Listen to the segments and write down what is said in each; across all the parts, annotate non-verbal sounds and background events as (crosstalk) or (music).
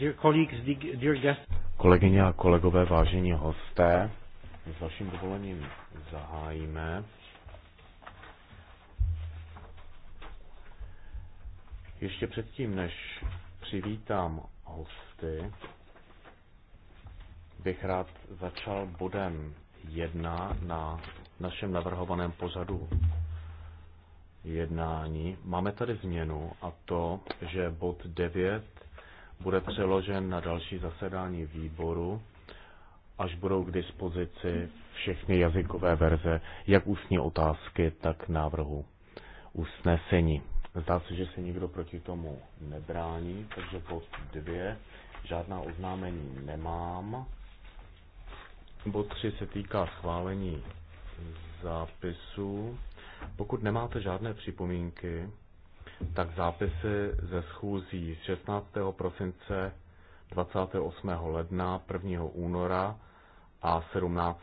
Dear colleagues, dear guests. Kolegyně a kolegové, vážení hosté, s vaším dovolením zahájíme. Ještě předtím, než přivítám hosty, bych rád začal bodem jedna na našem navrhovaném pořadu jednání. Máme tady změnu a to, že bod 9 bude přeložen na další zasedání výboru, až budou k dispozici všechny jazykové verze, jak ústní otázky, tak návrhu usnesení. Zdá se, že se nikdo proti tomu nebrání, takže bod dvě žádná oznámení nemám. Bod 3 se týká schválení zápisu. Pokud nemáte žádné připomínky, tak zápisy ze schůzí z 16. prosince, 28. ledna, 1. února a 17.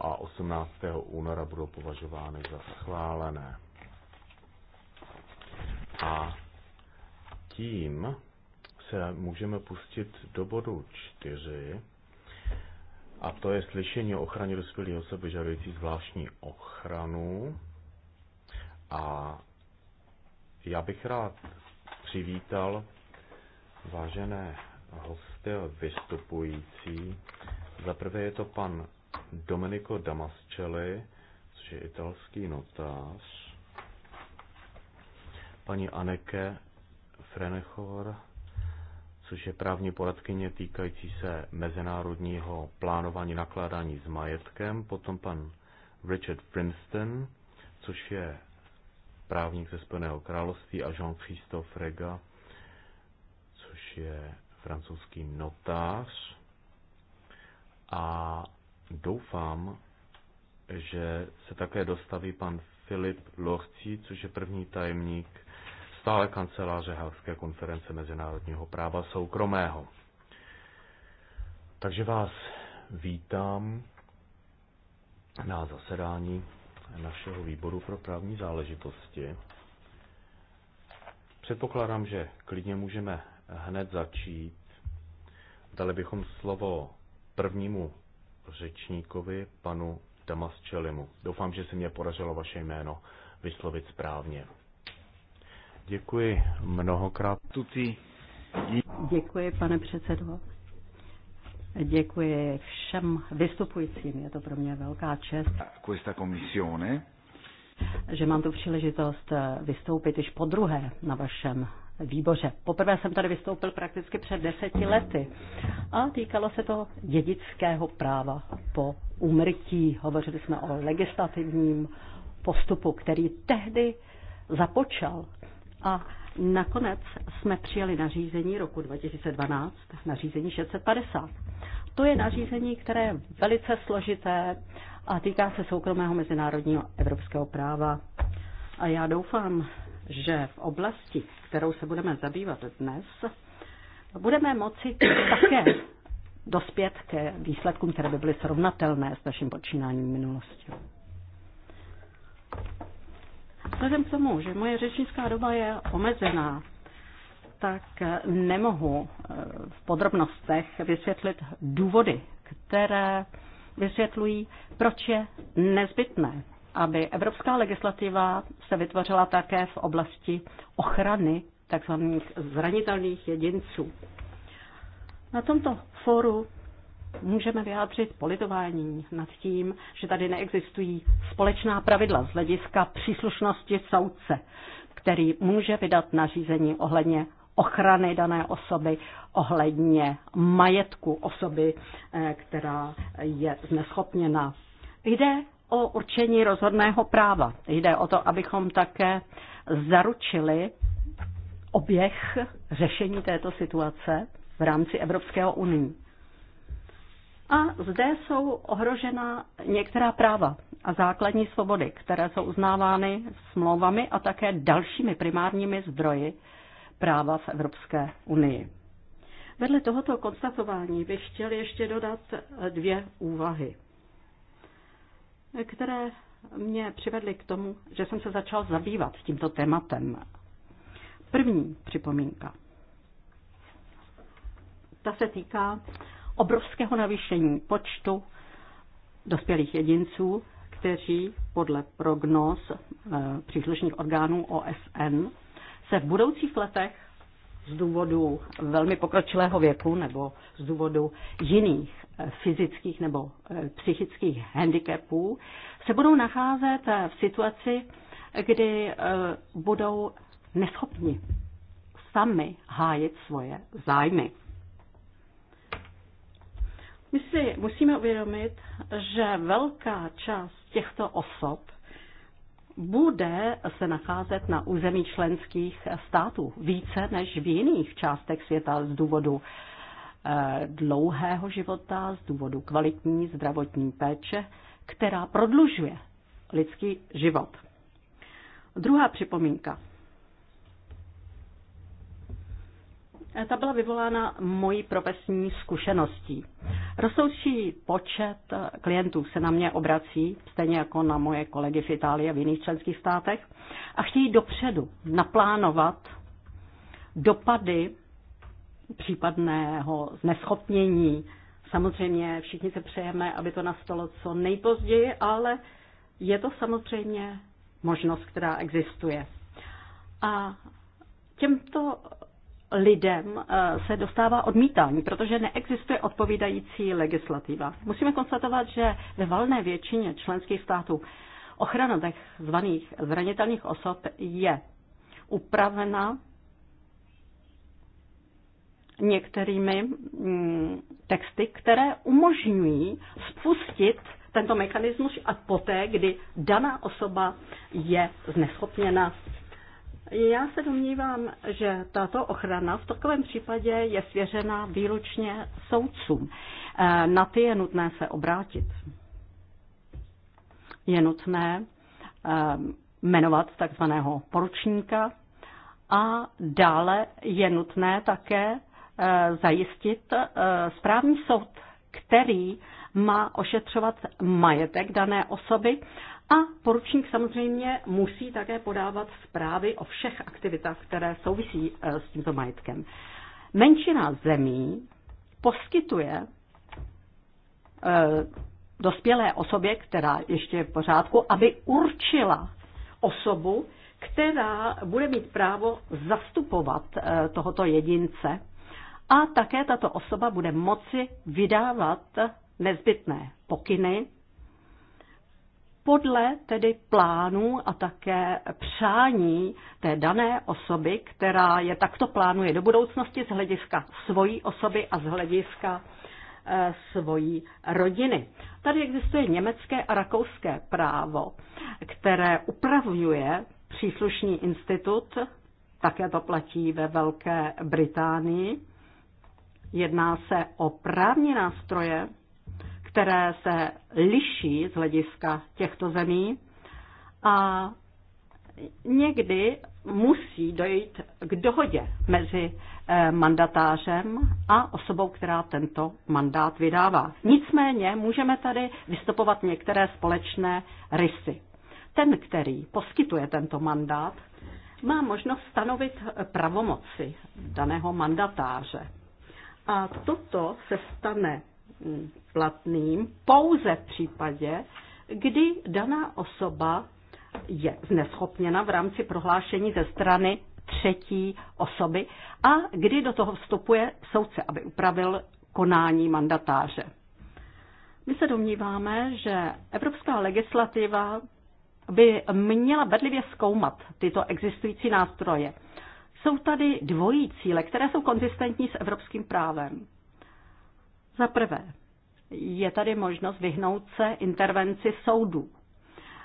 a 18. února budou považovány za schválené. A tím se můžeme pustit do bodu 4, a to je slyšení o ochraně dospělých osob vyžadující zvláštní ochranu. A já bych rád přivítal vážené hosty vystupující. Za prvé je to pan Domenico Damascelli, což je italský notář, paní Aneke Frenechor, což je právní poradkyně týkající se mezinárodního plánování nakládání s majetkem, potom pan Richard Princeton, což je právník ze Spojeného království a Jean-Christophe Rega, což je francouzský notář. A doufám, že se také dostaví pan Filip Lorci, což je první tajemník stále kanceláře Halské konference mezinárodního práva soukromého. Takže vás vítám na zasedání našeho výboru pro právní záležitosti. Předpokládám, že klidně můžeme hned začít. Dali bychom slovo prvnímu řečníkovi, panu Čelimu. Doufám, že se mě podařilo vaše jméno vyslovit správně. Děkuji mnohokrát. Tucí. Děkuji, pane předsedo. Děkuji všem vystupujícím, je to pro mě velká čest. Questa commissione. Že mám tu příležitost vystoupit již po druhé na vašem výboře. Poprvé jsem tady vystoupil prakticky před deseti lety a týkalo se to dědického práva po úmrtí. Hovořili jsme o legislativním postupu, který tehdy započal a nakonec jsme přijali nařízení roku 2012, nařízení 650. To je nařízení, které je velice složité a týká se soukromého mezinárodního evropského práva. A já doufám, že v oblasti, kterou se budeme zabývat dnes, budeme moci také dospět ke výsledkům, které by byly srovnatelné s naším počínáním v minulosti. Vzhledem k tomu, že moje řečnická doba je omezená, tak nemohu eh, v podrobnostech vysvětlit důvody, které vysvětlují, proč je nezbytné, aby evropská legislativa se vytvořila také v oblasti ochrany tzv. zranitelných jedinců. Na tomto fóru můžeme vyjádřit politování nad tím, že tady neexistují společná pravidla z hlediska příslušnosti soudce, který může vydat nařízení ohledně ochrany dané osoby ohledně majetku osoby, eh, která je zneschopněna. Jde o určení rozhodného práva. Jde o to, abychom také zaručili oběh řešení této situace v rámci Evropského unii. A zde jsou ohrožena některá práva a základní svobody, které jsou uznávány smlouvami a také dalšími primárními zdroji práva v Evropské unii. Vedle tohoto konstatování bych chtěl ještě dodat dvě úvahy, které mě přivedly k tomu, že jsem se začal zabývat tímto tématem. První připomínka. Ta se týká obrovského navýšení počtu dospělých jedinců, kteří podle prognóz eh, příslušných orgánů OSN se v budoucích letech z důvodu velmi pokročilého věku nebo z důvodu jiných eh, fyzických nebo eh, psychických handicapů se budou nacházet eh, v situaci, kdy budou neschopni sami hájit svoje zájmy. My si musíme uvědomit, že velká část těchto osob bude se nacházet na území členských států více než v jiných částech světa z důvodu eh, dlouhého života, z důvodu kvalitní zdravotní péče, která prodlužuje lidský život. Druhá připomínka. ta byla vyvolána mojí profesní zkušeností. Rostoucí počet klientů se na mě obrací, stejně jako na moje kolegy v Itálii a v jiných členských státech, a chtějí dopředu naplánovat dopady případného zneschopnění. Samozřejmě všichni se přejeme, aby to nastalo co nejpozději, ale je to samozřejmě možnost, která existuje. A těmto lidem eh, se dostává odmítání, protože neexistuje odpovídající legislativa. Musíme konstatovat, že ve valné většině členských států ochrana těch zvaných zranitelných osob je upravena některými mm, texty, které umožňují spustit tento mechanismus a poté, kdy daná osoba je zneschopněna já se domnívám, že tato ochrana v takovém případě je svěřena výlučně soudcům. Eh, na ty je nutné se obrátit. Je nutné eh, jmenovat takzvaného poručníka a dále je nutné také eh, zajistit správní soud, který má ošetřovat majetek dané osoby a poručník samozřejmě musí také podávat zprávy o všech aktivitách, které souvisí eh, s tímto majetkem. Menšina zemí poskytuje eh, dospělé osobě, která ještě je v pořádku, aby určila osobu, která bude mít právo zastupovat eh, tohoto jedince a také tato osoba bude moci vydávat nezbytné pokyny podle tedy plánů a také přání té dané osoby, která je takto plánuje do budoucnosti z hlediska svojí osoby a z hlediska eh, svojí rodiny. Tady existuje německé a rakouské právo, které upravňuje příslušný institut, také to platí ve Velké Británii. Jedná se o právní nástroje, které se liší z hlediska těchto zemí a někdy musí dojít k dohodě mezi eh, mandatářem a osobou, která tento mandát vydává. Nicméně můžeme tady vystupovat některé společné rysy. Ten, který poskytuje tento mandát, má možnost stanovit pravomoci daného mandatáře. A toto se stane platným pouze v případě, kdy daná osoba je zneschopněna v rámci prohlášení ze strany třetí osoby a kdy do toho vstupuje soudce, aby upravil konání mandatáře. My se domníváme, že evropská legislativa by měla bedlivě zkoumat tyto existující nástroje. Jsou tady dvojí cíle, které jsou konzistentní s evropským právem. Za prvé, je tady možnost vyhnout se intervenci soudů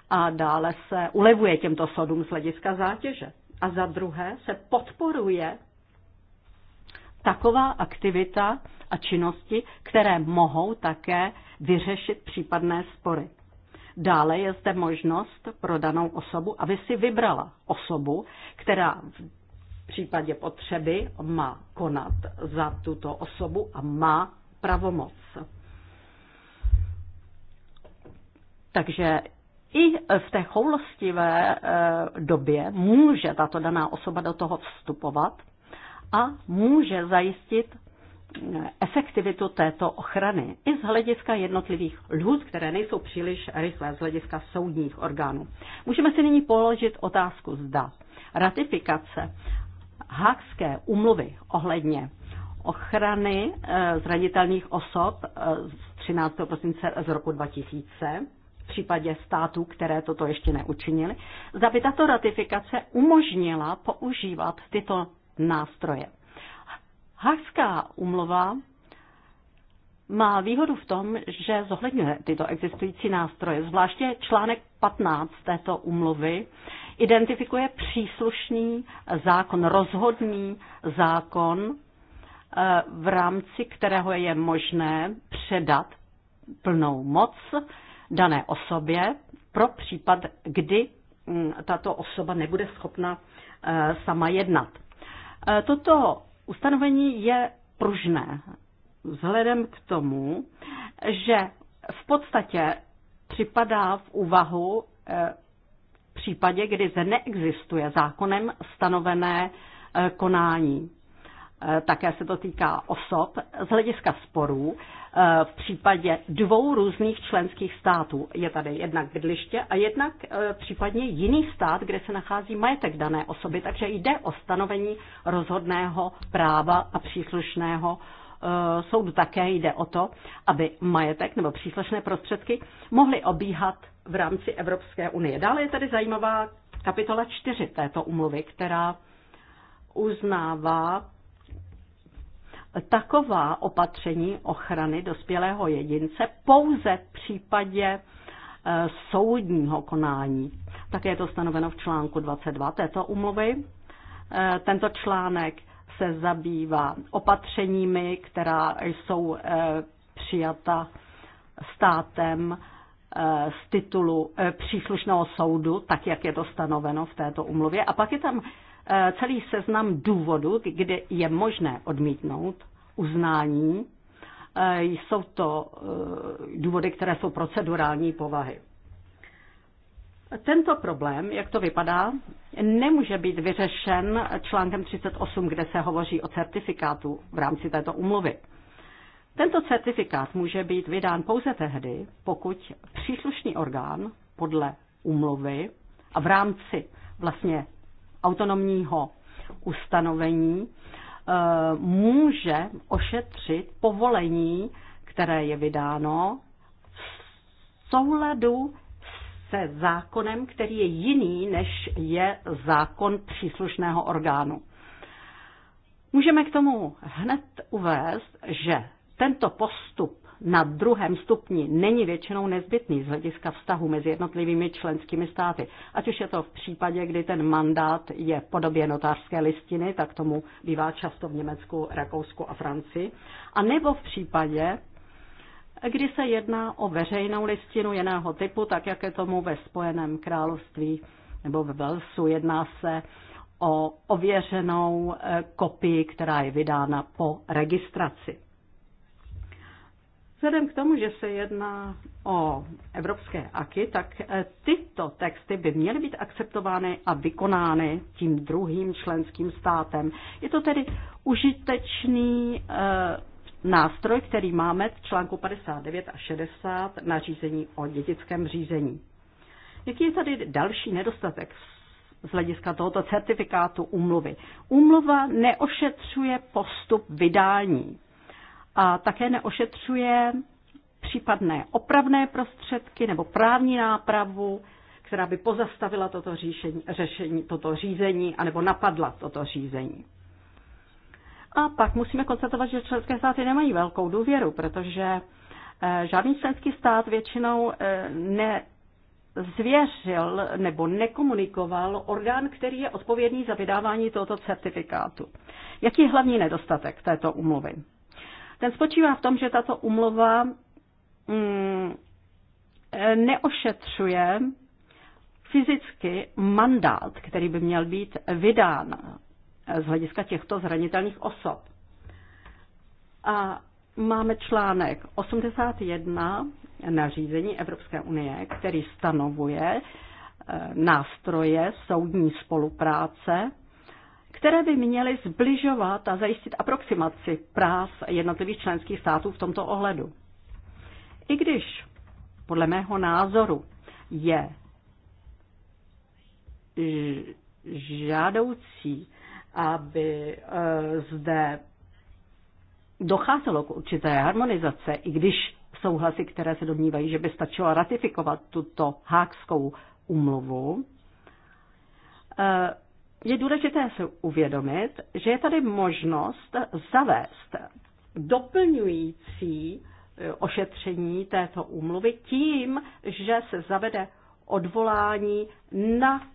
a dále se ulevuje těmto soudům z hlediska zátěže. A za druhé se podporuje taková aktivita a činnosti, které mohou také vyřešit případné spory. Dále je zde možnost pro danou osobu, aby si vybrala osobu, která v případě potřeby má konat za tuto osobu a má pravomoc. Takže i v té choulostivé eh, době může tato daná osoba do toho vstupovat a může zajistit eh, efektivitu této ochrany i z hlediska jednotlivých lhůt, které nejsou příliš rychlé z hlediska soudních orgánů. Můžeme si nyní položit otázku, zda ratifikace Hákské umluvy ohledně ochrany eh, zranitelných osob eh, z 13. prosince z roku 2000 v případě států, které toto ještě neučinili, zda by tato ratifikace umožnila používat tyto nástroje. Hagská umlova má výhodu v tom, že zohledňuje tyto existující nástroje. Zvláště článek 15 této umluvy identifikuje příslušný zákon, rozhodný zákon v rámci kterého je možné předat plnou moc dané osobě pro případ, kdy mm, tato osoba nebude schopna e, sama jednat. E, toto ustanovení je pružné vzhledem k tomu, že v podstatě připadá v úvahu e, v případě, kdy se neexistuje zákonem stanovené konání. Eh, také se to týká osob, z hlediska sporů eh, v případě dvou různých členských států. Je tady jednak bydliště a jednak eh, případně jiný stát, kde se nachází majetek dané osoby, takže jde o stanovení rozhodného práva a příslušného soudu také jde o to, aby majetek nebo příslušné prostředky mohly obíhat v rámci Evropské unie. Dále je tady zajímavá kapitola 4 této umluvy, která uznává taková opatření ochrany dospělého jedince pouze v případě e, soudního konání. Také je to stanoveno v článku 22 této umluvy. E, tento článek se zabývá opatřeními, která jsou e, přijata státem z titulu příslušného soudu, tak jak je to stanoveno v této umluvě. A pak je tam Eh, celý seznam důvodů, kde je možné odmítnout uznání. Eh, jsou to eh, důvody, které jsou procedurální povahy. Tento problém, jak to vypadá, nemůže být vyřešen článkem 38, kde se hovoří o certifikátu v rámci této umluvy. Tento certifikát může být vydán pouze tehdy, pokud příslušný orgán podle umluvy a v rámci vlastně autonomního ustanovení eh, může ošetřit povolení, které je vydáno v souladu se zákonem, který je jiný, než je zákon příslušného orgánu. Můžeme k tomu hned uvést, že tento postup na druhém stupni není většinou nezbytný z hlediska vztahu mezi jednotlivými členskými státy. Ať už je to v případě, kdy ten mandát je v podobě notářské listiny, tak tomu bývá často v Německu, Rakousku a Francii, a nebo v případě, kdy se jedná o veřejnou listinu jiného typu, tak jak je tomu ve Spojeném království nebo ve Velsu. Jedná se o ověřenou eh, kopii, která je vydána po registraci. Vzhledem k tomu, že se jedná o evropské aky, tak eh, tyto texty by měly být akceptovány a vykonány tím druhým členským státem. Je to tedy užitečný eh, nástroj, který máme v článku 59 a 60 na řízení o dětickém řízení. Jaký je tady další nedostatek z hlediska tohoto certifikátu úmluvy? Úmluva neošetřuje postup vydání a také neošetřuje případné opravné prostředky nebo právní nápravu, která by pozastavila toto říšení, řešení, toto řízení anebo napadla toto řízení. A pak musíme konstatovat, že členské státy nemají velkou důvěru, protože eh, žádný členský stát většinou eh, ne, zvěřil nebo nekomunikoval orgán, který je odpovědný za vydávání tohoto certifikátu. Jaký je hlavní nedostatek této umluvy? Ten spočívá v tom, že tato umlova mm, neošetřuje fyzicky mandát, který by měl být vydán z hlediska těchto zranitelných osob. A máme článek 81 nařízení Evropské unie, který stanovuje eh, nástroje soudní spolupráce které by měly zbližovat a zajistit aproximaci práv jednotlivých členských států v tomto ohledu. I když podle mého názoru je žádoucí, aby e, zde docházelo k určité harmonizace, i když souhlasy, které se domnívají, že by stačilo ratifikovat tuto hákskou umluvu, e, je důležité se uvědomit, že je tady možnost zavést doplňující e, ošetření této úmluvy tím, že se zavede odvolání na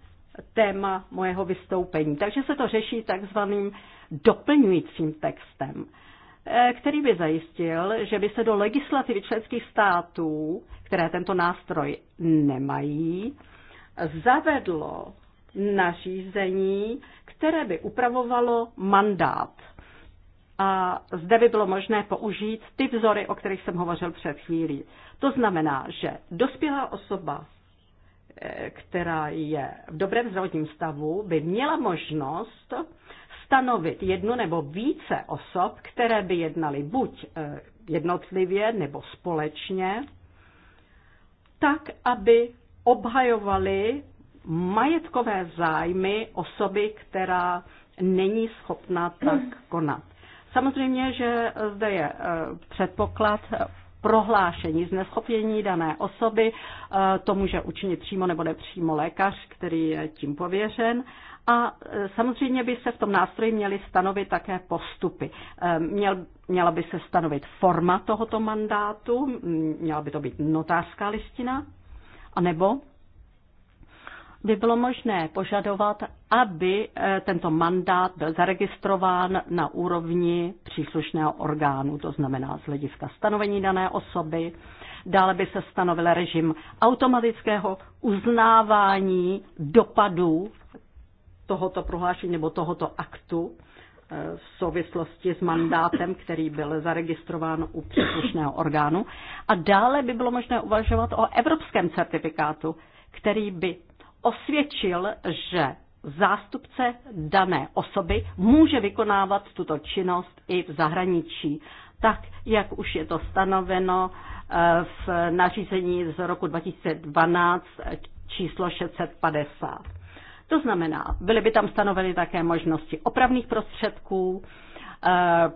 téma mojeho vystoupení. Takže se to řeší takzvaným doplňujícím textem, e, který by zajistil, že by se do legislativy členských států, které tento nástroj nemají, zavedlo nařízení, které by upravovalo mandát. A zde by bylo možné použít ty vzory, o kterých jsem hovořil před chvílí. To znamená, že dospělá osoba, eh, která je v dobrém zdravotním stavu, by měla možnost stanovit jednu nebo více osob, které by jednaly buď eh, jednotlivě nebo společně, tak, aby obhajovali majetkové zájmy osoby, která není schopna tak konat. Samozřejmě, že zde je eh, předpoklad prohlášení zneschopnění dané osoby. Eh, to může učinit přímo nebo nepřímo lékař, který je tím pověřen. A eh, samozřejmě by se v tom nástroji měly stanovit také postupy. Měl, měla by se stanovit forma tohoto mandátu, měla by to být notářská listina, anebo by bylo možné požadovat, aby eh, tento mandát byl zaregistrován na úrovni příslušného orgánu, to znamená z hlediska stanovení dané osoby. Dále by se stanovil režim automatického uznávání dopadů tohoto prohlášení nebo tohoto aktu eh, v souvislosti s mandátem, který byl zaregistrován u příslušného orgánu. A dále by bylo možné uvažovat o evropském certifikátu, který by osvědčil, že zástupce dané osoby může vykonávat tuto činnost i v zahraničí, tak jak už je to stanoveno eh, v nařízení z roku 2012 eh, číslo 650. To znamená, byly by tam stanoveny také možnosti opravných prostředků, eh,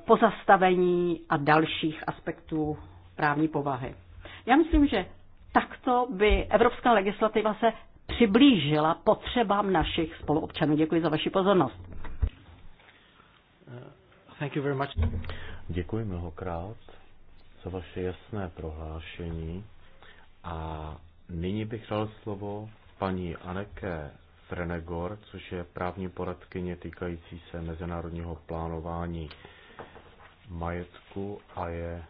pozastavení a dalších aspektů právní povahy. Já myslím, že takto by evropská legislativa se přiblížila potřebám našich spoluobčanů. Děkuji za vaši pozornost. Uh, thank you very much. Děkuji mnohokrát za vaše jasné prohlášení a nyní bych dal slovo paní Aneke Frenegor, což je právní poradkyně týkající se mezinárodního plánování majetku a je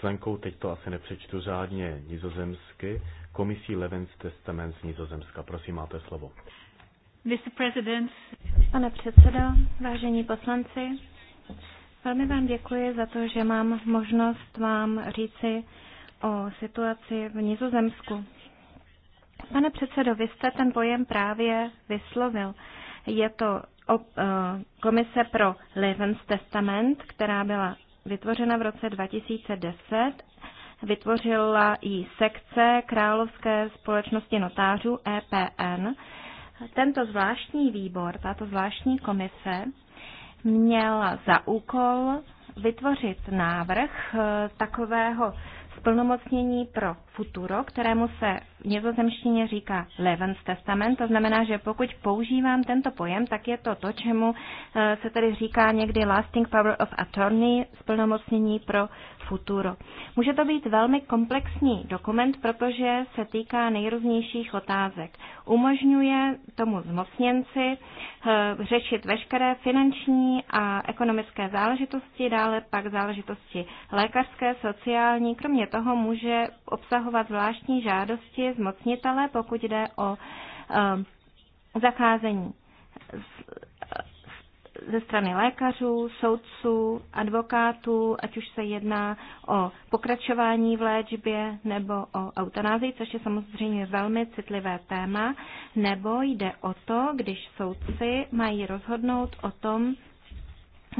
členkou, teď to asi nepřečtu řádně, nizozemsky, komisí Levens Testament z Nizozemska. Prosím, máte slovo. Mr. President. Pane předsedo, vážení poslanci, velmi vám děkuji za to, že mám možnost vám říci o situaci v Nizozemsku. Pane předsedo, vy jste ten pojem právě vyslovil. Je to eh, Komise pro Levens Testament, která byla vytvořena v roce 2010 vytvořila i sekce Královské společnosti notářů EPN. Tento zvláštní výbor, tato zvláštní komise měla za úkol vytvořit návrh eh, takového splnomocnění pro futuro, kterému se v nězozemštině říká Levens testament. To znamená, že pokud používám tento pojem, tak je to to, čemu eh, se tedy říká někdy lasting power of attorney, splnomocnění pro futuro. Může to být velmi komplexní dokument, protože se týká nejrůznějších otázek. Umožňuje tomu zmocněnci eh, řešit veškeré finanční a ekonomické záležitosti, dále pak záležitosti lékařské, sociální. Kromě toho může obsahovat zvláštní žádosti zmocnitele, pokud jde o eh, zacházení ze strany lékařů, soudců, advokátů, ať už se jedná o pokračování v léčbě nebo o eutanázii, což je samozřejmě velmi citlivé téma, nebo jde o to, když soudci mají rozhodnout o tom,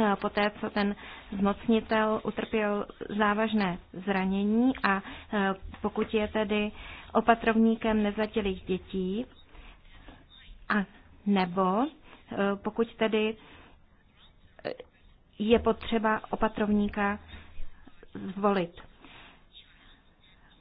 eh, poté, co ten zmocnitel utrpěl závažné zranění a eh, pokud je tedy opatrovníkem nezatělých dětí, a nebo eh, pokud tedy je potřeba opatrovníka zvolit.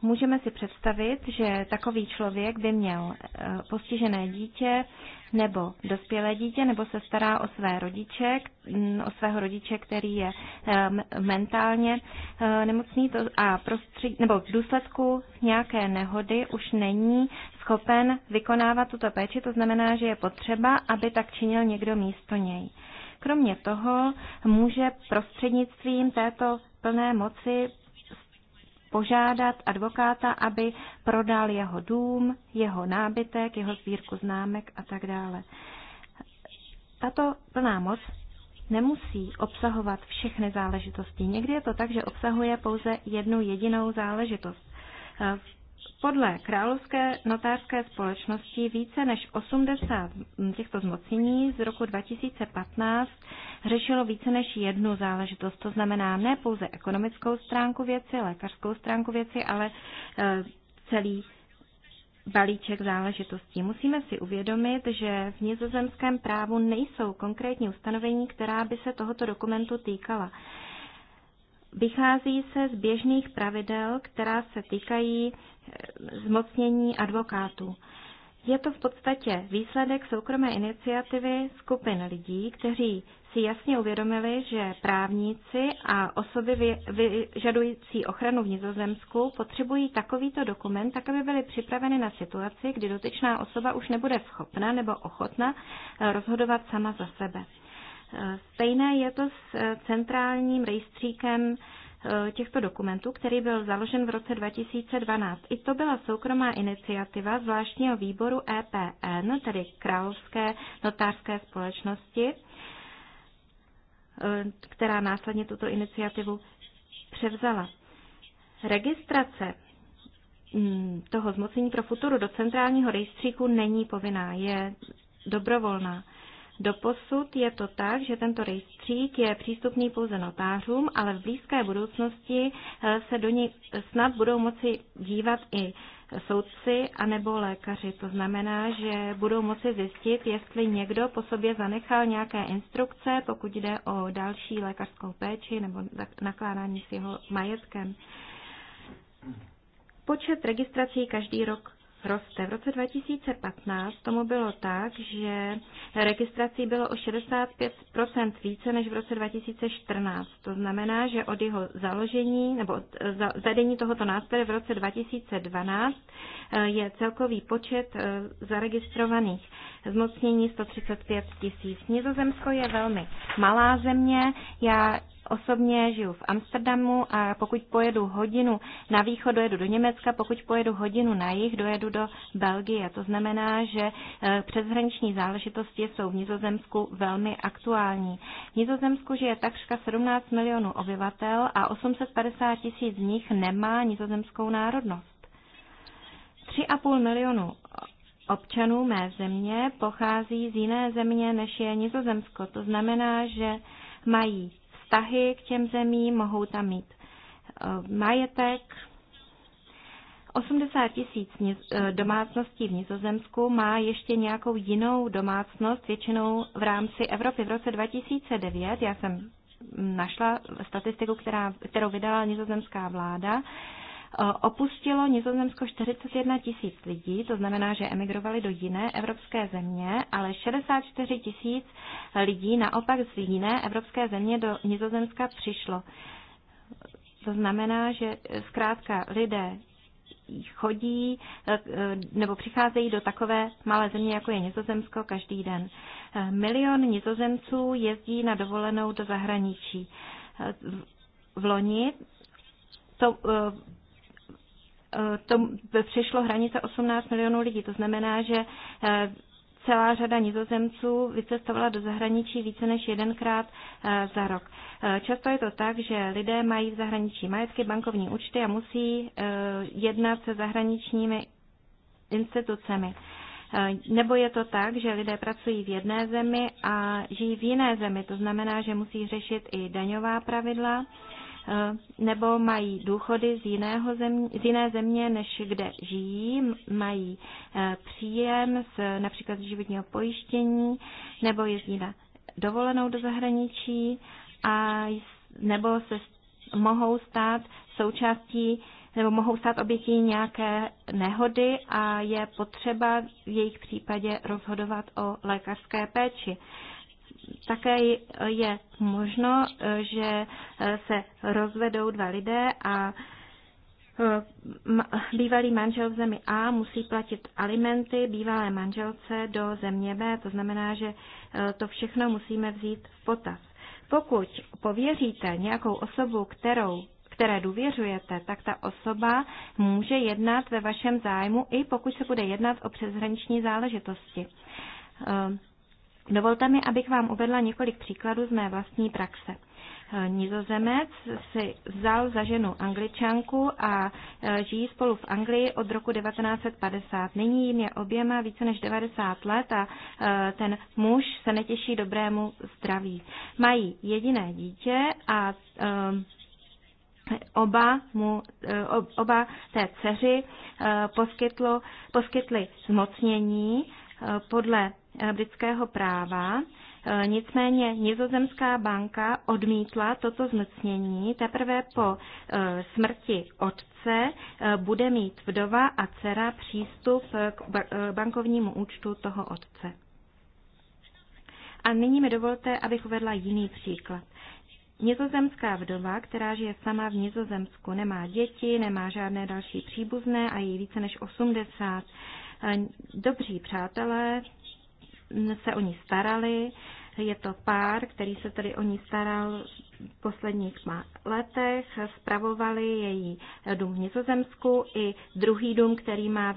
Můžeme si představit, že takový člověk by měl eh, postižené dítě nebo dospělé dítě, nebo se stará o své rodiče, mm, o svého rodiče, který je eh, mentálně eh, nemocný a prostřed, nebo v důsledku nějaké nehody už není schopen vykonávat tuto péči, to znamená, že je potřeba, aby tak činil někdo místo něj. Kromě toho může prostřednictvím této plné moci požádat advokáta, aby prodal jeho dům, jeho nábytek, jeho sbírku známek a tak dále. Tato plná moc nemusí obsahovat všechny záležitosti. Někdy je to tak, že obsahuje pouze jednu jedinou záležitost. V podle Královské notářské společnosti více než 80 těchto zmocnění z roku 2015 řešilo více než jednu záležitost, to znamená ne pouze ekonomickou stránku věci, lékařskou stránku věci, ale e, celý balíček záležitostí. Musíme si uvědomit, že v nizozemském právu nejsou konkrétní ustanovení, která by se tohoto dokumentu týkala. Vychází se z běžných pravidel, která se týkají eh, zmocnění advokátů. Je to v podstatě výsledek soukromé iniciativy skupin lidí, kteří si jasně uvědomili, že právníci a osoby vyžadující ochranu v Nizozemsku potřebují takovýto dokument, tak aby byly připraveny na situaci, kdy dotyčná osoba už nebude schopna nebo ochotna eh, rozhodovat sama za sebe. Stejné je to s eh, centrálním rejstříkem eh, těchto dokumentů, který byl založen v roce 2012. I to byla soukromá iniciativa zvláštního výboru EPN, tedy Královské notářské společnosti, eh, která následně tuto iniciativu převzala. Registrace mm, toho zmocnění pro futuru do centrálního rejstříku není povinná, je dobrovolná. Doposud je to tak, že tento rejstřík je přístupný pouze notářům, ale v blízké budoucnosti eh, se do ní snad budou moci dívat i soudci anebo lékaři. To znamená, že budou moci zjistit, jestli někdo po sobě zanechal nějaké instrukce, pokud jde o další lékařskou péči nebo nakládání s jeho majetkem. Počet registrací každý rok roste. V roce 2015 tomu bylo tak, že registrací bylo o 65 více než v roce 2014. To znamená, že od jeho založení nebo od e, zadení tohoto nástroje v roce 2012 e, je celkový počet e, zaregistrovaných zmocnění 135 tisíc. Nizozemsko je velmi malá země. Já Osobně žiju v Amsterdamu a pokud pojedu hodinu na východ, dojedu do Německa, pokud pojedu hodinu na jih, dojedu do Belgie. To znamená, že eh, přeshraniční záležitosti jsou v Nizozemsku velmi aktuální. V Nizozemsku žije takřka 17 milionů obyvatel a 850 tisíc z nich nemá nizozemskou národnost. 3,5 milionu občanů mé země pochází z jiné země, než je Nizozemsko. To znamená, že mají vztahy k těm zemím, mohou tam mít eh, majetek. 80 tisíc eh, domácností v Nizozemsku má ještě nějakou jinou domácnost, většinou v rámci Evropy. V roce 2009, já jsem našla statistiku, která, kterou vydala nizozemská vláda, E, opustilo Nizozemsko 41 tisíc lidí, to znamená, že emigrovali do jiné evropské země, ale 64 tisíc lidí naopak z jiné evropské země do Nizozemska přišlo. To znamená, že zkrátka lidé chodí e, nebo přicházejí do takové malé země, jako je Nizozemsko, každý den. E, milion Nizozemců jezdí na dovolenou do zahraničí. V loni to to přešlo hranice 18 milionů lidí. To znamená, že eh, celá řada nizozemců vycestovala do zahraničí více než jedenkrát eh, za rok. Eh, často je to tak, že lidé mají v zahraničí majetky, bankovní účty a musí jednat se zahraničními institucemi. Nebo je to tak, že lidé pracují v jedné zemi a žijí v jiné zemi, to znamená, že musí řešit i daňová pravidla Eh, nebo mají důchody z, jiného země, z jiné země, než kde žijí, mají eh, příjem z například z životního pojištění, nebo jezdí na dovolenou do zahraničí, a, nebo se mohou stát součástí nebo mohou stát obětí nějaké nehody a je potřeba v jejich případě rozhodovat o lékařské péči také je možno, že se rozvedou dva lidé a bývalý manžel v zemi A musí platit alimenty bývalé manželce do země B. To znamená, že e, to všechno musíme vzít v potaz. Pokud pověříte nějakou osobu, kterou které důvěřujete, tak ta osoba může jednat ve vašem zájmu, i pokud se bude jednat o přeshraniční záležitosti. E, Dovolte mi, abych vám uvedla několik příkladů z mé vlastní praxe. Eh, Nizozemec si vzal za ženu angličanku a eh, žijí spolu v Anglii od roku 1950. Nyní jim je oběma více než 90 let a eh, ten muž se netěší dobrému zdraví. Mají jediné dítě a oba, mu, oba té dceři poskytlo, poskytli zmocnění podle Eh, britského práva. Eh, nicméně Nizozemská banka odmítla toto zmocnění. Teprve po eh, smrti otce bude mít vdova a dcera přístup k bankovnímu účtu toho otce. A nyní mi dovolte, abych uvedla jiný příklad. Nizozemská vdova, která žije sama v Nizozemsku, nemá děti, nemá žádné další příbuzné a je více než 80. Dobří přátelé se o ní starali. Je to pár, který se tady o ní staral v posledních letech. Spravovali její dům v Nizozemsku i druhý dům, který má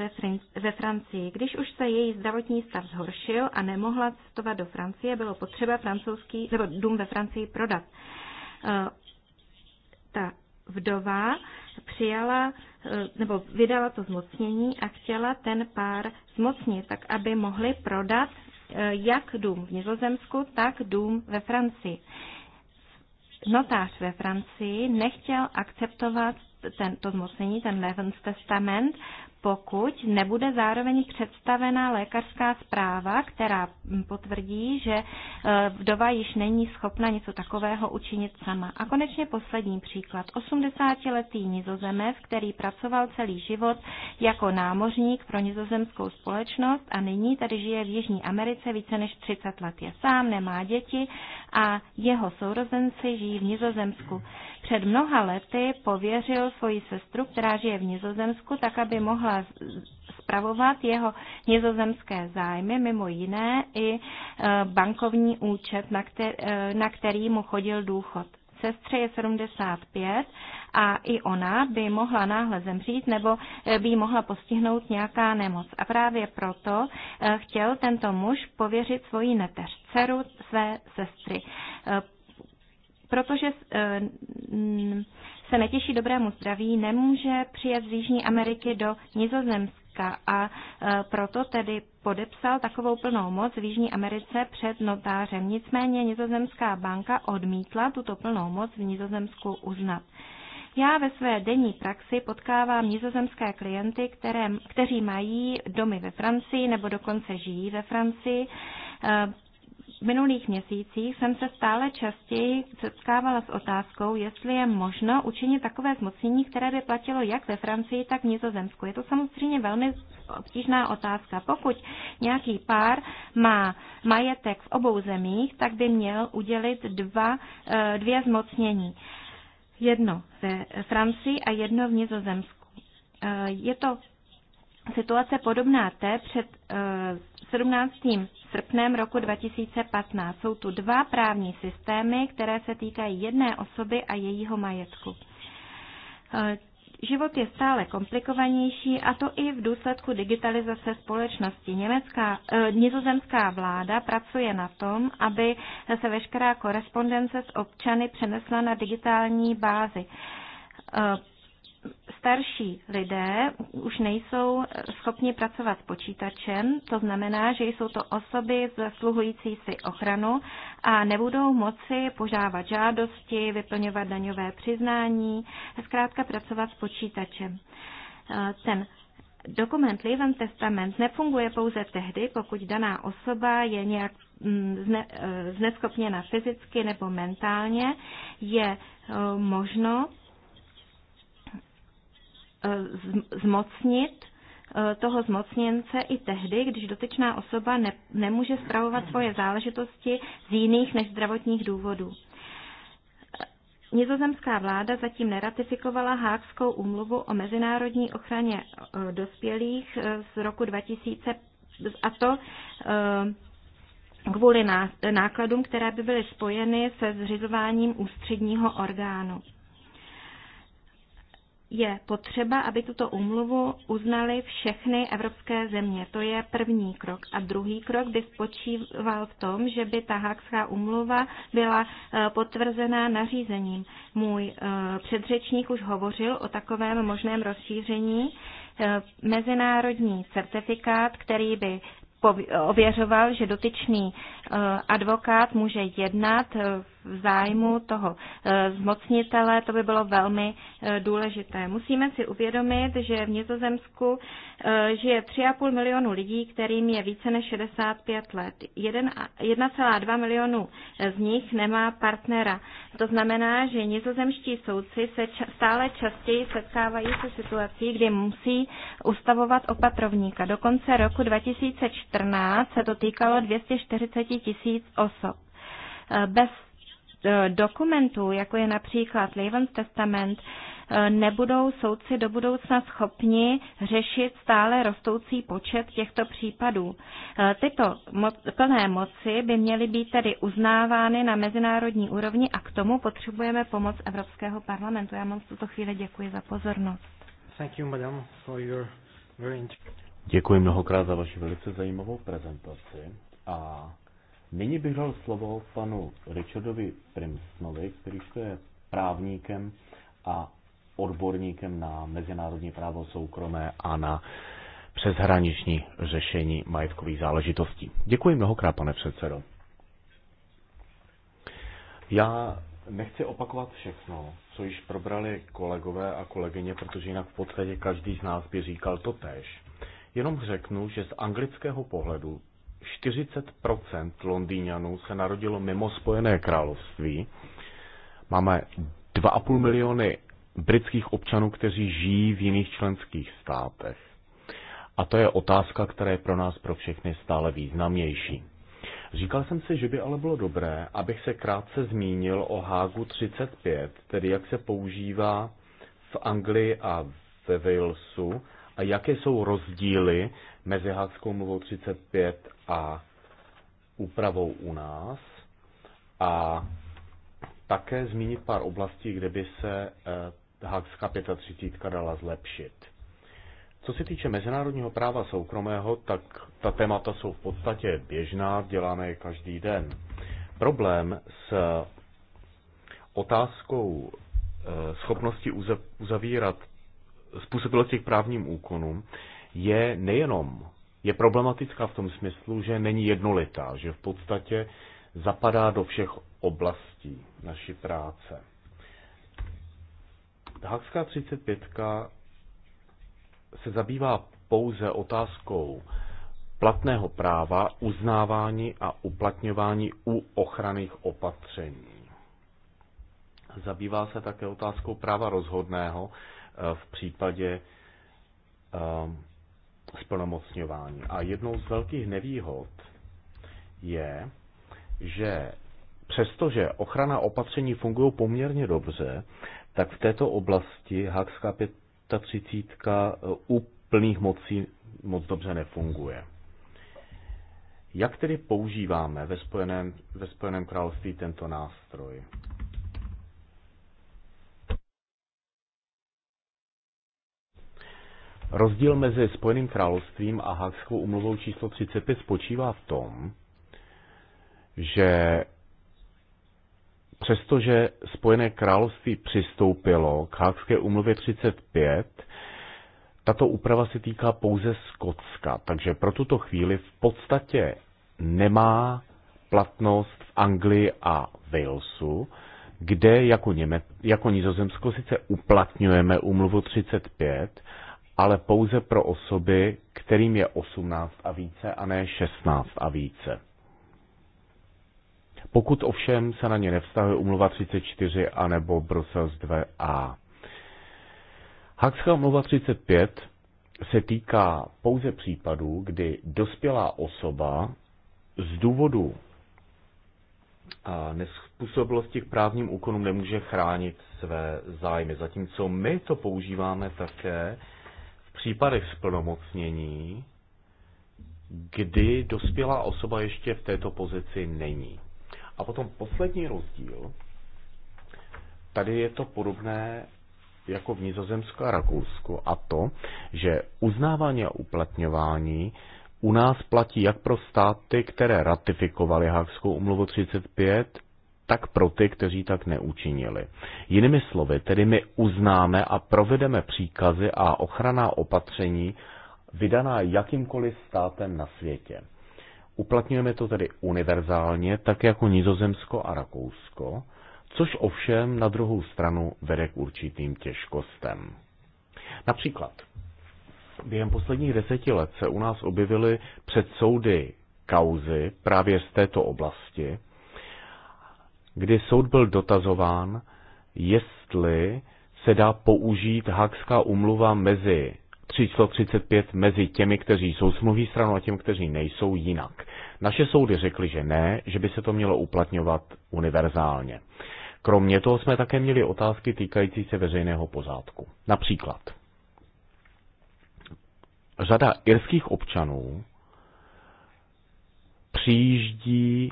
ve Francii. Když už se její zdravotní stav zhoršil a nemohla cestovat do Francie, bylo potřeba francouzský, nebo dům ve Francii prodat. Eh, ta vdova přijala eh, nebo vydala to zmocnění a chtěla ten pár zmocnit, tak aby mohli prodat Eh, jak dům v Nizozemsku, tak dům ve Francii. Notář ve Francii nechtěl akceptovat ten, to zmocnění, ten Levens testament, pokud nebude zároveň představená lékařská zpráva, která potvrdí, že e, vdova již není schopna něco takového učinit sama. A konečně poslední příklad. 80-letý nizozemec, který pracoval celý život jako námořník pro nizozemskou společnost a nyní tady žije v Jižní Americe více než 30 let. Je sám, nemá děti a jeho sourozenci žijí v Nizozemsku před mnoha lety pověřil svoji sestru, která žije v Nizozemsku, tak, aby mohla spravovat jeho nizozemské zájmy, mimo jiné i e, bankovní účet, na který, e, na který mu chodil důchod sestře je 75 a i ona by mohla náhle zemřít nebo e, by jí mohla postihnout nějaká nemoc. A právě proto chtěl tento muž pověřit svoji neteř, dceru své sestry protože eh, se netěší dobrému zdraví, nemůže přijet z Jižní Ameriky do Nizozemska a eh, proto tedy podepsal takovou plnou moc v Jižní Americe před notářem. Nicméně Nizozemská banka odmítla tuto plnou moc v Nizozemsku uznat. Já ve své denní praxi potkávám nizozemské klienty, které, kteří mají domy ve Francii nebo dokonce žijí ve Francii. Eh, v minulých měsících jsem se stále častěji setkávala s otázkou, jestli je možno učinit takové zmocnění, které by platilo jak ve Francii, tak v Nizozemsku. Je to samozřejmě velmi obtížná otázka. Pokud nějaký pár má majetek v obou zemích, tak by měl udělit dva, eh, dvě zmocnění. Jedno ve Francii a jedno v Nizozemsku. Eh, je to situace podobná té před eh, 17. srpnem roku 2015. Jsou tu dva právní systémy, které se týkají jedné osoby a jejího majetku. E, život je stále komplikovanější a to i v důsledku digitalizace společnosti. Německá, eh, nizozemská vláda pracuje na tom, aby se veškerá korespondence s občany přenesla na digitální bázi. Eh, starší lidé už nejsou schopni pracovat s počítačem, to znamená, že jsou to osoby zasluhující si ochranu a nebudou moci požávat žádosti, vyplňovat daňové přiznání, zkrátka pracovat s počítačem. Ten Dokument Leaven Testament nefunguje pouze tehdy, pokud daná osoba je nějak mm, zne, eh, zneskopněna fyzicky nebo mentálně. Je eh, možno Eh, zmocnit eh, toho zmocněnce i tehdy, když dotyčná osoba ne, nemůže spravovat svoje záležitosti z jiných než zdravotních důvodů. Eh, nizozemská vláda zatím neratifikovala Hákskou úmluvu o mezinárodní ochraně dospělých z roku 2000 a to kvůli nákladům, které by byly spojeny se zřizováním ústředního orgánu je potřeba, aby tuto úmluvu uznali všechny evropské země. To je první krok. A druhý krok by spočíval v tom, že by ta Hákská úmluva byla e, potvrzená nařízením. Můj e, předřečník už hovořil o takovém možném rozšíření e, mezinárodní certifikát, který by ověřoval, že dotyčný advokát může jednat v v zájmu toho eh, zmocnitele, to by bylo velmi eh, důležité. Musíme si uvědomit, že v Nizozemsku eh, žije 3,5 milionu lidí, kterým je více než 65 let. 1,2 milionu z nich nemá partnera. To znamená, že nizozemští soudci se stále častěji setkávají se situací, kdy musí ustavovat opatrovníka. Do konce roku 2014 se to týkalo 240 tisíc osob. Bez Eh, dokumentů, jako je například Levens Testament, eh, nebudou soudci do budoucna schopni řešit stále rostoucí počet těchto případů. Eh, tyto plné moci by měly být tedy uznávány na mezinárodní úrovni a k tomu potřebujeme pomoc Evropského parlamentu. Já vám v tuto chvíli děkuji za pozornost. Thank you, madam, for your very Děkuji mnohokrát za vaši velice zajímavou prezentaci a Nyní bych dal slovo panu Richardovi Primsnovi, který je právníkem a odborníkem na mezinárodní právo soukromé a na přeshraniční řešení majetkových záležitostí. Děkuji mnohokrát, pane předsedo. Já nechci opakovat všechno, co již probrali kolegové a kolegyně, protože jinak v podstatě každý z nás by říkal to tež. Jenom řeknu, že z anglického pohledu 40% Londýňanů se narodilo mimo Spojené království. Máme 2,5 miliony britských občanů, kteří žijí v jiných členských státech. A to je otázka, která je pro nás pro všechny stále významnější. Říkal jsem si, že by ale bylo dobré, abych se krátce zmínil o Hágu 35, tedy jak se používá v Anglii a ve Walesu a jaké jsou rozdíly mezi Hádskou mluvou 35 a úpravou u nás a také zmínit pár oblastí, kde by se e, Hákská 35 dala zlepšit. Co se týče mezinárodního práva soukromého, tak ta témata jsou v podstatě běžná, děláme je každý den. Problém s otázkou e, schopnosti uzavírat způsobilosti k právním úkonům je nejenom, je problematická v tom smyslu, že není jednolitá, že v podstatě zapadá do všech oblastí naší práce. Hakská 35 se zabývá pouze otázkou platného práva, uznávání a uplatňování u ochranných opatření. Zabývá se také otázkou práva rozhodného eh, v případě eh, splnomocňování. A jednou z velkých nevýhod je, že přestože ochrana opatření fungují poměrně dobře, tak v této oblasti Hakská 35 eh, u plných mocí moc dobře nefunguje. Jak tedy používáme ve Spojeném, ve Spojeném království tento nástroj? Rozdíl mezi Spojeným královstvím a Hákskou umluvou číslo 35 spočívá v tom, že přestože Spojené království přistoupilo k Hákské umluvě 35, tato úprava se týká pouze Skotska, takže pro tuto chvíli v podstatě nemá platnost v Anglii a Walesu, kde jako, Něme, jako Nizozemsko sice uplatňujeme umluvu 35, ale pouze pro osoby, kterým je 18 a více a ne 16 a více. Pokud ovšem se na ně nevztahuje umluva 34 a nebo Brusels 2a. Hakská umluva 35 se týká pouze případů, kdy dospělá osoba z důvodu a nespůsobilosti k právním úkonům nemůže chránit své zájmy. Zatímco my to používáme také případech splnomocnění, kdy dospělá osoba ještě v této pozici není. A potom poslední rozdíl, tady je to podobné jako v Nizozemsku a Rakousku a to, že uznávání a uplatňování u nás platí jak pro státy, které ratifikovaly Hákskou umluvu 35, tak pro ty, kteří tak neučinili. Jinými slovy, tedy my uznáme a provedeme příkazy a ochranná opatření vydaná jakýmkoliv státem na světě. Uplatňujeme to tedy univerzálně, tak jako Nizozemsko a Rakousko, což ovšem na druhou stranu vede k určitým těžkostem. Například, během posledních deseti let se u nás objevily před soudy kauzy právě z této oblasti, kdy soud byl dotazován, jestli se dá použít Hákská umluva mezi 335 mezi těmi, kteří jsou smluvní stranou a těmi, kteří nejsou jinak. Naše soudy řekly, že ne, že by se to mělo uplatňovat univerzálně. Kromě toho jsme také měli otázky týkající se veřejného pozádku. Například, řada irských občanů přijíždí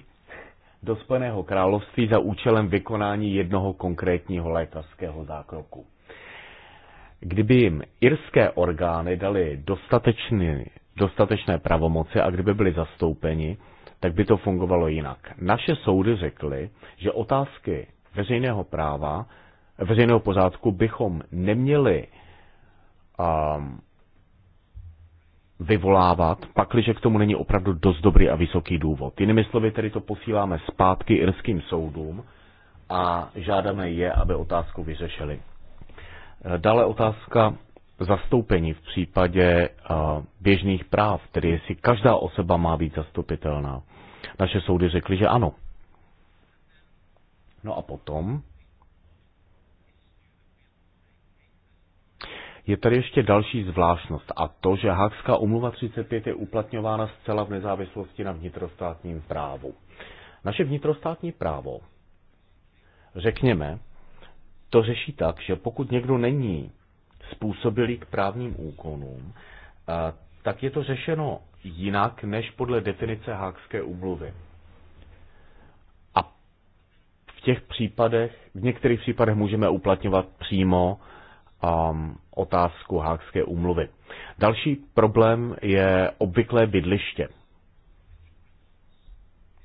do Spojeného království za účelem vykonání jednoho konkrétního lékařského zákroku. Kdyby jim irské orgány dali dostatečné, dostatečné pravomoci a kdyby byli zastoupeni, tak by to fungovalo jinak. Naše soudy řekly, že otázky veřejného práva, veřejného pořádku bychom neměli um, vyvolávat, pakliže k tomu není opravdu dost dobrý a vysoký důvod. Jinými slovy, tedy to posíláme zpátky irským soudům a žádáme je, aby otázku vyřešili. Dále otázka zastoupení v případě eh, běžných práv, tedy jestli každá osoba má být zastupitelná. Naše soudy řekly, že ano. No a potom Je tady ještě další zvláštnost a to, že Hákská umluva 35 je uplatňována zcela v nezávislosti na vnitrostátním právu. Naše vnitrostátní právo, řekněme, to řeší tak, že pokud někdo není způsobilý k právním úkonům, eh, tak je to řešeno jinak než podle definice Hákské úmluvy. A v těch případech, v některých případech můžeme uplatňovat přímo um, otázku Hákské úmluvy. Další problém je obvyklé bydliště.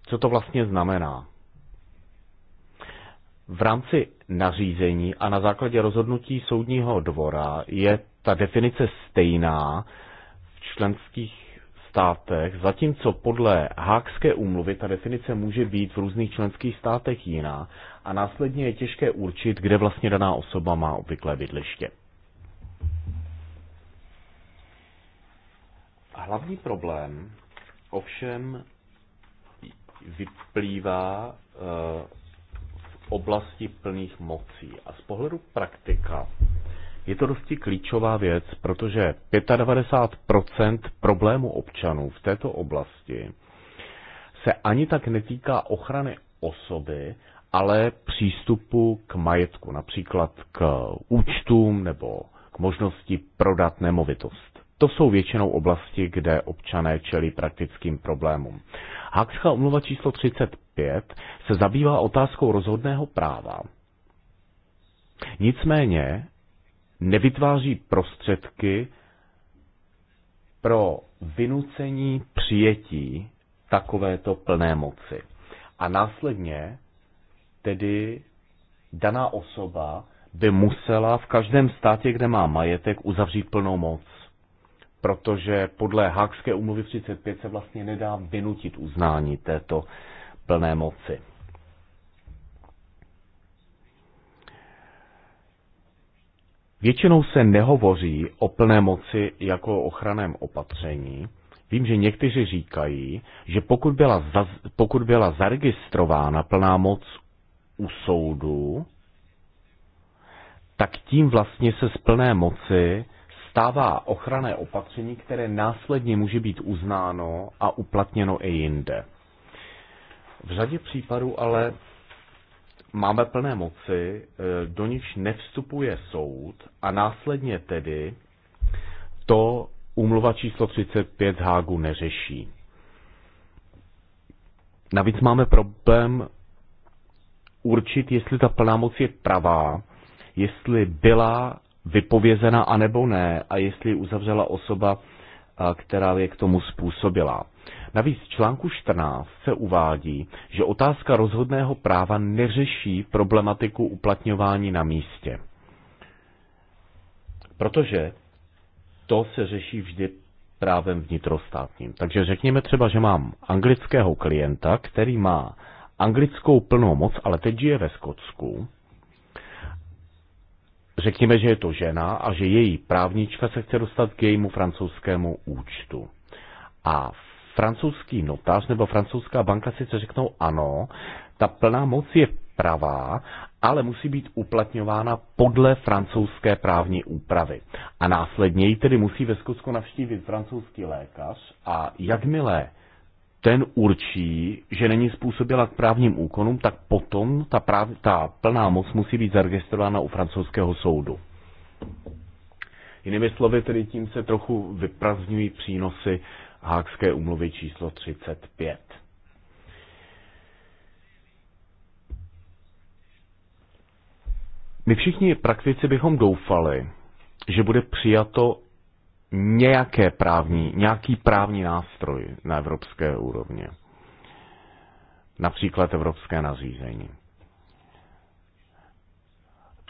Co to vlastně znamená? V rámci nařízení a na základě rozhodnutí soudního dvora je ta definice stejná v členských státech, zatímco podle Hákské úmluvy ta definice může být v různých členských státech jiná a následně je těžké určit, kde vlastně daná osoba má obvyklé bydliště. Hlavní problém ovšem vyplývá eh, v oblasti plných mocí. A z pohledu praktika je to dosti klíčová věc, protože 95% problémů občanů v této oblasti se ani tak netýká ochrany osoby, ale přístupu k majetku, například k účtům nebo k možnosti prodat nemovitost. To jsou většinou oblasti, kde občané čelí praktickým problémům. Hákská umluva číslo 35 se zabývá otázkou rozhodného práva. Nicméně nevytváří prostředky pro vynucení přijetí takovéto plné moci. A následně tedy daná osoba by musela v každém státě, kde má majetek, uzavřít plnou moc protože podle Hákské umluvy 35 se vlastně nedá vynutit uznání této plné moci. Většinou se nehovoří o plné moci jako o ochraném opatření. Vím, že někteří říkají, že pokud byla, za, pokud byla zaregistrována plná moc u soudu, tak tím vlastně se z plné moci stává ochranné opatření, které následně může být uznáno a uplatněno i jinde. V řadě případů ale máme plné moci, e, do nichž nevstupuje soud a následně tedy to úmluva číslo 35 Hágu neřeší. Navíc máme problém určit, jestli ta plná moc je pravá, jestli byla vypovězena anebo ne a jestli ji uzavřela osoba, která je k tomu způsobila. Navíc v článku 14 se uvádí, že otázka rozhodného práva neřeší problematiku uplatňování na místě. Protože to se řeší vždy právem vnitrostátním. Takže řekněme třeba, že mám anglického klienta, který má anglickou plnou moc, ale teď žije ve Skotsku Řekněme, že je to žena a že její právnička se chce dostat k jejímu francouzskému účtu. A francouzský notář nebo francouzská banka sice řeknou ano, ta plná moc je pravá, ale musí být uplatňována podle francouzské právní úpravy. A následně ji tedy musí ve Skotsku navštívit francouzský lékař a jakmile ten určí, že není způsobila k právním úkonům, tak potom ta, práv, ta plná moc musí být zaregistrována u francouzského soudu. Jinými slovy, tedy tím se trochu vyprazňují přínosy Hákské umluvy číslo 35. My všichni praktici bychom doufali, že bude přijato nějaké právní, nějaký právní nástroj na evropské úrovně. Například evropské nařízení.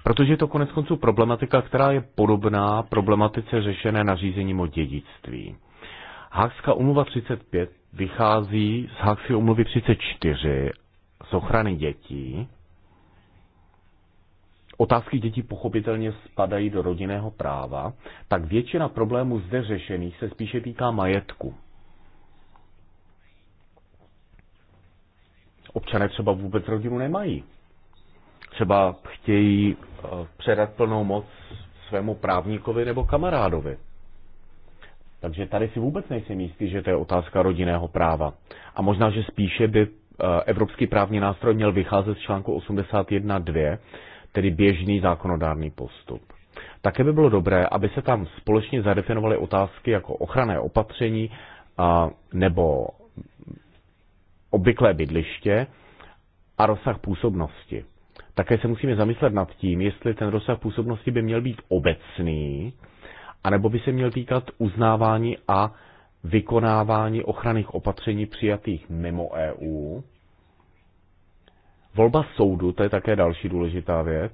Protože je to konec konců problematika, která je podobná problematice řešené nařízením o dědictví. Hákská umluva 35 vychází z Hákské umluvy 34 z ochrany dětí otázky dětí pochopitelně spadají do rodinného práva, tak většina problémů zde řešených se spíše týká majetku. Občané třeba vůbec rodinu nemají. Třeba chtějí eh, předat plnou moc svému právníkovi nebo kamarádovi. Takže tady si vůbec nejsem jistý, že to je otázka rodinného práva. A možná, že spíše by eh, evropský právní nástroj měl vycházet z článku 81.2, tedy běžný zákonodárný postup. Také by bylo dobré, aby se tam společně zadefinovaly otázky jako ochranné opatření a, nebo obvyklé bydliště a rozsah působnosti. Také se musíme zamyslet nad tím, jestli ten rozsah působnosti by měl být obecný, anebo by se měl týkat uznávání a vykonávání ochranných opatření přijatých mimo EU, Volba soudu, to je také další důležitá věc.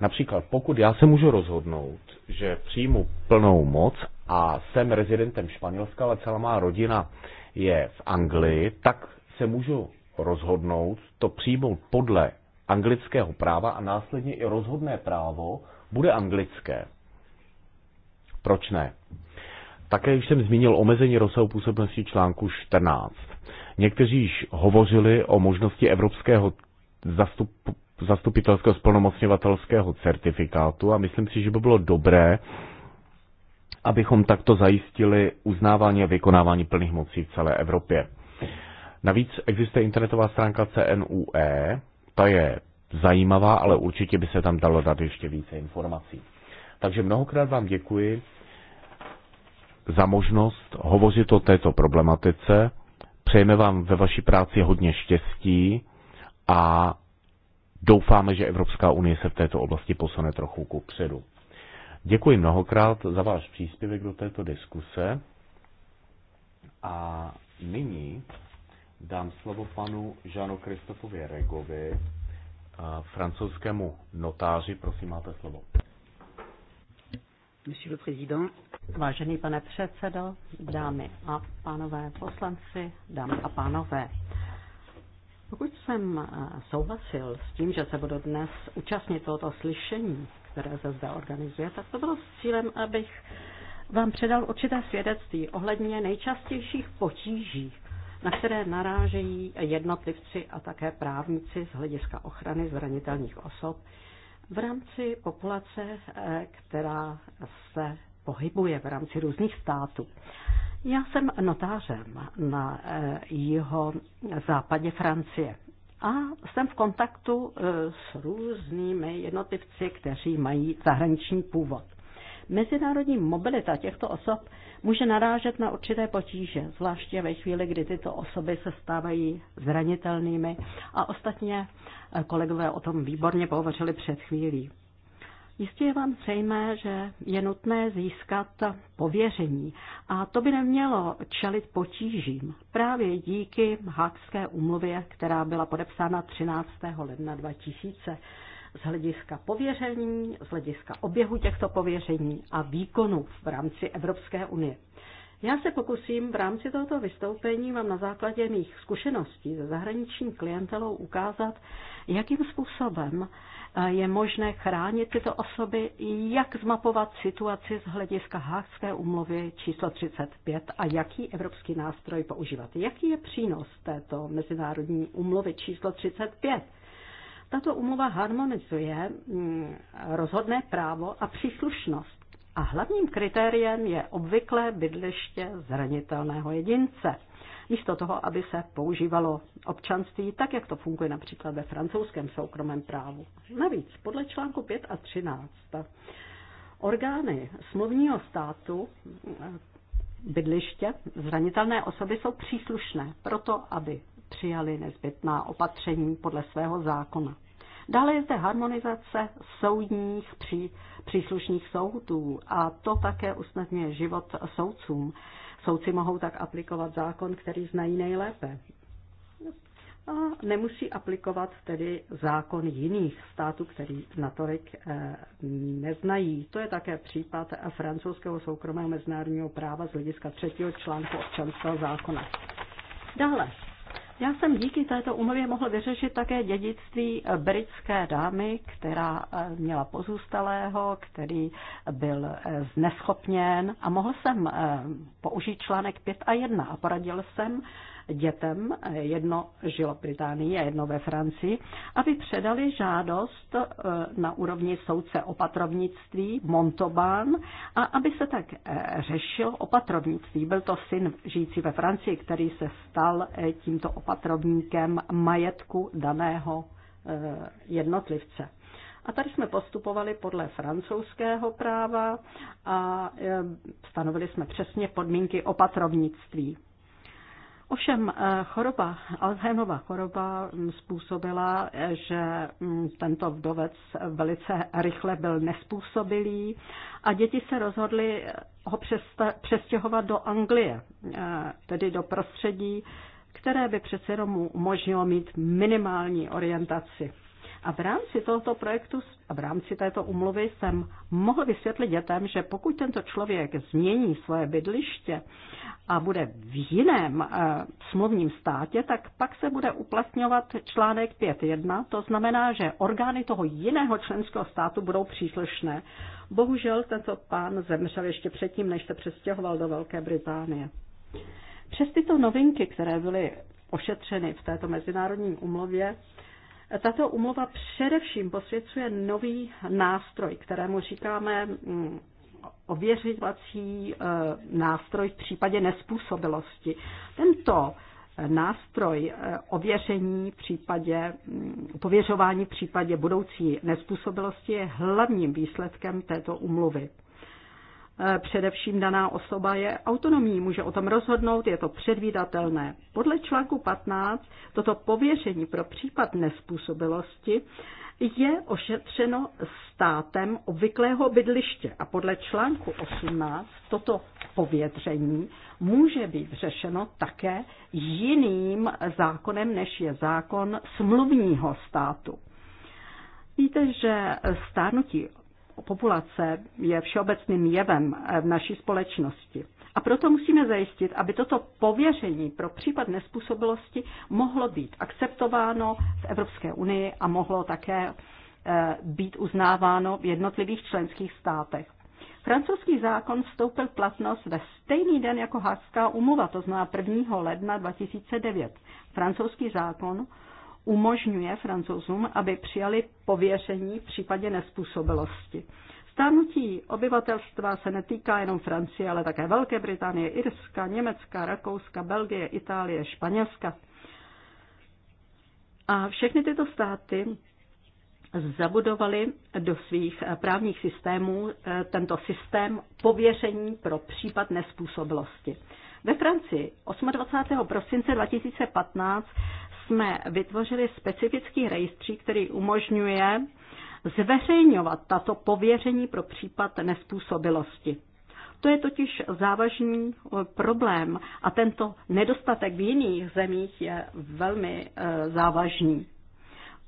Například pokud já se můžu rozhodnout, že přijmu plnou moc a jsem rezidentem Španělska, ale celá má rodina je v Anglii, tak se můžu rozhodnout to přijmout podle anglického práva a následně i rozhodné právo bude anglické. Proč ne? Také už jsem zmínil omezení rozsahu působnosti článku 14. Někteří již hovořili o možnosti evropského zastup, zastupitelského splnomocňovatelského certifikátu a myslím si, že by bylo dobré, abychom takto zajistili uznávání a vykonávání plných mocí v celé Evropě. Navíc existuje internetová stránka CNUE, ta je zajímavá, ale určitě by se tam dalo dát ještě více informací. Takže mnohokrát vám děkuji za možnost hovořit o této problematice. Přejeme vám ve vaší práci hodně štěstí a doufáme, že Evropská unie se v této oblasti posune trochu ku předu. Děkuji mnohokrát za váš příspěvek do této diskuse a nyní dám slovo panu Žano Kristofovi Regovi, eh, francouzskému notáři. Prosím, máte slovo. Monsieur le Président. Vážený pane předsedo, dámy a pánové poslanci, dámy a pánové, pokud jsem eh, souhlasil s tím, že se budu dnes účastnit tohoto slyšení, které se zde organizuje, tak to bylo s cílem, abych vám předal určité svědectví ohledně nejčastějších potíží, na které narážejí jednotlivci a také právníci z hlediska ochrany zranitelných osob v rámci populace, eh, která se pohybuje v rámci různých států. Já jsem notářem na eh, jeho západě Francie a jsem v kontaktu eh, s různými jednotlivci, kteří mají zahraniční původ. Mezinárodní mobilita těchto osob může narážet na určité potíže, zvláště ve chvíli, kdy tyto osoby se stávají zranitelnými a ostatně eh, kolegové o tom výborně pohovořili před chvílí. Jistě je vám zřejmé, že je nutné získat pověření a to by nemělo čelit potížím právě díky Hákské umluvě, která byla podepsána 13. ledna 2000 z hlediska pověření, z hlediska oběhu těchto pověření a výkonu v rámci Evropské unie. Já se pokusím v rámci tohoto vystoupení vám na základě mých zkušeností se zahraniční klientelou ukázat, jakým způsobem je možné chránit tyto osoby, jak zmapovat situaci z hlediska Hákské umluvy číslo 35 a jaký evropský nástroj používat. Jaký je přínos této mezinárodní umluvy číslo 35? Tato umluva harmonizuje mm, rozhodné právo a příslušnost. A hlavním kritériem je obvyklé bydliště zranitelného jedince místo toho, aby se používalo občanství, tak jak to funguje například ve francouzském soukromém právu. Navíc podle článku 5 a 13 orgány smluvního státu eh, bydliště zranitelné osoby jsou příslušné proto, aby přijali nezbytná opatření podle svého zákona. Dále je zde harmonizace soudních pří, příslušných soudů a to také usnadňuje život soudcům. Soudci mohou tak aplikovat zákon, který znají nejlépe. A nemusí aplikovat tedy zákon jiných států, který natolik eh, neznají. To je také případ francouzského soukromého mezinárodního práva z hlediska třetího článku občanského zákona. Dále já jsem díky této umově mohl vyřešit také dědictví britské dámy, která eh, měla pozůstalého, který eh, byl eh, zneschopněn a mohl jsem použít článek 5 a 1 a poradil jsem dětem, jedno žilo v Británii a jedno ve Francii, aby předali žádost eh, na úrovni soudce opatrovnictví Montobán a aby se tak eh, řešilo opatrovnictví. Byl to syn žijící ve Francii, který se stal eh, tímto opatrovníkem majetku daného jednotlivce. A tady jsme postupovali podle francouzského práva a stanovili jsme přesně podmínky opatrovnictví. Ovšem eh, choroba, Alzheimerova choroba mm, způsobila, eh, že mm, tento vdovec velice rychle byl nespůsobilý a děti se rozhodly eh, ho přestěhovat do Anglie, tedy do prostředí, které by přece jenom umožnilo mít minimální orientaci. A v rámci tohoto projektu a v rámci této umluvy jsem mohl vysvětlit dětem, že pokud tento člověk změní svoje bydliště a bude v jiném e, smluvním státě, tak pak se bude uplatňovat článek 5.1. To znamená, že orgány toho jiného členského státu budou příslušné. Bohužel tento pán zemřel ještě předtím, než se přestěhoval do Velké Británie. Přes tyto novinky, které byly ošetřeny v této mezinárodní umluvě, tato umluva především posvěcuje nový nástroj, kterému říkáme mm, ověřovací eh, nástroj v případě nespůsobilosti. Tento eh, nástroj eh, ověření v případě, mm, pověřování v případě budoucí nespůsobilosti je hlavním výsledkem této umluvy. Eh, především daná osoba je autonomní, může o tom rozhodnout, je to předvídatelné. Podle článku 15 toto pověření pro případ nespůsobilosti je ošetřeno státem obvyklého bydliště a podle článku 18 toto pověření může být řešeno také jiným zákonem, než je zákon smluvního státu. Víte, že stárnutí populace je všeobecným jevem v naší společnosti. A proto musíme zajistit, aby toto pověření pro případ nespůsobilosti mohlo být akceptováno v Evropské unii a mohlo také eh, být uznáváno v jednotlivých členských státech. Francouzský zákon vstoupil platnost ve stejný den jako Hářská umluva, to znamená 1. ledna 2009. Francouzský zákon umožňuje francouzům, aby přijali pověření v případě nespůsobilosti. Stárnutí obyvatelstva se netýká jenom Francie, ale také Velké Británie, Irska, Německa, Rakouska, Belgie, Itálie, Španělska. A všechny tyto státy zabudovali do svých právních systémů eh, tento systém pověření pro případ nespůsobilosti. Ve Francii 28. prosince 2015 jsme vytvořili specifický rejstřík, který umožňuje zveřejňovat tato pověření pro případ nespůsobilosti. To je totiž závažný eh, problém a tento nedostatek v jiných zemích je velmi eh, závažný,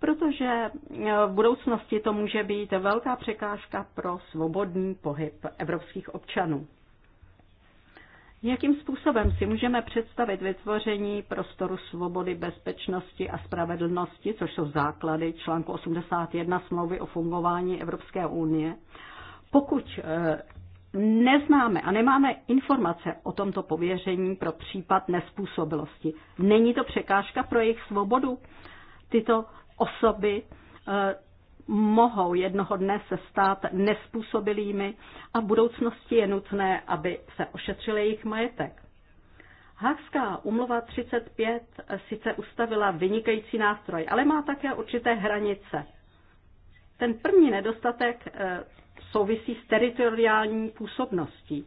protože eh, v budoucnosti to může být velká překážka pro svobodný pohyb evropských občanů. Jakým způsobem si můžeme představit vytvoření prostoru svobody, bezpečnosti a spravedlnosti, což jsou základy článku 81 smlouvy o fungování Evropské unie, pokud eh, neznáme a nemáme informace o tomto pověření pro případ nespůsobilosti. Není to překážka pro jejich svobodu? Tyto osoby eh, mohou jednoho dne se stát nespůsobilými a v budoucnosti je nutné, aby se ošetřil jejich majetek. Hákská umlova 35 sice ustavila vynikající nástroj, ale má také určité hranice. Ten první nedostatek eh, souvisí s teritoriální působností.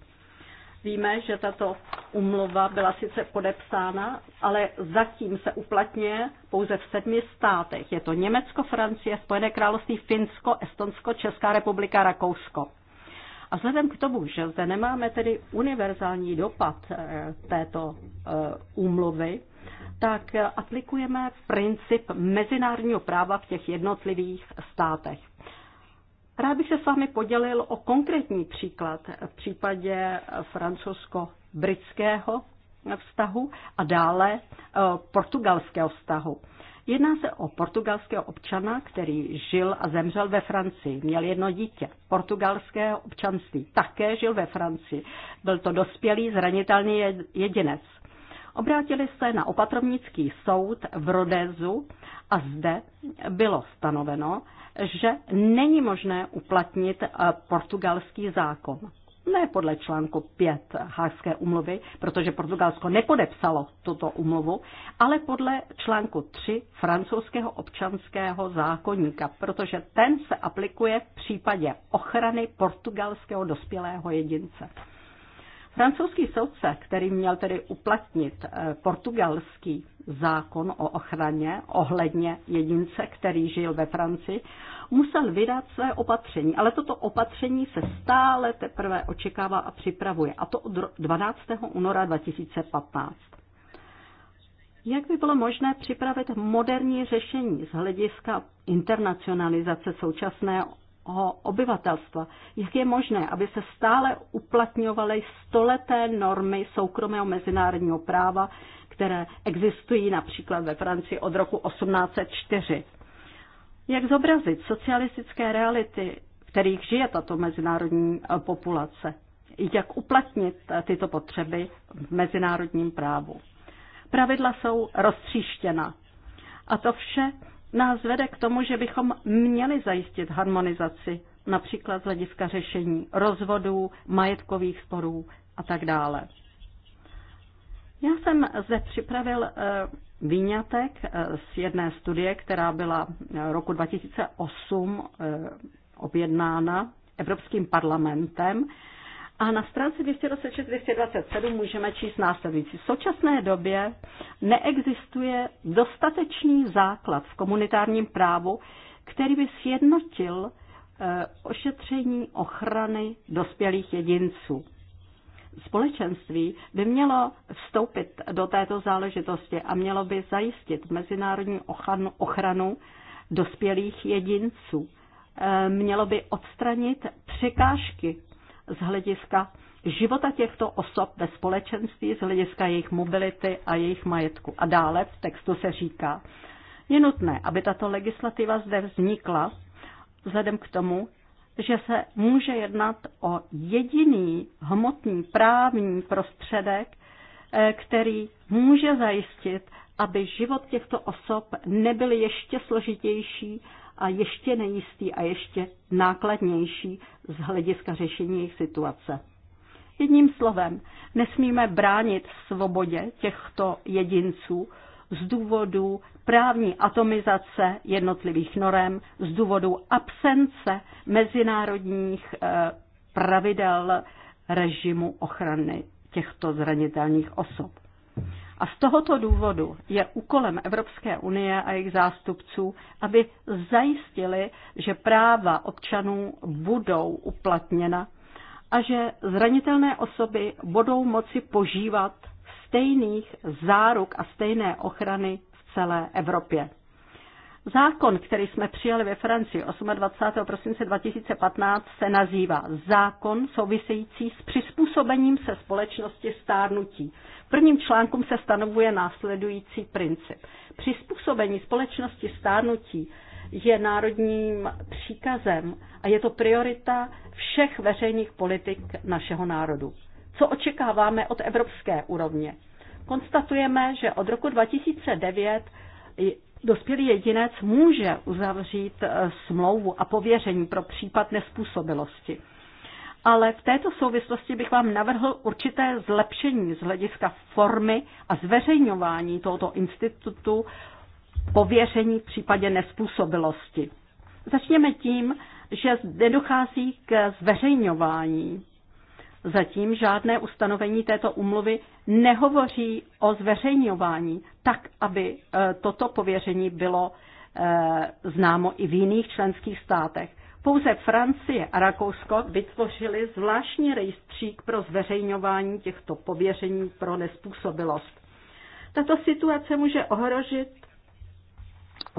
Víme, že tato umlova byla sice podepsána, ale zatím se uplatňuje pouze v sedmi státech. Je to Německo, Francie, Spojené království, Finsko, Estonsko, Česká republika, Rakousko. A vzhledem k tomu, že zde nemáme tedy univerzální dopad eh, této eh, úmluvy, tak eh, aplikujeme princip mezinárodního práva v těch jednotlivých státech. Rád bych se s vámi podělil o konkrétní příklad v případě francouzsko-britského vztahu a dále e, portugalského vztahu. Jedná se o portugalského občana, který žil a zemřel ve Francii. Měl jedno dítě. Portugalského občanství také žil ve Francii. Byl to dospělý zranitelný jedinec. Obrátili se na opatrovnický soud v Rodézu a zde bylo stanoveno, že není možné uplatnit eh, portugalský zákon. Ne podle článku 5 Hářské umluvy, protože Portugalsko nepodepsalo tuto umluvu, ale podle článku 3 francouzského občanského zákonníka, protože ten se aplikuje v případě ochrany portugalského dospělého jedince. Francouzský soudce, který měl tedy uplatnit eh, portugalský zákon o ochraně ohledně jedince, který žil ve Francii, musel vydat své opatření. Ale toto opatření se stále teprve očekává a připravuje. A to od 12. února 2015. Jak by bylo možné připravit moderní řešení z hlediska internacionalizace současného obyvatelstva. Jak je možné, aby se stále uplatňovaly stoleté normy soukromého mezinárodního práva, které existují například ve Francii od roku 1804? Jak zobrazit socialistické reality, v kterých žije tato mezinárodní eh, populace? Jak uplatnit eh, tyto potřeby v mezinárodním právu? Pravidla jsou roztříštěna. A to vše nás vede k tomu, že bychom měli zajistit harmonizaci, například z hlediska řešení rozvodů, majetkových sporů a tak dále. Já jsem zde připravil eh, výňatek eh, z jedné studie, která byla eh, roku 2008 objednána Evropským parlamentem a na stránce 226-227 můžeme číst následující. V současné době neexistuje dostatečný základ v komunitárním právu, který by sjednotil eh, ošetření ochrany dospělých jedinců. Společenství by mělo vstoupit do této záležitosti a mělo by zajistit mezinárodní ochranu, ochranu dospělých jedinců. Eh, mělo by odstranit překážky z hlediska života těchto osob ve společenství, z hlediska jejich mobility a jejich majetku. A dále v textu se říká, je nutné, aby tato legislativa zde vznikla vzhledem k tomu, že se může jednat o jediný hmotný právní prostředek, eh, který může zajistit, aby život těchto osob nebyl ještě složitější a ještě nejistý a ještě nákladnější z hlediska řešení jejich situace. Jedním slovem, nesmíme bránit svobodě těchto jedinců z důvodu právní atomizace jednotlivých norem, z důvodu absence mezinárodních eh, pravidel režimu ochrany těchto zranitelných osob. A z tohoto důvodu je úkolem Evropské unie a jejich zástupců, aby zajistili, že práva občanů budou uplatněna a že zranitelné osoby budou moci požívat stejných záruk a stejné ochrany v celé Evropě. Zákon, který jsme přijali ve Francii 28. prosince 2015, se nazývá Zákon související s přizpůsobením se společnosti stárnutí prvním článku se stanovuje následující princip. Přizpůsobení společnosti stárnutí je národním příkazem a je to priorita všech veřejných politik našeho národu. Co očekáváme od evropské úrovně? Konstatujeme, že od roku 2009 dospělý jedinec může uzavřít eh, smlouvu a pověření pro případ nespůsobilosti ale v této souvislosti bych vám navrhl určité zlepšení z hlediska formy a zveřejňování tohoto institutu pověření v případě nespůsobilosti. Začněme tím, že nedochází k zveřejňování. Zatím žádné ustanovení této umluvy nehovoří o zveřejňování, tak aby eh, toto pověření bylo eh, známo i v jiných členských státech. Pouze Francie a Rakousko vytvořili zvláštní rejstřík pro zveřejňování těchto pověření pro nespůsobilost. Tato situace může ohrožit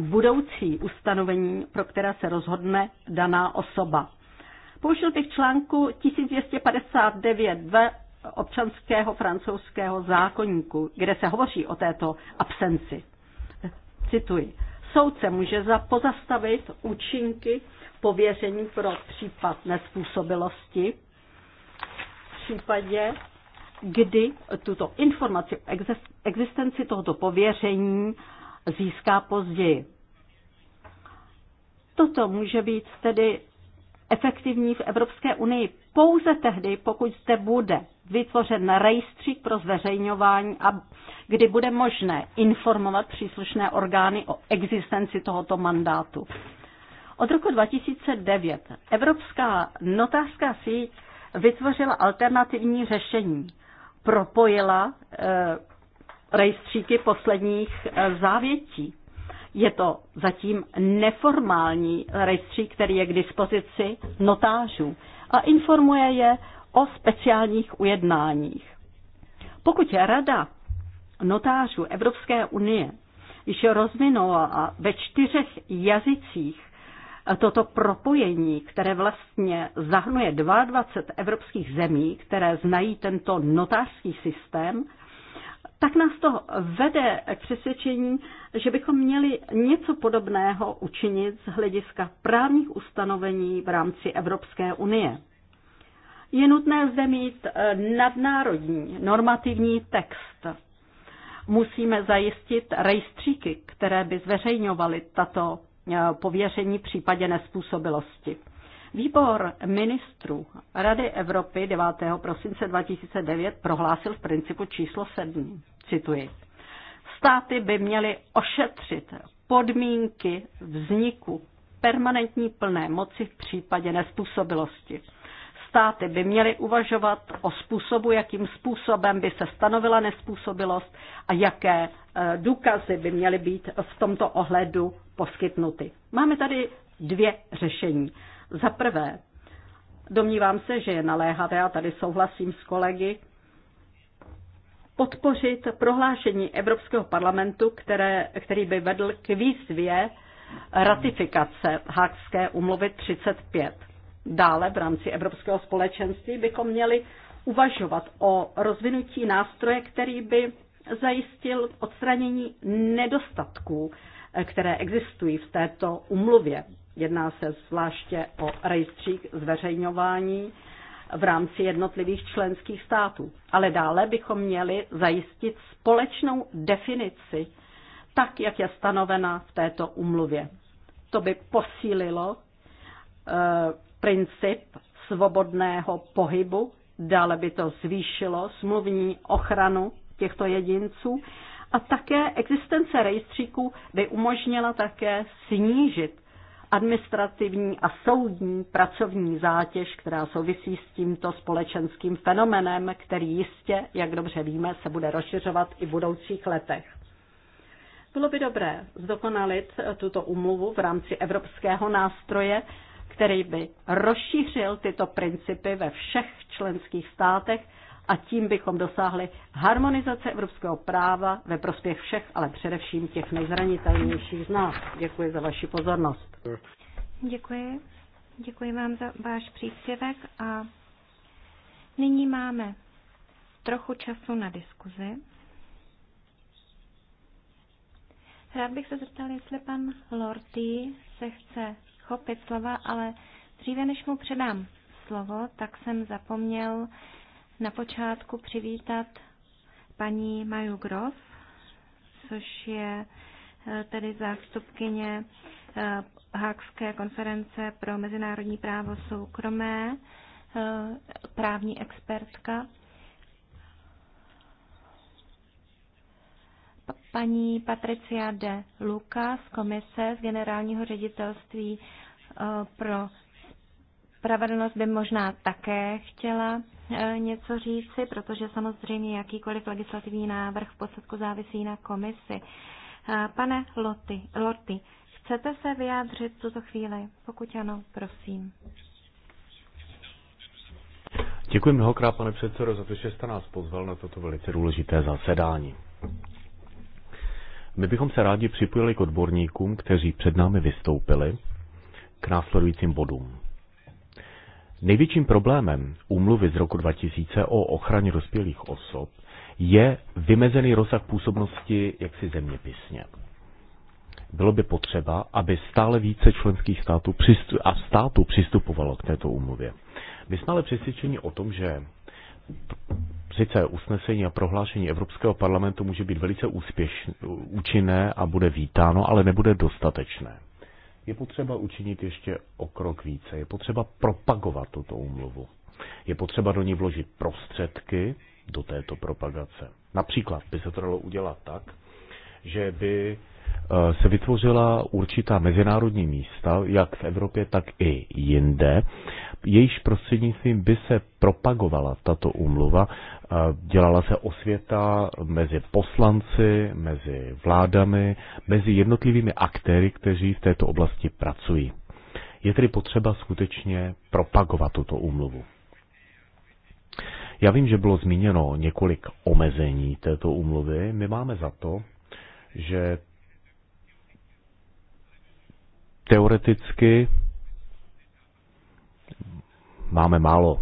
budoucí ustanovení, pro které se rozhodne daná osoba. Použil bych článku 1259.2 občanského francouzského zákonníku, kde se hovoří o této absenci. Cituji. Soudce může pozastavit účinky pověření pro případ nespůsobilosti v případě, kdy tuto informaci o existenci tohoto pověření získá později. Toto může být tedy efektivní v Evropské unii pouze tehdy, pokud zde bude vytvořen rejstřík pro zveřejňování a kdy bude možné informovat příslušné orgány o existenci tohoto mandátu. Od roku 2009 Evropská notářská síť vytvořila alternativní řešení. Propojila e, rejstříky posledních e, závětí. Je to zatím neformální rejstřík, který je k dispozici notářů a informuje je o speciálních ujednáních. Pokud je Rada notářů Evropské unie již rozvinula ve čtyřech jazycích toto propojení, které vlastně zahrnuje 22 evropských zemí, které znají tento notářský systém, tak nás to vede k přesvědčení, že bychom měli něco podobného učinit z hlediska právních ustanovení v rámci Evropské unie. Je nutné zde mít e, nadnárodní normativní text. Musíme zajistit rejstříky, které by zveřejňovaly tato Eh, pověření v případě nespůsobilosti. Výbor ministrů Rady Evropy 9. prosince 2009 prohlásil v principu číslo 7. Cituji. Státy by měly ošetřit podmínky vzniku permanentní plné moci v případě nespůsobilosti. Státy by měly uvažovat o způsobu, jakým způsobem by se stanovila nespůsobilost a jaké eh, důkazy by měly být v tomto ohledu poskytnuty. Máme tady dvě řešení. Za prvé, domnívám se, že je naléhavé, a tady souhlasím s kolegy, podpořit prohlášení Evropského parlamentu, které, který by vedl k výzvě ratifikace Hákské umluvy 35. Dále v rámci Evropského společenství bychom měli uvažovat o rozvinutí nástroje, který by zajistil odstranění nedostatků které existují v této umluvě. Jedná se zvláště o rejstřík zveřejňování v rámci jednotlivých členských států. Ale dále bychom měli zajistit společnou definici, tak jak je stanovena v této umluvě. To by posílilo eh, princip svobodného pohybu, dále by to zvýšilo smluvní ochranu těchto jedinců a také existence rejstříků by umožnila také snížit administrativní a soudní pracovní zátěž, která souvisí s tímto společenským fenomenem, který jistě, jak dobře víme, se bude rozšiřovat i v budoucích letech. Bylo by dobré zdokonalit tuto umluvu v rámci evropského nástroje, který by rozšířil tyto principy ve všech členských státech a tím bychom dosáhli harmonizace evropského práva ve prospěch všech, ale především těch nejzranitelnějších z nás. Děkuji za vaši pozornost. Děkuji. Děkuji vám za váš příspěvek a nyní máme trochu času na diskuzi. Rád bych se zeptal, jestli pan Lorty se chce chopit slova, ale dříve než mu předám slovo, tak jsem zapomněl na počátku přivítat paní Maju Grof, což je eh, tedy zástupkyně eh, Hákské konference pro mezinárodní právo soukromé, eh, právní expertka. Paní Patricia de Luca z komise z generálního ředitelství pro spravedlnost by možná také chtěla e, něco říci, protože samozřejmě jakýkoliv legislativní návrh v podstatku závisí na komisi. E, pane Loty, Lorty, chcete se vyjádřit v tuto chvíli? Pokud ano, prosím. Děkuji mnohokrát, pane předsedo, za to, že jste nás pozval na toto velice důležité zasedání. My bychom se rádi připojili k odborníkům, kteří před námi vystoupili, k následujícím bodům. Největším problémem úmluvy z roku 2000 o ochraně dospělých osob je vymezený rozsah působnosti jaksi zeměpisně. Bylo by potřeba, aby stále více členských států a států přistupovalo k této úmluvě. My jsme ale přesvědčeni o tom, že sice usnesení a prohlášení Evropského parlamentu může být velice úspěšné, účinné a bude vítáno, ale nebude dostatečné je potřeba učinit ještě o krok více. Je potřeba propagovat tuto úmluvu. Je potřeba do ní vložit prostředky do této propagace. Například by se to dalo udělat tak, že by eh, se vytvořila určitá mezinárodní místa, jak v Evropě, tak i jinde, jejíž prostřednictvím by se propagovala tato úmluva Dělala se osvěta mezi poslanci, mezi vládami, mezi jednotlivými aktéry, kteří v této oblasti pracují. Je tedy potřeba skutečně propagovat tuto úmluvu. Já vím, že bylo zmíněno několik omezení této úmluvy. My máme za to, že teoreticky máme málo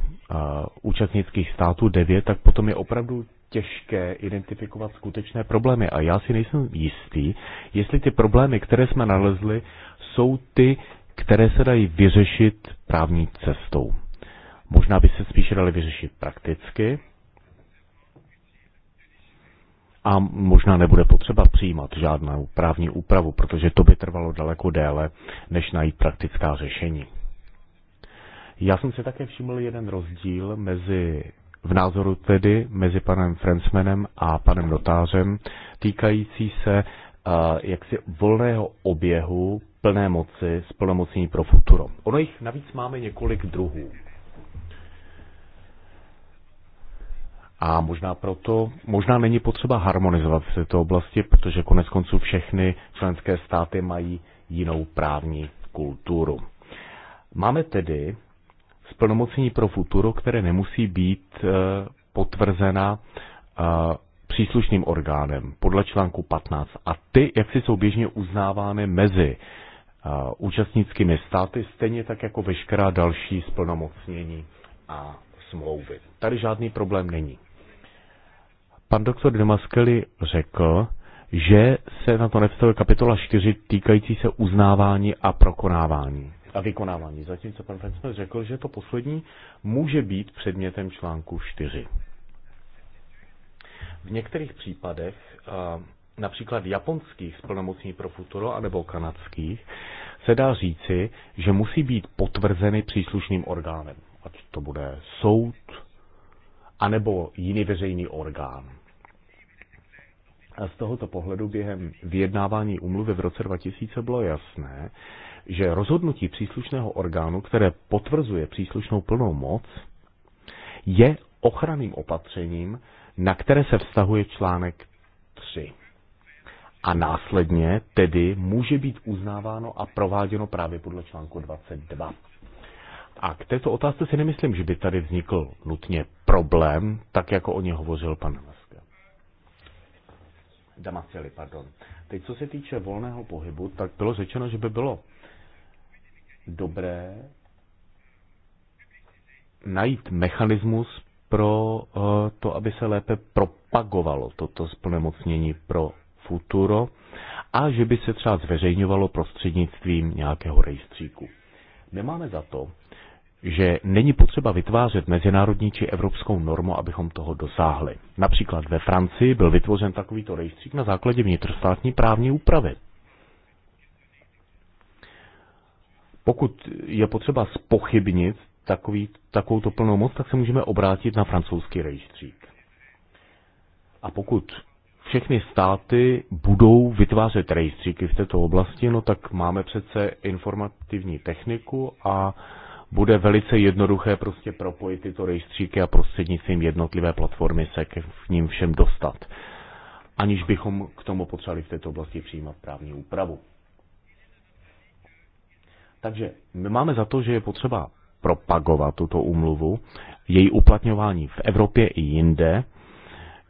účastnických států devět, tak potom je opravdu těžké identifikovat skutečné problémy. A já si nejsem jistý, jestli ty problémy, které jsme nalezli, jsou ty, které se dají vyřešit právní cestou. Možná by se spíše dali vyřešit prakticky a možná nebude potřeba přijímat žádnou právní úpravu, protože to by trvalo daleko déle, než najít praktická řešení. Já jsem si také všiml jeden rozdíl mezi v názoru tedy mezi panem Francmanem a panem notářem týkající se uh, jaksi volného oběhu plné moci s plnomocní pro futuro. Ono jich navíc máme několik druhů. A možná proto, možná není potřeba harmonizovat v této oblasti, protože konec konců všechny členské státy mají jinou právní kulturu. Máme tedy splnomocnění pro futuro, které nemusí být eh, potvrzena eh, příslušným orgánem podle článku 15. A ty, jak si jsou běžně uznávány mezi eh, účastnickými státy, stejně tak jako veškerá další splnomocnění a smlouvy. Tady žádný problém není. Pan doktor Demaskeli řekl, že se na to nevztahuje kapitola 4 týkající se uznávání a prokonávání a vykonávání. Zatímco pan Fencman řekl, že to poslední může být předmětem článku 4. V některých případech, například japonských splnomocní pro futuro anebo kanadských, se dá říci, že musí být potvrzeny příslušným orgánem, ať to bude soud anebo jiný veřejný orgán. A z tohoto pohledu během vyjednávání umluvy v roce 2000 bylo jasné, že rozhodnutí příslušného orgánu, které potvrzuje příslušnou plnou moc, je ochranným opatřením, na které se vztahuje článek 3. A následně tedy může být uznáváno a prováděno právě podle článku 22. A k této otázce si nemyslím, že by tady vznikl nutně problém, tak jako o ně hovořil pan Damaske. Damasili, pardon. Teď, co se týče volného pohybu, tak bylo řečeno, že by bylo dobré najít mechanismus pro eh, to, aby se lépe propagovalo toto splnomocnění pro futuro a že by se třeba zveřejňovalo prostřednictvím nějakého rejstříku. Nemáme za to, že není potřeba vytvářet mezinárodní či evropskou normu, abychom toho dosáhli. Například ve Francii byl vytvořen takovýto rejstřík na základě vnitrostátní právní úpravy. Pokud je potřeba spochybnit takový, takovouto plnou moc, tak se můžeme obrátit na francouzský rejstřík. A pokud všechny státy budou vytvářet rejstříky v této oblasti, no tak máme přece informativní techniku a bude velice jednoduché prostě propojit tyto rejstříky a prostřednictvím jednotlivé platformy se k ním všem dostat, aniž bychom k tomu potřebovali v této oblasti přijímat právní úpravu. Takže my máme za to, že je potřeba propagovat tuto úmluvu. Její uplatňování v Evropě i jinde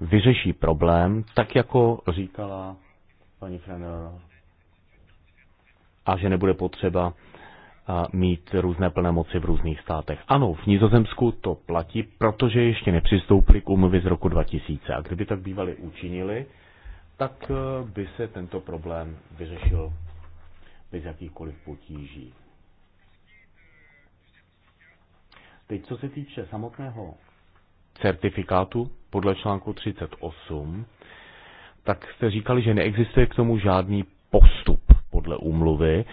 vyřeší problém, tak jako říkala paní Frenner, a že nebude potřeba mít různé plné moci v různých státech. Ano, v Nizozemsku to platí, protože ještě nepřistoupili k úmluvě z roku 2000. A kdyby tak bývali učinili, tak e, by se tento problém vyřešil bez jakýchkoliv potíží. Teď co se týče samotného certifikátu podle článku 38, tak jste říkali, že neexistuje k tomu žádný postup podle úmluvy,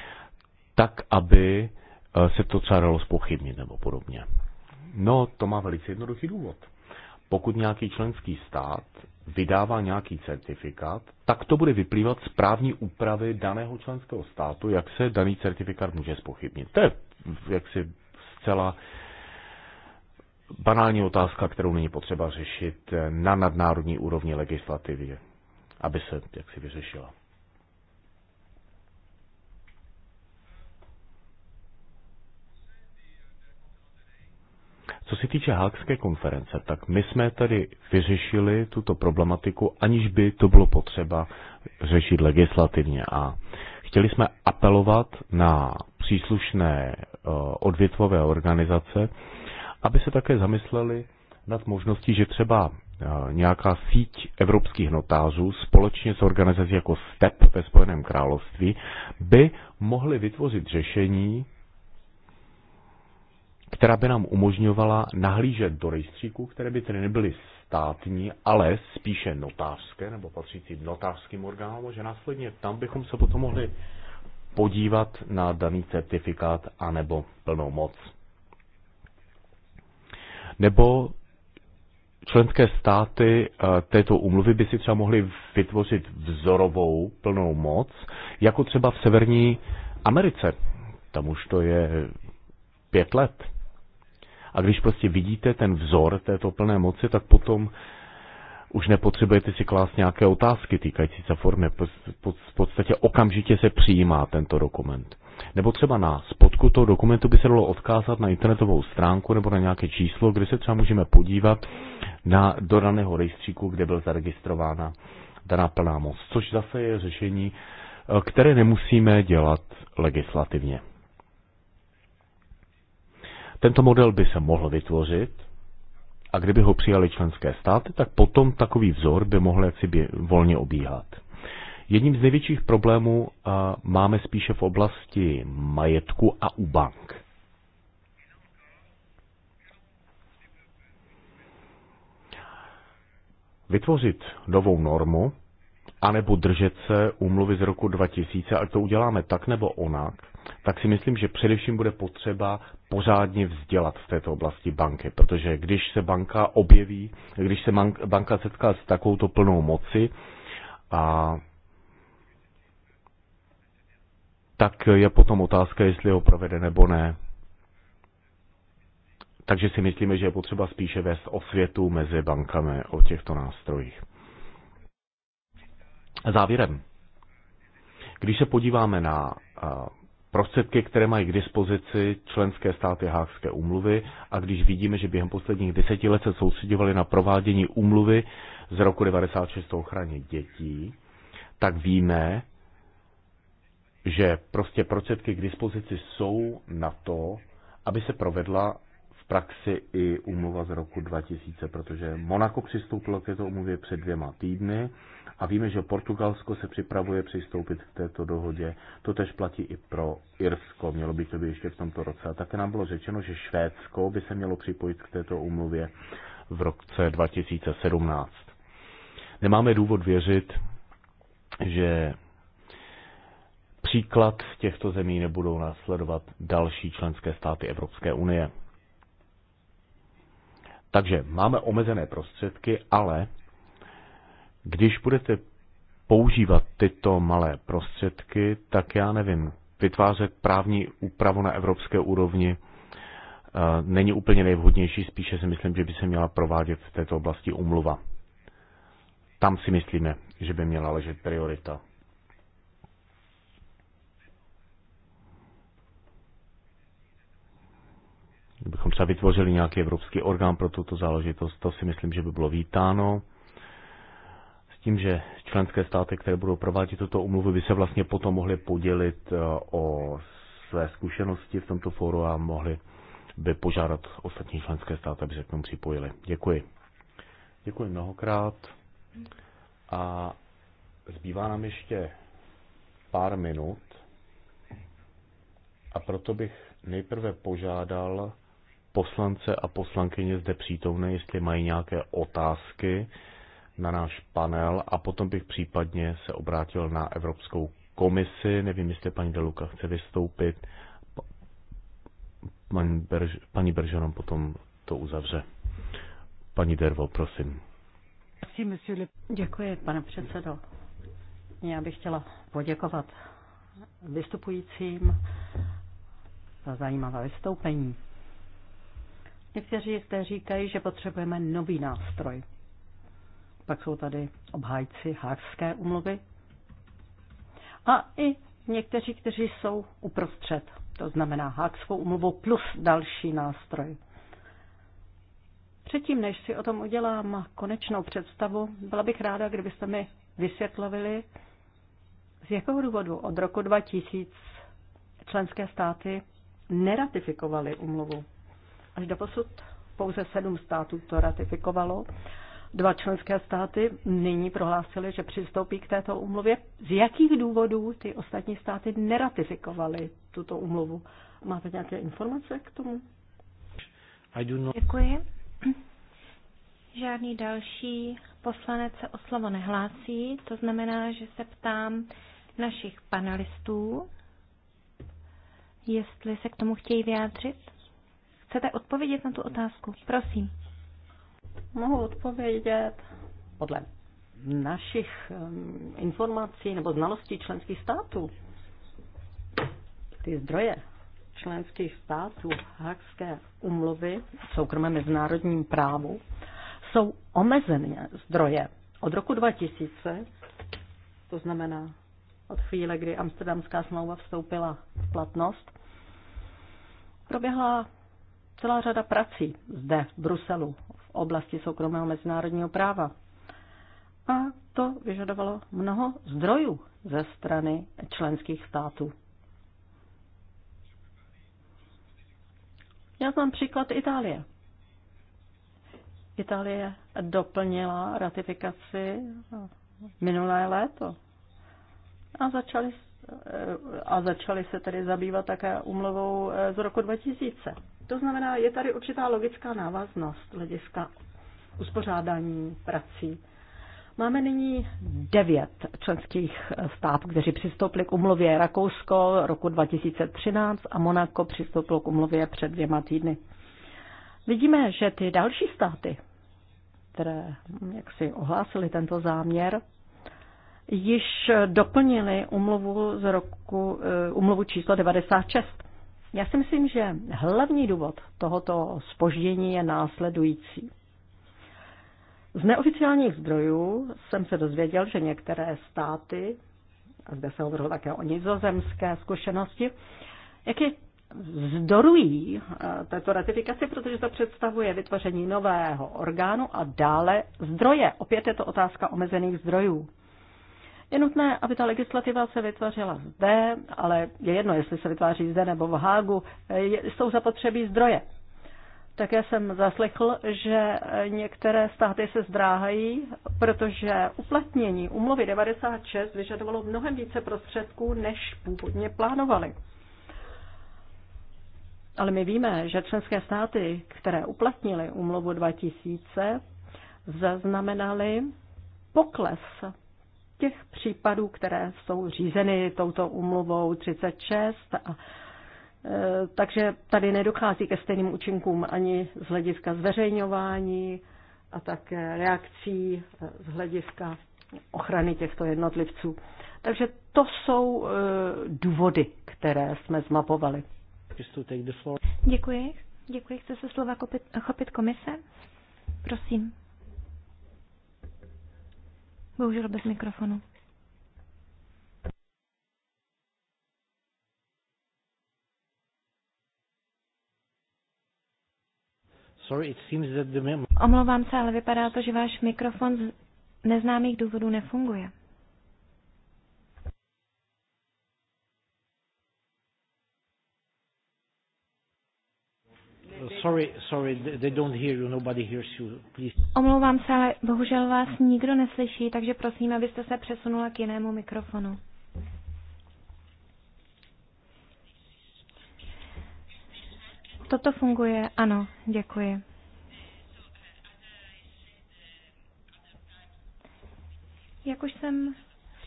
tak aby eh, se to třeba dalo spochybnit nebo podobně. No, to má velice jednoduchý důvod pokud nějaký členský stát vydává nějaký certifikát, tak to bude vyplývat z právní úpravy daného členského státu, jak se daný certifikát může spochybnit. To je jaksi zcela banální otázka, kterou není potřeba řešit na nadnárodní úrovni legislativy, aby se jaksi vyřešila. Co se týče Hákské konference, tak my jsme tady vyřešili tuto problematiku, aniž by to bylo potřeba řešit legislativně. A chtěli jsme apelovat na příslušné eh, odvětvové organizace, aby se také zamysleli nad možností, že třeba eh, nějaká síť evropských notářů společně s organizací jako STEP ve Spojeném království by mohly vytvořit řešení, která by nám umožňovala nahlížet do rejstříků, které by tedy nebyly státní, ale spíše notářské nebo patřící notářským orgánům, že následně tam bychom se potom mohli podívat na daný certifikát anebo plnou moc. Nebo členské státy eh, této úmluvy by si třeba mohly vytvořit vzorovou plnou moc, jako třeba v Severní Americe. Tam už to je pět let. A když prostě vidíte ten vzor této plné moci, tak potom už nepotřebujete si klást nějaké otázky týkající se formy. V podstatě okamžitě se přijímá tento dokument. Nebo třeba na spodku toho dokumentu by se dalo odkázat na internetovou stránku nebo na nějaké číslo, kde se třeba můžeme podívat na dodaného rejstříku, kde byl zaregistrována daná plná moc. Což zase je řešení, eh, které nemusíme dělat legislativně. Tento model by se mohl vytvořit a kdyby ho přijali členské státy, tak potom takový vzor by mohl jaksi by volně obíhat. Jedním z největších problémů máme spíše v oblasti majetku a u bank. Vytvořit novou normu anebo držet se úmluvy z roku 2000, ať to uděláme tak nebo onak, tak si myslím, že především bude potřeba pořádně vzdělat v této oblasti banky, protože když se banka objeví, když se banka setká s takovouto plnou moci, a tak je potom otázka, jestli ho provede nebo ne. Takže si myslíme, že je potřeba spíše vést osvětu mezi bankami o těchto nástrojích. Závěrem, když se podíváme na eh, prostředky, které mají k dispozici členské státy Hákské úmluvy a když vidíme, že během posledních deseti let se soustředovali na provádění úmluvy z roku 96 o ochraně dětí, tak víme, že prostě prostředky k dispozici jsou na to, aby se provedla v praxi i úmluva z roku 2000, protože Monako přistoupilo k této úmluvě před dvěma týdny a víme, že Portugalsko se připravuje přistoupit k této dohodě. To tež platí i pro Irsko, mělo by to být ještě v tomto roce. A také nám bylo řečeno, že Švédsko by se mělo připojit k této úmluvě v roce 2017. Nemáme důvod věřit, že příklad z těchto zemí nebudou následovat další členské státy Evropské unie. Takže máme omezené prostředky, ale když budete používat tyto malé prostředky, tak já nevím, vytvářet právní úpravu na evropské úrovni eh, není úplně nejvhodnější, spíše si myslím, že by se měla provádět v této oblasti umluva. Tam si myslíme, že by měla ležet priorita. Kdybychom třeba vytvořili nějaký evropský orgán pro tuto záležitost, to si myslím, že by bylo vítáno tím, že členské státy, které budou provádět tuto umluvu, by se vlastně potom mohly podělit eh, o své zkušenosti v tomto fóru a mohly by požádat ostatní členské státy, aby se k tomu připojili. Děkuji. Děkuji mnohokrát. A zbývá nám ještě pár minut. A proto bych nejprve požádal poslance a poslankyně zde přítomné, jestli mají nějaké otázky na náš panel a potom bych případně se obrátil na Evropskou komisi. Nevím, jestli paní Deluka chce vystoupit. Paní, Berž, paní Beržanom potom to uzavře. Paní Dervo, prosím. Děkuji, pane předsedo. Já bych chtěla poděkovat vystupujícím za zajímavé vystoupení. Někteří zde říkají, že potřebujeme nový nástroj pak jsou tady obhájci hářské umluvy a i někteří, kteří jsou uprostřed. To znamená hákskou umluvu plus další nástroj. Předtím, než si o tom udělám konečnou představu, byla bych ráda, kdybyste mi vysvětlovili, z jakého důvodu od roku 2000 členské státy neratifikovaly umluvu. Až do posud pouze sedm států to ratifikovalo Dva členské státy nyní prohlásily, že přistoupí k této úmluvě. Z jakých důvodů ty ostatní státy neratifikovaly tuto úmluvu? Máte nějaké informace k tomu? Děkuji. Žádný další poslanec se o slovo nehlásí, to znamená, že se ptám našich panelistů, jestli se k tomu chtějí vyjádřit. Chcete odpovědět na tu otázku? Prosím mohu odpovědět podle našich informací nebo znalostí členských států. Ty zdroje členských států Hakské umluvy v soukromém mezinárodním právu jsou omezené zdroje. Od roku 2000, to znamená od chvíle, kdy Amsterdamská smlouva vstoupila v platnost, proběhla celá řada prací zde v Bruselu, oblasti soukromého mezinárodního práva. A to vyžadovalo mnoho zdrojů ze strany členských států. Já znám příklad Itálie. Itálie doplnila ratifikaci minulé léto a začali, a začali se tedy zabývat také umluvou eh, z roku 2000. To znamená, je tady určitá logická návaznost hlediska uspořádání prací. Máme nyní devět členských států, kteří přistoupili k umluvě Rakousko roku 2013 a Monako přistoupilo k umluvě před dvěma týdny. Vidíme, že ty další státy, které jak si ohlásili tento záměr, již doplnili umluvu z roku, umluvu eh, číslo 96. Já si myslím, že hlavní důvod tohoto spoždění je následující. Z neoficiálních zdrojů jsem se dozvěděl, že některé státy, a zde se hovořilo také o nizozemské zkušenosti, jak je zdorují eh, této ratifikaci, protože to představuje vytvoření nového orgánu a dále zdroje. Opět je to otázka omezených zdrojů. Je nutné, aby ta legislativa se vytvořila zde, ale je jedno, jestli se vytváří zde nebo v Hágu, jsou zapotřebí zdroje. Také jsem zaslechl, že některé státy se zdráhají, protože uplatnění umluvy 96 vyžadovalo mnohem více prostředků, než původně plánovali. Ale my víme, že členské státy, které uplatnily umluvu 2000, zaznamenaly pokles těch případů, které jsou řízeny touto umluvou 36 a e, takže tady nedochází ke stejným účinkům ani z hlediska zveřejňování a také reakcí e, z hlediska ochrany těchto jednotlivců. Takže to jsou e, důvody, které jsme zmapovali. Děkuji. Děkuji. Chce se slova chopit komise? Prosím. Bohužel bez mikrofonu. Omlouvám se, ale vypadá to, že váš mikrofon z neznámých důvodů nefunguje. Sorry, sorry, they don't hear you, nobody hears you, please. Omlouvám se, ale bohužel vás nikdo neslyší, takže prosím, abyste se přesunula k jinému mikrofonu. Toto funguje, ano, děkuji. Jak už jsem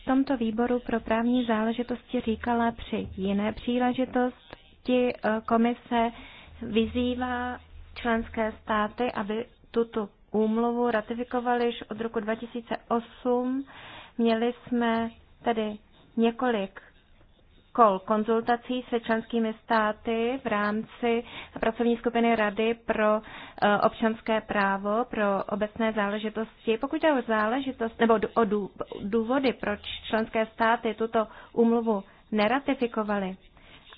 v tomto výboru pro právní záležitosti říkala při jiné příležitosti, eh, komise vyzývá členské státy, aby tuto úmluvu ratifikovali již od roku 2008. Měli jsme tedy několik kol konzultací se členskými státy v rámci pracovní skupiny Rady pro e, občanské právo, pro obecné záležitosti. Pokud jde o záležitost nebo o důvody, proč členské státy tuto úmluvu neratifikovaly,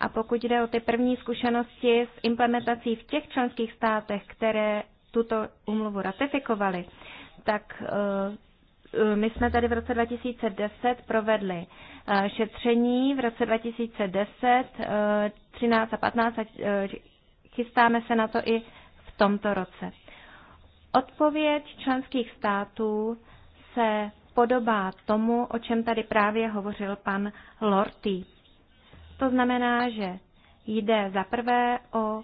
a pokud jde o ty první zkušenosti s implementací v těch členských státech, které tuto umluvu ratifikovaly, tak eh, eh, my jsme tady v roce 2010 provedli eh, šetření, v roce 2010 13 a 15 a chystáme se na to i v tomto roce. Odpověď členských států se podobá tomu, o čem tady právě hovořil pan Lortý. To znamená, že jde za prvé o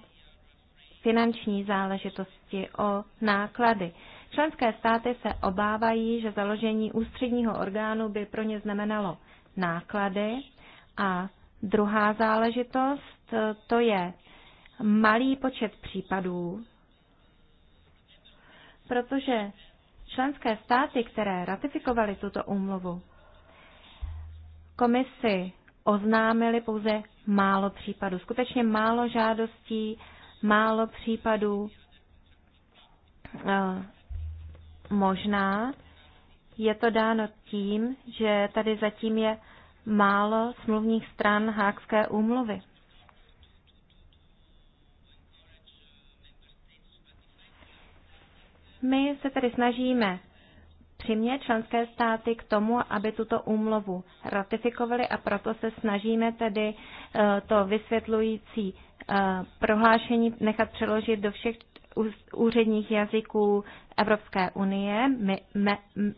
finanční záležitosti, o náklady. Členské státy se obávají, že založení ústředního orgánu by pro ně znamenalo náklady. A druhá záležitost, to je malý počet případů, protože členské státy, které ratifikovaly tuto úmluvu, komisi oznámili pouze málo případů. Skutečně málo žádostí, málo případů. Eh, možná je to dáno tím, že tady zatím je málo smluvních stran Hákské úmluvy. My se tedy snažíme Přimě členské státy k tomu, aby tuto úmluvu ratifikovali a proto se snažíme tedy eh, to vysvětlující eh, prohlášení nechat přeložit do všech úředních jazyků Evropské unie,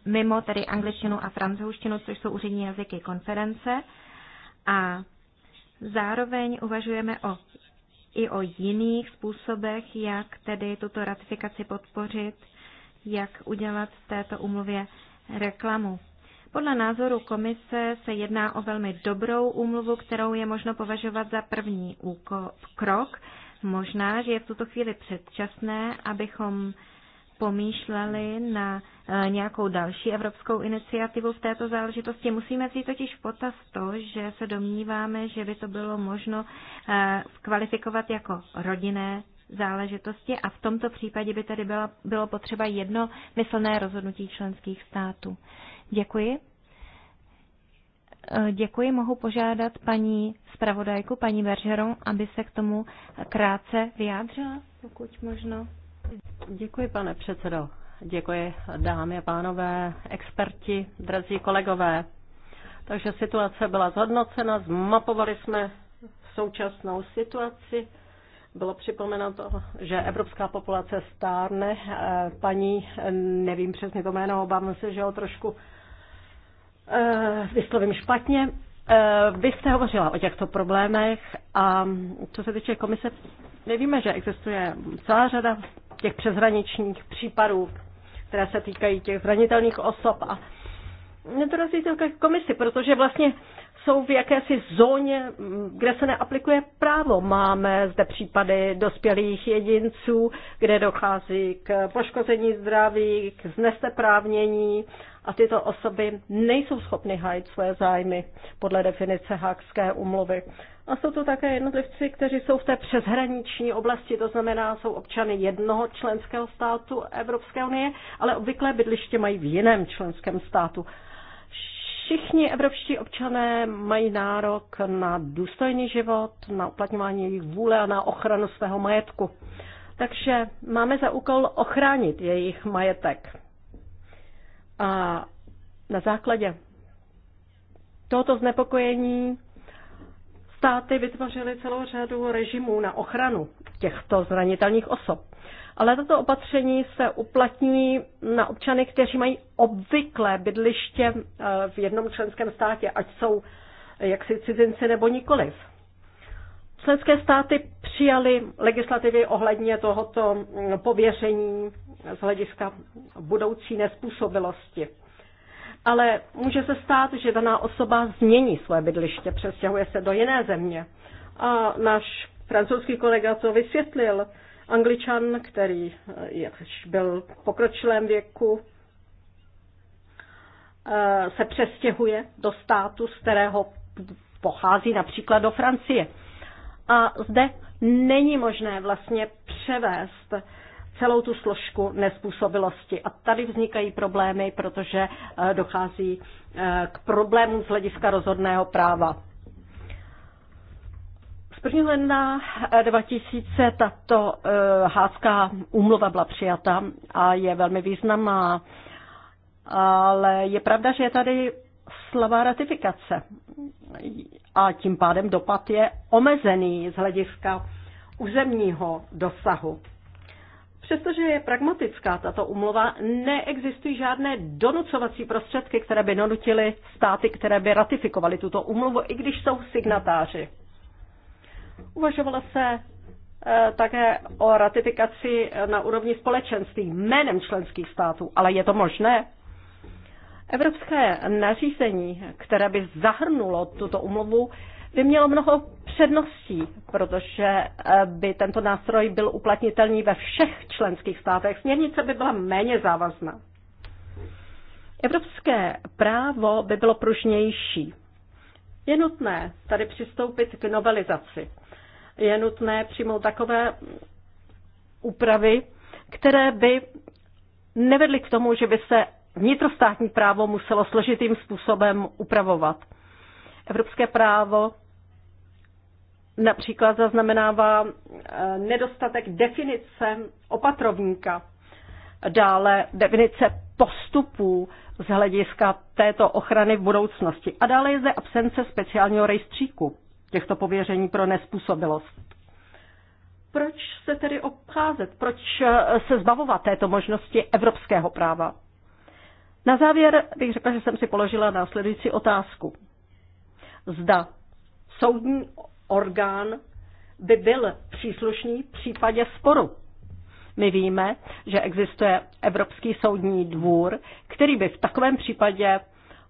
mimo tedy angličtinu a francouzštinu, což jsou úřední jazyky konference. A zároveň uvažujeme o, i o jiných způsobech, jak tedy tuto ratifikaci podpořit jak udělat této umluvě reklamu. Podle názoru komise se jedná o velmi dobrou úmluvu, kterou je možno považovat za první krok. Možná, že je v tuto chvíli předčasné, abychom pomýšleli na e, nějakou další evropskou iniciativu v této záležitosti. Musíme si totiž v potaz to, že se domníváme, že by to bylo možno e, kvalifikovat jako rodinné záležitosti a v tomto případě by tedy byla, bylo potřeba myslné rozhodnutí členských států. Děkuji. Eh, děkuji, mohu požádat paní zpravodajku, paní Bergeron, aby se k tomu krátce vyjádřila, pokud možno. Děkuji, pane předsedo. Děkuji, dámy a pánové, experti, drazí kolegové. Takže situace byla zhodnocena, zmapovali jsme současnou situaci bylo připomenuto, že evropská populace stárne. Eh, paní, eh, nevím přesně to jméno, obávám se, že ho trošku eh, vyslovím špatně. Vy jste hovořila o těchto problémech a co se týče komise, my víme, že existuje celá řada těch přeshraničních případů, které se týkají těch zranitelných osob a nedorazí to ke komisi, protože vlastně jsou v jakési zóně, kde se neaplikuje právo. Máme zde případy dospělých jedinců, kde dochází k poškození zdraví, k zneseprávnění a tyto osoby nejsou schopny hájit své zájmy podle definice Hákské umluvy. A jsou to také jednotlivci, kteří jsou v té přeshraniční oblasti, to znamená, jsou občany jednoho členského státu Evropské unie, ale obvyklé bydliště mají v jiném členském státu všichni evropští občané mají nárok na důstojný život, na uplatňování jejich vůle a na ochranu svého majetku. Takže máme za úkol ochránit jejich majetek. A na základě tohoto znepokojení státy vytvořily celou řadu režimů na ochranu těchto zranitelných osob ale tato opatření se uplatňují na občany, kteří mají obvyklé bydliště eh, v jednom členském státě, ať jsou eh, jaksi cizinci nebo nikoliv. Členské státy přijaly legislativy ohledně tohoto mm, pověření z hlediska budoucí nespůsobilosti. Ale může se stát, že daná osoba změní své bydliště, přestěhuje se do jiné země. A náš francouzský kolega to vysvětlil. Angličan, který eh, byl v pokročilém věku, eh, se přestěhuje do státu, z kterého pochází například do Francie. A zde není možné vlastně převést celou tu složku nespůsobilosti. A tady vznikají problémy, protože eh, dochází k problémům z hlediska rozhodného práva. 1. ledna 2000 eh, tato eh, hádská úmluva byla přijata a je velmi významná, ale je pravda, že je tady slabá ratifikace a tím pádem dopad je omezený z hlediska územního dosahu. Přestože je pragmatická tato umluva, neexistují žádné donucovací prostředky, které by donutily státy, které by ratifikovaly tuto umluvu, i když jsou signatáři. Uvažovala se eh, také o ratifikaci eh, na úrovni společenství jménem členských států, ale je to možné? Evropské nařízení, které by zahrnulo tuto umluvu, by mělo mnoho předností, protože eh, by tento nástroj byl uplatnitelný ve všech členských státech. Směrnice by byla méně závazná. Evropské právo by bylo pružnější. Je nutné tady přistoupit k novelizaci je nutné přijmout takové úpravy, které by nevedly k tomu, že by se vnitrostátní právo muselo složitým způsobem upravovat. Evropské právo například zaznamenává eh, nedostatek definice opatrovníka, dále definice postupů z hlediska této ochrany v budoucnosti a dále je zde absence speciálního rejstříku těchto pověření pro nespůsobilost. Proč se tedy obcházet? Proč eh, se zbavovat této možnosti evropského práva? Na závěr bych řekla, že jsem si položila následující otázku. Zda soudní orgán by byl příslušný v případě sporu. My víme, že existuje Evropský soudní dvůr, který by v takovém případě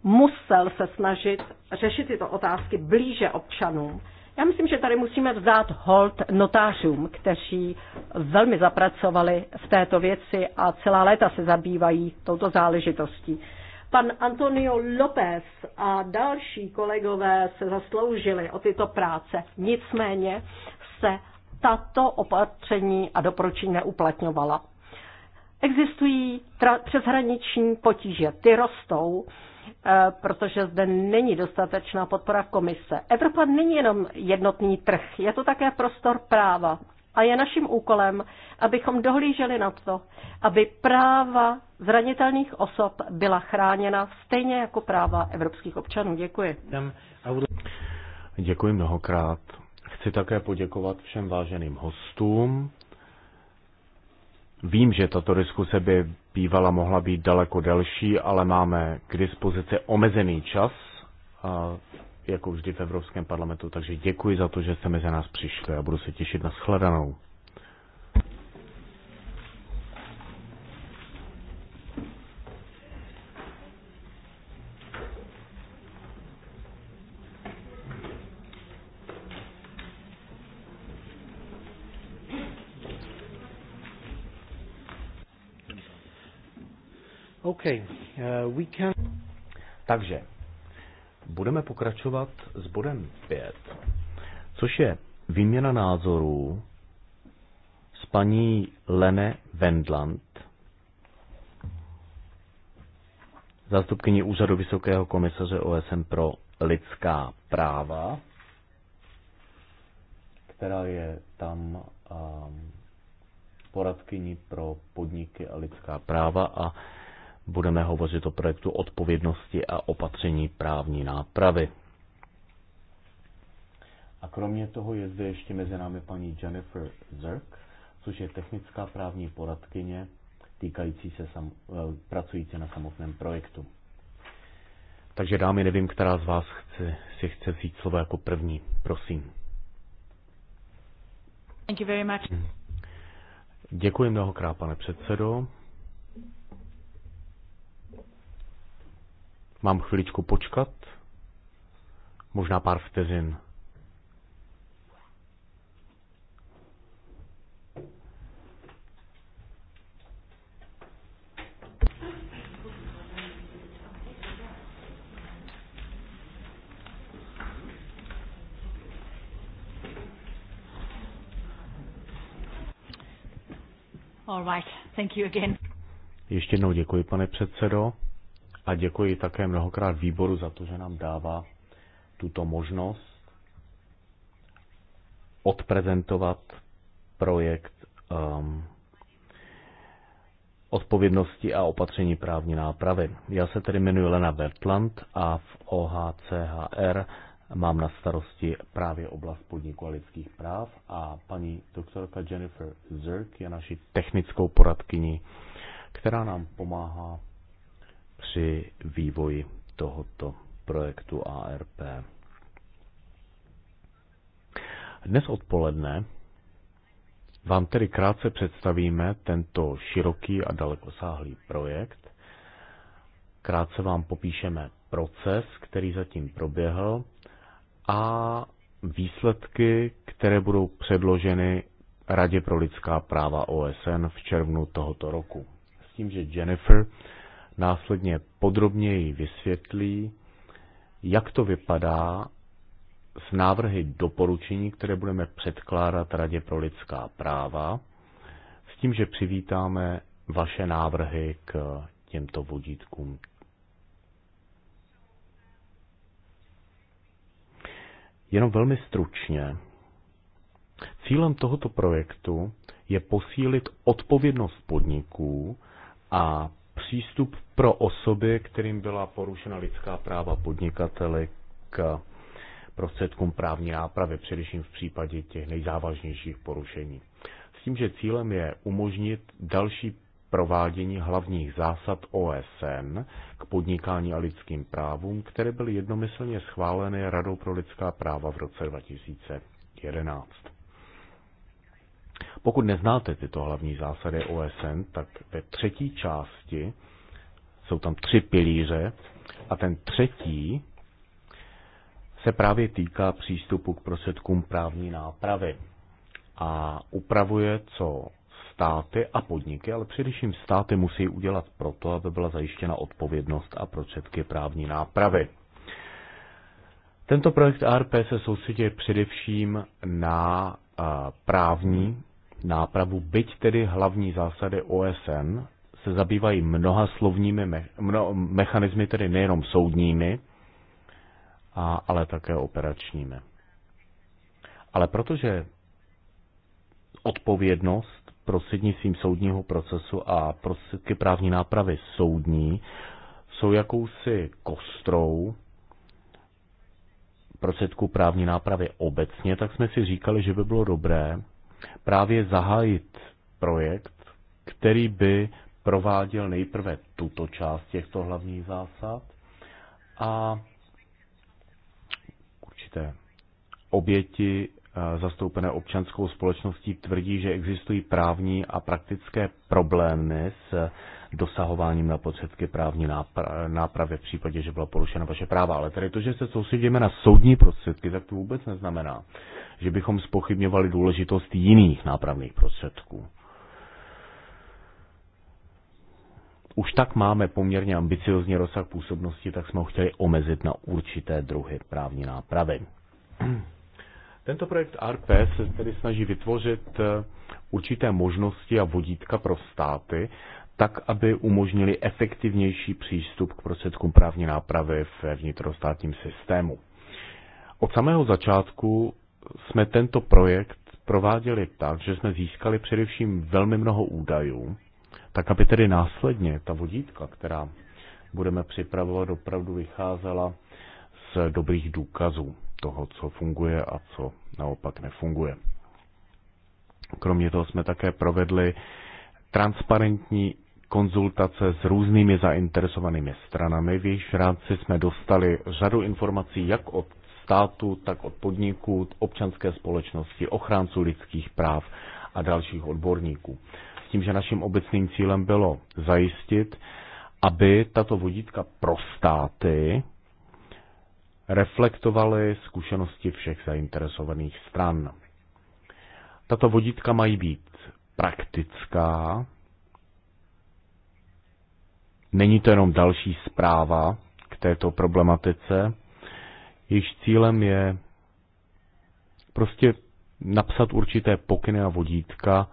musel se snažit řešit tyto otázky blíže občanům. Já myslím, že tady musíme vzát hold notářům, kteří velmi zapracovali v této věci a celá léta se zabývají touto záležitostí. Pan Antonio López a další kolegové se zasloužili o tyto práce, nicméně se tato opatření a doporučení neuplatňovala. Existují přeshraniční potíže, ty rostou Eh, protože zde není dostatečná podpora komise. Evropa není jenom jednotný trh, je to také prostor práva. A je naším úkolem, abychom dohlíželi na to, aby práva zranitelných osob byla chráněna stejně jako práva evropských občanů. Děkuji. Děkuji mnohokrát. Chci také poděkovat všem váženým hostům Vím, že tato diskuse by bývala mohla být daleko delší, ale máme k dispozici omezený čas, jako vždy v Evropském parlamentu, takže děkuji za to, že jste mezi nás přišli a budu se těšit na shledanou. Okay. Uh, we can... Takže budeme pokračovat s bodem 5, což je výměna názorů s paní Lene Wendland, zástupkyní Úřadu Vysokého komisaře OSN pro lidská práva, která je tam um, poradkyní pro podniky a lidská práva a budeme hovořit o projektu odpovědnosti a opatření právní nápravy. A kromě toho je zde ještě mezi námi paní Jennifer Zirk, což je technická právní poradkyně týkající se sam, eh, pracující na samotném projektu. Takže dámy, nevím, která z vás chce, si chce vzít slovo jako první. Prosím. Thank you very much. Děkuji mnohokrát, pane předsedo. Mám chviličku počkat, možná pár vteřin. All right. Thank you again. Ještě jednou děkuji, pane předsedo a děkuji také mnohokrát výboru za to, že nám dává tuto možnost odprezentovat projekt um, odpovědnosti a opatření právní nápravy. Já se tedy jmenuji Lena Bertland a v OHCHR mám na starosti právě oblast podniku a lidských práv a paní doktorka Jennifer Zirk je naší technickou poradkyní, která nám pomáhá při vývoji tohoto projektu ARP. Dnes odpoledne vám tedy krátce představíme tento široký a dalekosáhlý projekt. Krátce vám popíšeme proces, který zatím proběhl a výsledky, které budou předloženy Radě pro lidská práva OSN v červnu tohoto roku. S tím, že Jennifer následně podrobněji vysvětlí, jak to vypadá s návrhy doporučení, které budeme předkládat Radě pro lidská práva, s tím, že přivítáme vaše návrhy k těmto vodítkům. Jenom velmi stručně. Cílem tohoto projektu je posílit odpovědnost podniků a přístup pro osoby, kterým byla porušena lidská práva podnikateli k prostředkům právní nápravy, především v případě těch nejzávažnějších porušení. S tím, že cílem je umožnit další provádění hlavních zásad OSN k podnikání a lidským právům, které byly jednomyslně schváleny Radou pro lidská práva v roce 2011. Pokud neznáte tyto hlavní zásady OSN, tak ve třetí části jsou tam tři pilíře a ten třetí se právě týká přístupu k prostředkům právní nápravy a upravuje, co státy a podniky, ale především státy musí udělat proto, aby byla zajištěna odpovědnost a prostředky právní nápravy. Tento projekt ARP se soustředí především na právní nápravu, byť tedy hlavní zásady OSN se zabývají mnoha slovními me- mno- mechanizmy, tedy nejenom soudními, a, ale také operačními. Ale protože odpovědnost prostřednictvím soudního procesu a prostředky právní nápravy soudní jsou jakousi kostrou prostředků právní nápravy obecně, tak jsme si říkali, že by bylo dobré právě zahájit projekt, který by prováděl nejprve tuto část těchto hlavních zásad a určité oběti eh, zastoupené občanskou společností tvrdí, že existují právní a praktické problémy s dosahováním na prostředky právní nápravy v případě, že byla porušena vaše práva. Ale tady to, že se soustředíme na soudní prostředky, tak to vůbec neznamená, že bychom spochybňovali důležitost jiných nápravných prostředků. Už tak máme poměrně ambiciozní rozsah působnosti, tak jsme ho chtěli omezit na určité druhy právní nápravy. (clears throat) Tento projekt RP se tedy snaží vytvořit eh, určité možnosti a vodítka pro státy, tak, aby umožnili efektivnější přístup k prostředkům právní nápravy ve vnitrostátním systému. Od samého začátku jsme tento projekt prováděli tak, že jsme získali především velmi mnoho údajů, tak aby tedy následně ta vodítka, která budeme připravovat, opravdu vycházela z dobrých důkazů toho, co funguje a co naopak nefunguje. Kromě toho jsme také provedli transparentní konzultace s různými zainteresovanými stranami. V jejich rámci jsme dostali řadu informací jak od státu, tak od podniků, občanské společnosti, ochránců lidských práv a dalších odborníků. S tím, že naším obecným cílem bylo zajistit, aby tato vodítka pro státy reflektovaly zkušenosti všech zainteresovaných stran. Tato vodítka mají být praktická, Není to jenom další zpráva k této problematice, jejíž cílem je prostě napsat určité pokyny a vodítka,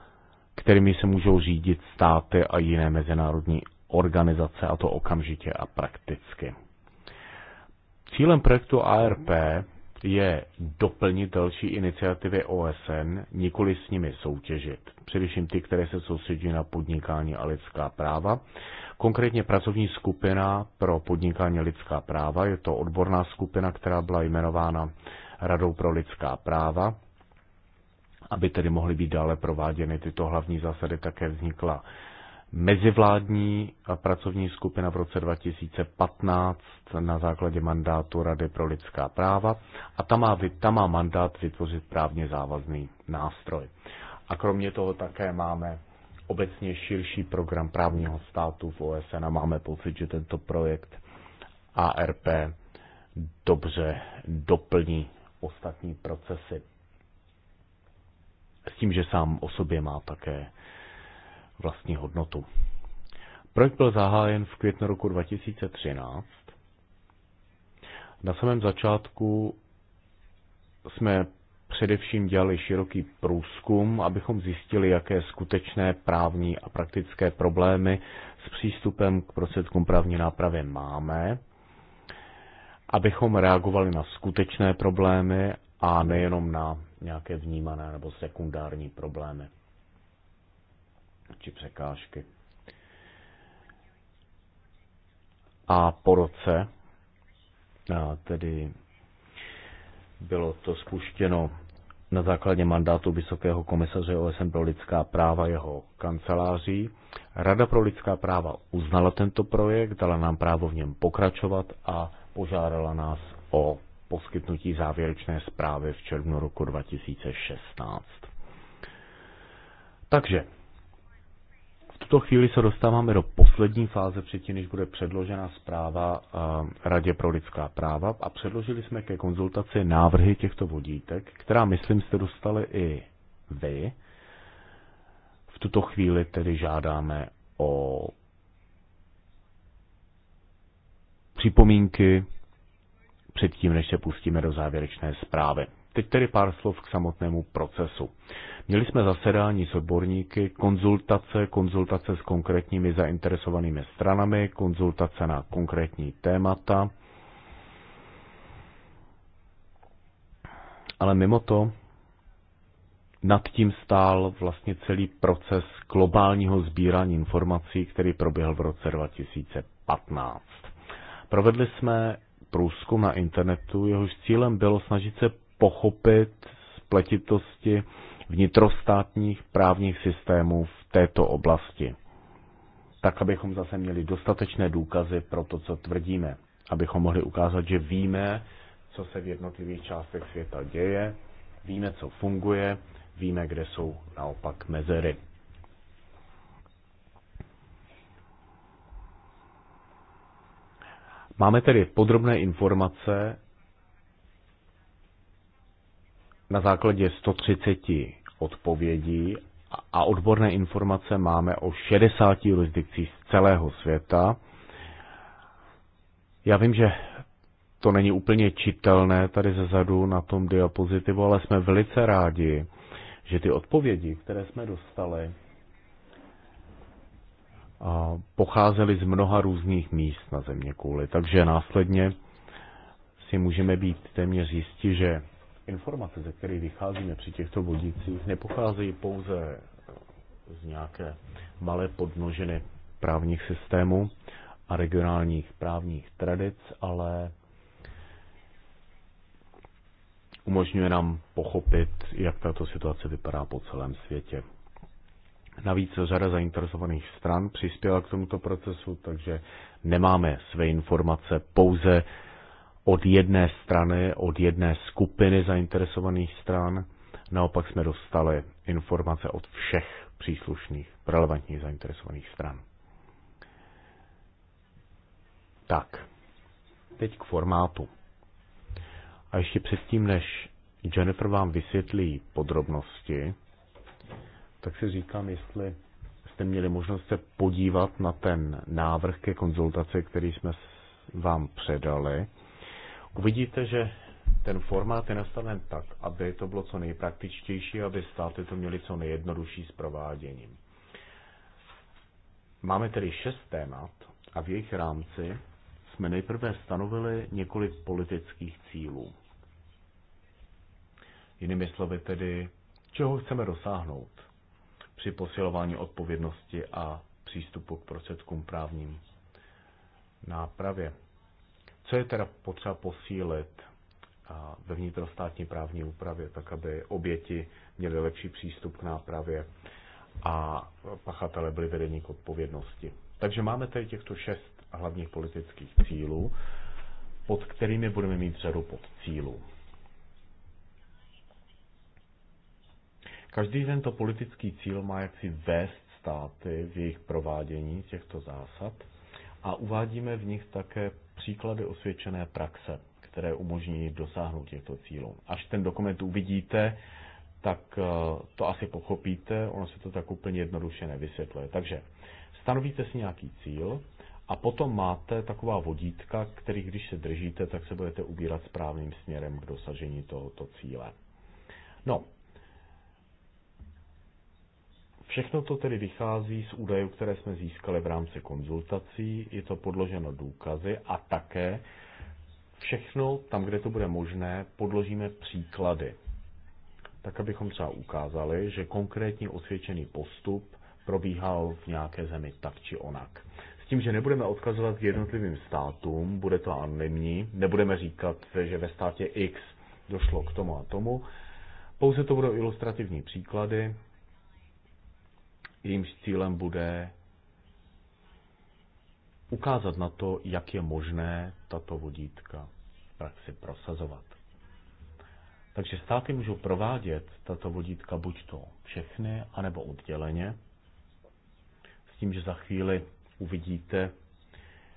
kterými se můžou řídit státy a jiné mezinárodní organizace, a to okamžitě a prakticky. Cílem projektu ARP je doplnit další iniciativy OSN, nikoli s nimi soutěžit, především ty, které se soustředí na podnikání a lidská práva. Konkrétně pracovní skupina pro podnikání a lidská práva, je to odborná skupina, která byla jmenována Radou pro lidská práva, aby tedy mohly být dále prováděny tyto hlavní zásady, také vznikla mezivládní pracovní skupina v roce 2015 na základě mandátu Rady pro lidská práva a ta má, ta má mandát vytvořit právně závazný nástroj. A kromě toho také máme obecně širší program právního státu v OSN a máme pocit, že tento projekt ARP dobře doplní ostatní procesy. S tím, že sám o sobě má také vlastní hodnotu. Projekt byl zahájen v květnu roku 2013. Na samém začátku jsme především dělali široký průzkum, abychom zjistili, jaké skutečné právní a praktické problémy s přístupem k prostředkům právní nápravy máme, abychom reagovali na skutečné problémy a nejenom na nějaké vnímané nebo sekundární problémy či překážky. A po roce, tedy bylo to spuštěno na základě mandátu Vysokého komisaře OSN pro lidská práva jeho kanceláří. Rada pro lidská práva uznala tento projekt, dala nám právo v něm pokračovat a požádala nás o poskytnutí závěrečné zprávy v červnu roku 2016. Takže tuto chvíli se dostáváme do poslední fáze předtím, než bude předložena zpráva eh, Radě pro lidská práva a předložili jsme ke konzultaci návrhy těchto vodítek, která, myslím, jste dostali i vy. V tuto chvíli tedy žádáme o připomínky předtím, než se pustíme do závěrečné zprávy. Teď tedy pár slov k samotnému procesu. Měli jsme zasedání s odborníky, konzultace, konzultace s konkrétními zainteresovanými stranami, konzultace na konkrétní témata. Ale mimo to nad tím stál vlastně celý proces globálního sbírání informací, který proběhl v roce 2015. Provedli jsme průzkum na internetu, jehož cílem bylo snažit se pochopit spletitosti vnitrostátních právních systémů v této oblasti. Tak, abychom zase měli dostatečné důkazy pro to, co tvrdíme. Abychom mohli ukázat, že víme, co se v jednotlivých částech světa děje, víme, co funguje, víme, kde jsou naopak mezery. Máme tedy podrobné informace na základě 130 odpovědí a odborné informace máme o 60 jurisdikcích z celého světa. Já vím, že to není úplně čitelné tady zezadu na tom diapozitivu, ale jsme velice rádi, že ty odpovědi, které jsme dostali, pocházely z mnoha různých míst na země kouli. Takže následně si můžeme být téměř jistí, že Informace, ze kterých vycházíme při těchto vodících, nepocházejí pouze z nějaké malé podnožiny právních systémů a regionálních právních tradic, ale umožňuje nám pochopit, jak tato situace vypadá po celém světě. Navíc řada zainteresovaných stran přispěla k tomuto procesu, takže nemáme své informace pouze od jedné strany, od jedné skupiny zainteresovaných stran. Naopak jsme dostali informace od všech příslušných relevantních zainteresovaných stran. Tak, teď k formátu. A ještě předtím, než Jennifer vám vysvětlí podrobnosti, tak si říkám, jestli jste měli možnost se podívat na ten návrh ke konzultaci, který jsme vám předali. Uvidíte, že ten formát je nastaven tak, aby to bylo co nejpraktičtější, aby státy to měly co nejjednodušší s prováděním. Máme tedy šest témat a v jejich rámci jsme nejprve stanovili několik politických cílů. Jinými slovy tedy, čeho chceme dosáhnout při posilování odpovědnosti a přístupu k prostředkům právním nápravě. Co je teda potřeba posílit ve vnitrostátní právní úpravě, tak aby oběti měly lepší přístup k nápravě a pachatele byli vedeni k odpovědnosti. Takže máme tady těchto šest hlavních politických cílů, pod kterými budeme mít řadu pod cílů. Každý tento politický cíl má jaksi vést státy v jejich provádění těchto zásad – a uvádíme v nich také příklady osvědčené praxe, které umožní dosáhnout těchto cílů. Až ten dokument uvidíte, tak eh, to asi pochopíte, ono se to tak úplně jednoduše nevysvětluje. Takže stanovíte si nějaký cíl a potom máte taková vodítka, který když se držíte, tak se budete ubírat správným směrem k dosažení tohoto cíle. No, Všechno to tedy vychází z údajů, které jsme získali v rámci konzultací, je to podloženo důkazy a také všechno tam, kde to bude možné, podložíme příklady. Tak, abychom třeba ukázali, že konkrétní osvědčený postup probíhal v nějaké zemi tak či onak. S tím, že nebudeme odkazovat k jednotlivým státům, bude to anonymní, nebudeme říkat, že ve státě X došlo k tomu a tomu, pouze to budou ilustrativní příklady, jejímž cílem bude ukázat na to, jak je možné tato vodítka v praxi prosazovat. Takže státy můžou provádět tato vodítka buď to všechny, anebo odděleně, s tím, že za chvíli uvidíte,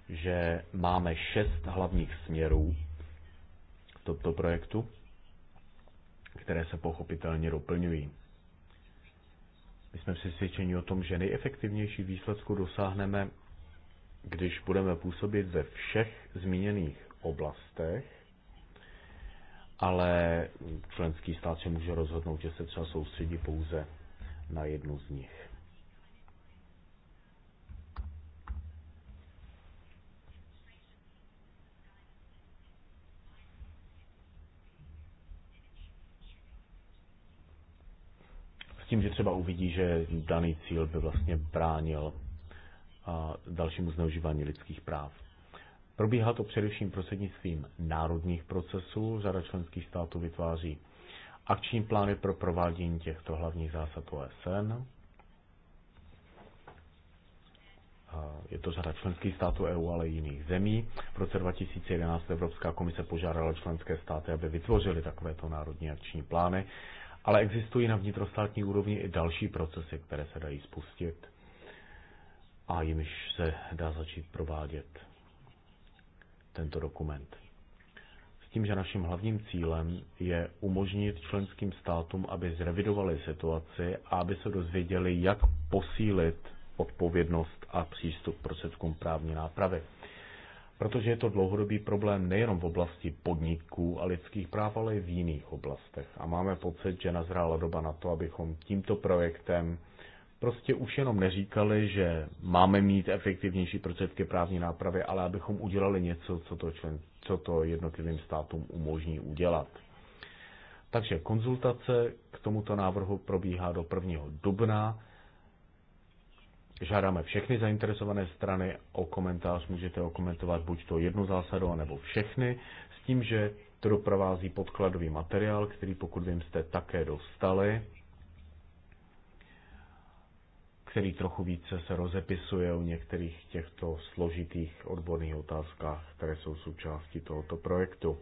že máme šest hlavních směrů v tomto projektu, které se pochopitelně doplňují. My jsme přesvědčeni o tom, že nejefektivnější výsledku dosáhneme, když budeme působit ve všech zmíněných oblastech, ale členský stát se může rozhodnout, že se třeba soustředí pouze na jednu z nich. tím, že třeba uvidí, že daný cíl by vlastně bránil dalšímu zneužívání lidských práv. Probíhá to především prostřednictvím národních procesů. Řada členských států vytváří akční plány pro provádění těchto hlavních zásad OSN. Je to řada členských států EU, ale i jiných zemí. V roce 2011 Evropská komise požádala členské státy, aby vytvořili takovéto národní akční plány ale existují na vnitrostátní úrovni i další procesy, které se dají spustit a jimž se dá začít provádět tento dokument. S tím, že naším hlavním cílem je umožnit členským státům, aby zrevidovali situaci a aby se dozvěděli, jak posílit odpovědnost a přístup k prostředkům právní nápravy protože je to dlouhodobý problém nejenom v oblasti podniků a lidských práv, ale i v jiných oblastech. A máme pocit, že nazrála doba na to, abychom tímto projektem prostě už jenom neříkali, že máme mít efektivnější prostředky právní nápravy, ale abychom udělali něco, co to, člen, co to jednotlivým státům umožní udělat. Takže konzultace k tomuto návrhu probíhá do 1. dubna. Žádáme všechny zainteresované strany o komentář, můžete okomentovat buď to jednu zásadu, anebo všechny, s tím, že to doprovází podkladový materiál, který pokud vím jste také dostali, který trochu více se rozepisuje o některých těchto složitých odborných otázkách, které jsou součástí tohoto projektu.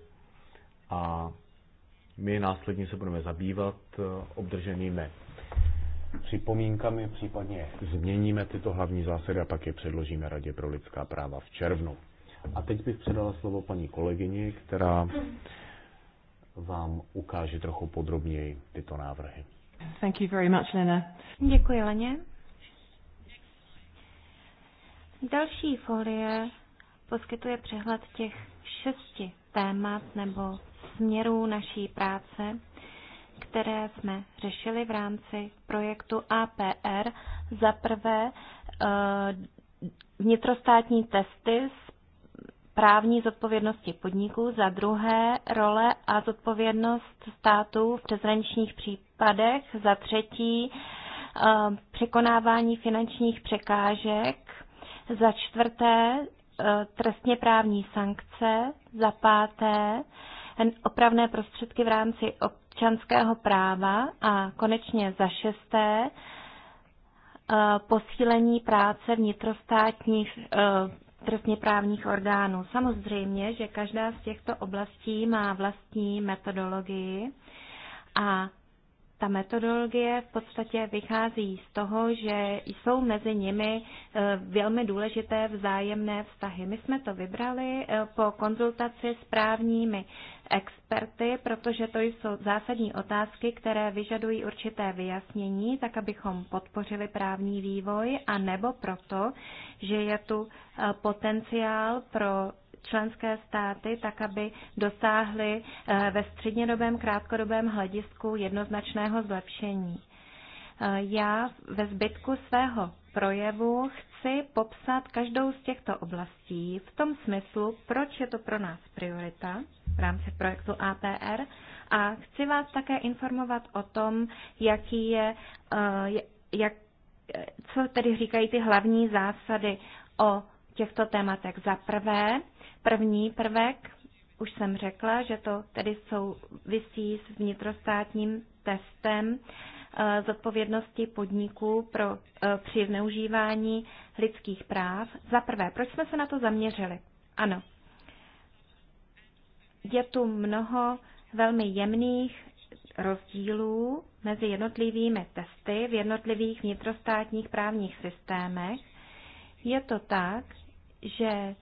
A my následně se budeme zabývat eh, obdrženými připomínkami, případně změníme tyto hlavní zásady a pak je předložíme Radě pro lidská práva v červnu. A teď bych předala slovo paní kolegyni, která vám ukáže trochu podrobněji tyto návrhy. Thank you very much, Lena. Děkuji, Leně. Další folie poskytuje přehled těch šesti témat nebo směrů naší práce které jsme řešili v rámci projektu APR. Za prvé eh, vnitrostátní testy z právní zodpovědnosti podniků, za druhé role a zodpovědnost států v přeshraničních případech, za třetí eh, překonávání finančních překážek, za čtvrté eh, trestně právní sankce, za páté opravné prostředky v rámci občanského práva a konečně za šesté eh, posílení práce vnitrostátních eh, trestně právních orgánů. Samozřejmě, že každá z těchto oblastí má vlastní metodologii a ta metodologie v podstatě vychází z toho, že jsou mezi nimi e, velmi důležité vzájemné vztahy. My jsme to vybrali e, po konzultaci s právními experty, protože to jsou zásadní otázky, které vyžadují určité vyjasnění, tak abychom podpořili právní vývoj, a nebo proto, že je tu e, potenciál pro členské státy, tak aby dosáhly eh, ve střednědobém, krátkodobém hledisku jednoznačného zlepšení. Eh, já ve zbytku svého projevu chci popsat každou z těchto oblastí v tom smyslu, proč je to pro nás priorita v rámci projektu APR a chci vás také informovat o tom, jaký je, eh, jak, co tedy říkají ty hlavní zásady o těchto tématech. Za prvé, první prvek, už jsem řekla, že to tedy souvisí s vnitrostátním testem eh, z odpovědnosti podniků pro, eh, při zneužívání lidských práv. Za prvé, proč jsme se na to zaměřili? Ano, je tu mnoho velmi jemných rozdílů mezi jednotlivými testy v jednotlivých vnitrostátních právních systémech. Je to tak, že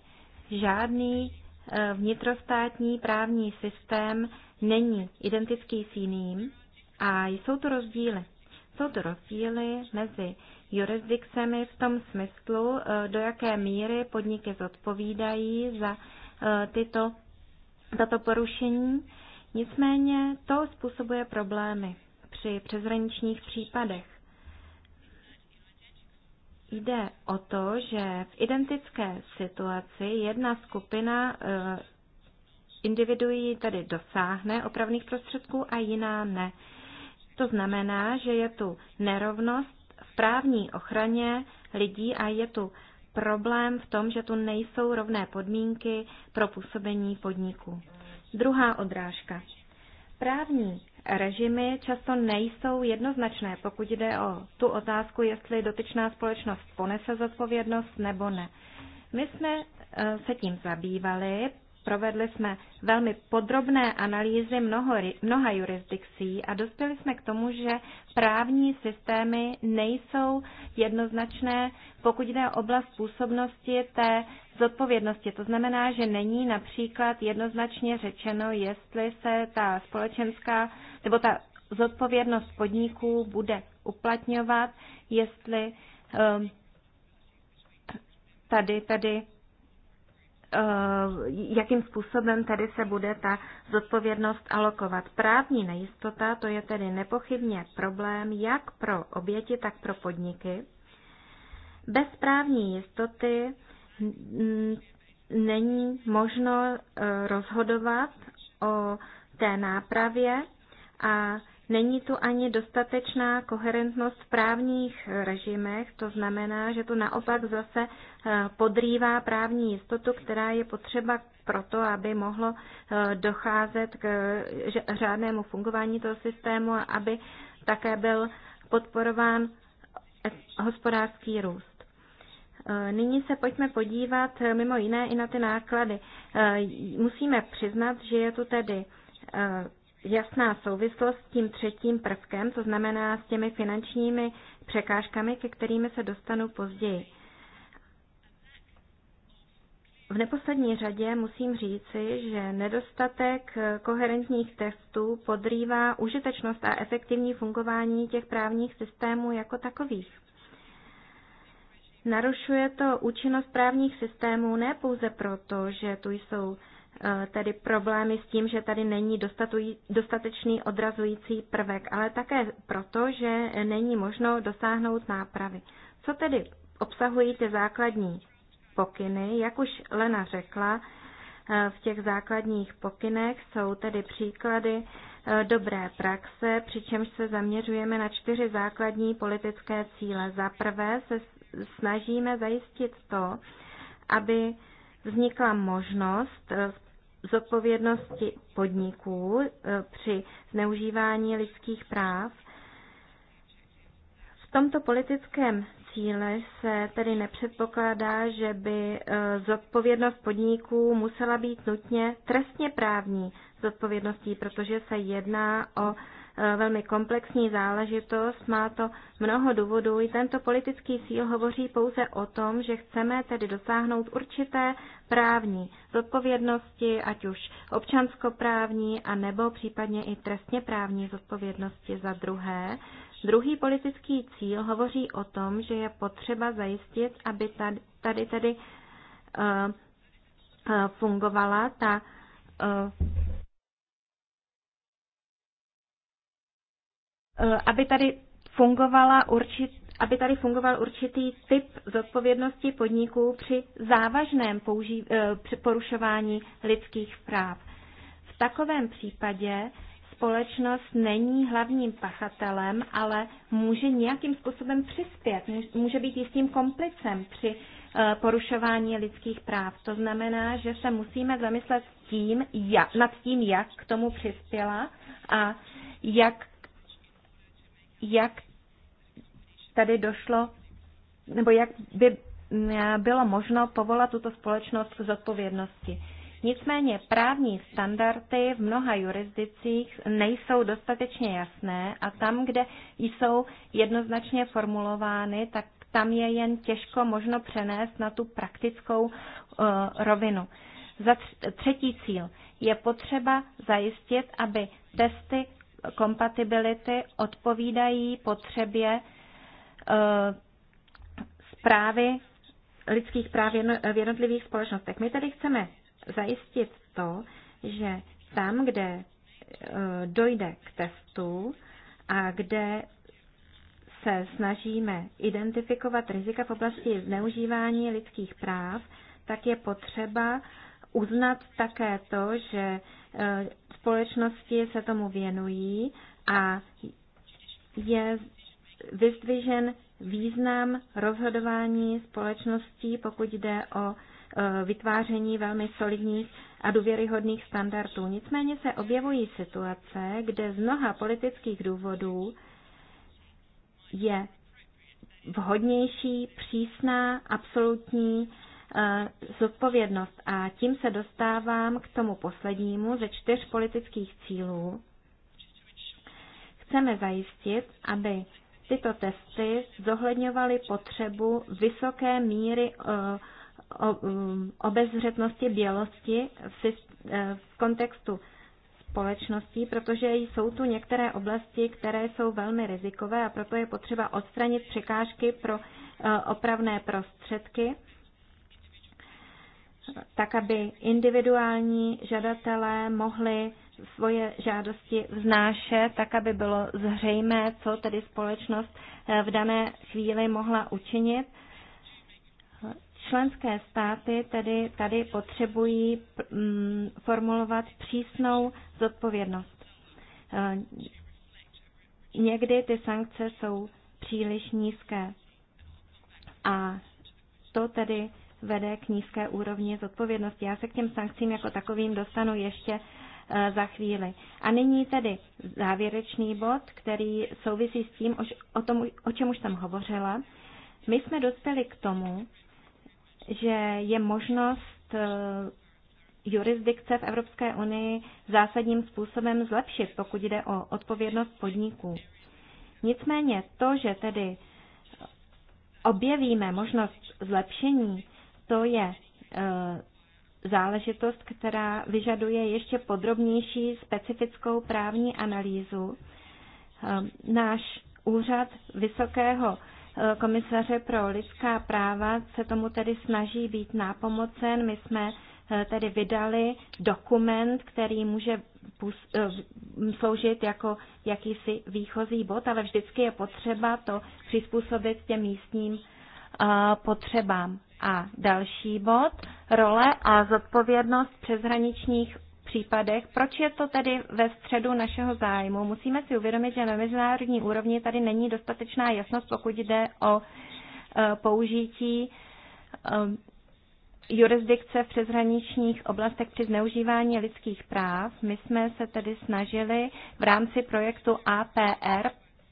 žádný eh, vnitrostátní právní systém není identický s jiným a jsou to rozdíly. Jsou to rozdíly mezi jurisdikcemi v tom smyslu, eh, do jaké míry podniky zodpovídají za eh, tyto, tato porušení. Nicméně to způsobuje problémy při přezraničních případech. Jde o to, že v identické situaci jedna skupina eh, individuí tedy dosáhne opravných prostředků a jiná ne. To znamená, že je tu nerovnost v právní ochraně lidí a je tu problém v tom, že tu nejsou rovné podmínky pro působení podniků. Druhá odrážka. Právní režimy často nejsou jednoznačné, pokud jde o tu otázku, jestli dotyčná společnost ponese zodpovědnost nebo ne. My jsme eh, se tím zabývali, Provedli jsme velmi podrobné analýzy mnoho, mnoha jurisdikcí a dospěli jsme k tomu, že právní systémy nejsou jednoznačné, pokud jde o oblast působnosti té zodpovědnosti. To znamená, že není například jednoznačně řečeno, jestli se ta společenská nebo ta zodpovědnost podniků bude uplatňovat, jestli ehm, tady, tady Eh, jakým způsobem tedy se bude ta zodpovědnost alokovat. Právní nejistota, to je tedy nepochybně problém jak pro oběti, tak pro podniky. Bez právní jistoty není možno eh, rozhodovat o té nápravě a Není tu ani dostatečná koherentnost v právních režimech, to znamená, že tu naopak zase eh, podrývá právní jistotu, která je potřeba proto, aby mohlo eh, docházet k řádnému fungování toho systému a aby také byl podporován eh, hospodářský růst. Nyní se pojďme podívat mimo jiné i na ty náklady. Musíme přiznat, že je tu tedy jasná souvislost s tím třetím prvkem, to znamená s těmi finančními překážkami, ke kterými se dostanu později. V neposlední řadě musím říci, že nedostatek koherentních testů podrývá užitečnost a efektivní fungování těch právních systémů jako takových. Narušuje to účinnost právních systémů ne pouze proto, že tu jsou Eh, tedy problémy s tím, že tady není dostatečný odrazující prvek, ale také proto, že není možno dosáhnout nápravy. Co tedy obsahují ty základní pokyny? Jak už Lena řekla, eh, v těch základních pokynech jsou tedy příklady eh, dobré praxe, přičemž se zaměřujeme na čtyři základní politické cíle. Za prvé se snažíme zajistit to, aby vznikla možnost zodpovědnosti podniků e, při zneužívání lidských práv. V tomto politickém cíle se tedy nepředpokládá, že by e, zodpovědnost podniků musela být nutně trestně právní zodpovědností, protože se jedná o Eh, velmi komplexní záležitost, má to mnoho důvodů. I tento politický síl hovoří pouze o tom, že chceme tedy dosáhnout určité právní zodpovědnosti, ať už občanskoprávní a nebo případně i trestně právní zodpovědnosti za druhé. Druhý politický cíl hovoří o tom, že je potřeba zajistit, aby tady, tady tedy uh, fungovala ta uh, Eh, aby tady fungovala určit, aby tady fungoval určitý typ zodpovědnosti podniků při závažném použí, eh, při porušování lidských práv. V takovém případě společnost není hlavním pachatelem, ale může nějakým způsobem přispět, může být jistým komplicem při eh, porušování lidských práv. To znamená, že se musíme zamyslet tím, jak, nad tím, jak k tomu přispěla a jak jak tady došlo, nebo jak by mm, bylo možno povolat tuto společnost k zodpovědnosti. Nicméně právní standardy v mnoha jurisdicích nejsou dostatečně jasné a tam, kde jsou jednoznačně formulovány, tak tam je jen těžko možno přenést na tu praktickou uh, rovinu. Za třetí cíl je potřeba zajistit, aby testy kompatibility odpovídají potřebě eh, zprávy lidských práv v jednotlivých společnostech. My tedy chceme zajistit to, že tam, kde eh, dojde k testu a kde se snažíme identifikovat rizika v oblasti zneužívání lidských práv, tak je potřeba uznat také to, že e, společnosti se tomu věnují a je vyzdvižen význam rozhodování společností, pokud jde o e, vytváření velmi solidních a důvěryhodných standardů. Nicméně se objevují situace, kde z mnoha politických důvodů je vhodnější, přísná, absolutní E, zodpovědnost. A tím se dostávám k tomu poslednímu ze čtyř politických cílů. Chceme zajistit, aby tyto testy zohledňovaly potřebu vysoké míry e, e, obezřetnosti bělosti v kontextu společností, protože jsou tu některé oblasti, které jsou velmi rizikové a proto je potřeba odstranit překážky pro opravné prostředky tak aby individuální žadatelé mohli svoje žádosti vznášet, tak aby bylo zřejmé, co tedy společnost eh, v dané chvíli mohla učinit. Členské státy tedy tady potřebují mm, formulovat přísnou zodpovědnost. Eh, někdy ty sankce jsou příliš nízké. A to tedy vede k nízké úrovni zodpovědnosti. Já se k těm sankcím jako takovým dostanu ještě eh, za chvíli. A nyní tedy závěrečný bod, který souvisí s tím, o, tom, o čem už jsem hovořila. My jsme dospěli k tomu, že je možnost eh, jurisdikce v Evropské unii zásadním způsobem zlepšit, pokud jde o odpovědnost podniků. Nicméně to, že tedy objevíme možnost zlepšení, to je eh, záležitost, která vyžaduje ještě podrobnější specifickou právní analýzu. Eh, náš úřad vysokého eh, komisaře pro lidská práva se tomu tedy snaží být nápomocen. My jsme tedy vydali dokument, který může sloužit jako jakýsi výchozí bod, ale vždycky je potřeba to přizpůsobit těm místním potřebám. A další bod, role a zodpovědnost přeshraničních případech. Proč je to tedy ve středu našeho zájmu? Musíme si uvědomit, že na mezinárodní úrovni tady není dostatečná jasnost, pokud jde o e, použití e, jurisdikce v přeshraničních oblastech při zneužívání lidských práv. My jsme se tedy snažili v rámci projektu APR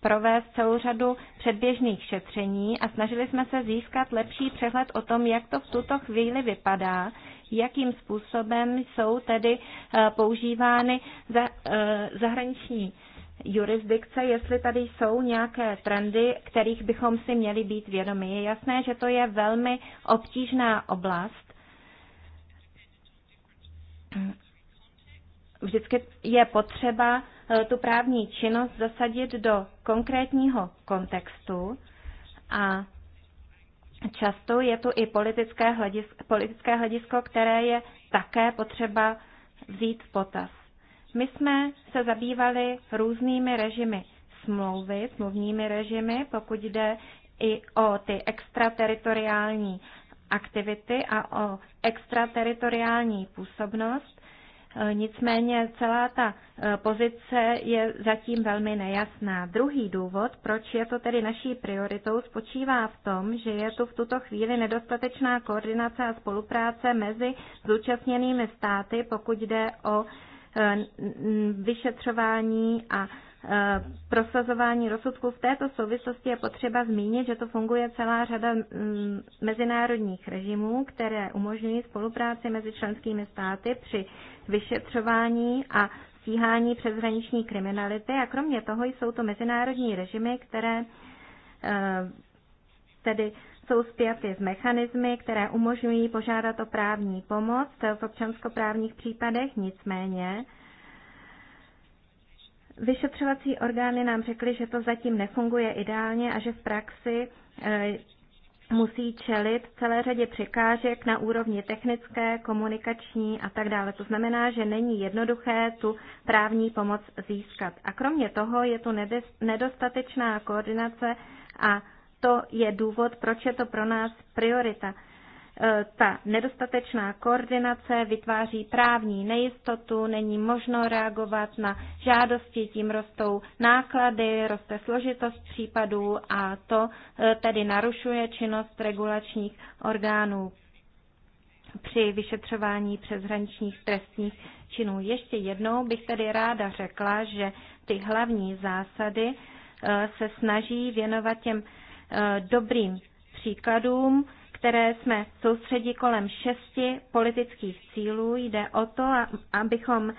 provést celou řadu předběžných šetření a snažili jsme se získat lepší přehled o tom, jak to v tuto chvíli vypadá, jakým způsobem jsou tedy eh, používány eh, zahraniční jurisdikce, jestli tady jsou nějaké trendy, kterých bychom si měli být vědomi. Je jasné, že to je velmi obtížná oblast. Vždycky je potřeba Eh, tu právní činnost zasadit do konkrétního kontextu a často je tu i politické hledisko, politické hledisko které je také potřeba vzít v potaz. My jsme se zabývali různými režimy smlouvy, smluvními režimy, pokud jde i o ty extrateritoriální aktivity a o extrateritoriální působnost. Nicméně celá ta eh, pozice je zatím velmi nejasná. Druhý důvod, proč je to tedy naší prioritou, spočívá v tom, že je tu v tuto chvíli nedostatečná koordinace a spolupráce mezi zúčastněnými státy, pokud jde o eh, vyšetřování a Eh, prosazování rozsudků. V této souvislosti je potřeba zmínit, že to funguje celá řada mm, mezinárodních režimů, které umožňují spolupráci mezi členskými státy při vyšetřování a stíhání přeshraniční kriminality a kromě toho jsou to mezinárodní režimy, které eh, tedy jsou zpěty s mechanismy, které umožňují požádat o právní pomoc v občanskoprávních případech, nicméně Vyšetřovací orgány nám řekly, že to zatím nefunguje ideálně a že v praxi e, musí čelit celé řadě překážek na úrovni technické, komunikační a tak dále. To znamená, že není jednoduché tu právní pomoc získat. A kromě toho je tu nedostatečná koordinace a to je důvod, proč je to pro nás priorita. E, ta nedostatečná koordinace vytváří právní nejistotu, není možno reagovat na žádosti, tím rostou náklady, roste složitost případů a to e, tedy narušuje činnost regulačních orgánů při vyšetřování přeshraničních trestních činů. Ještě jednou bych tedy ráda řekla, že ty hlavní zásady e, se snaží věnovat těm dobrým příkladům, které jsme soustředí kolem šesti politických cílů. Jde o to, abychom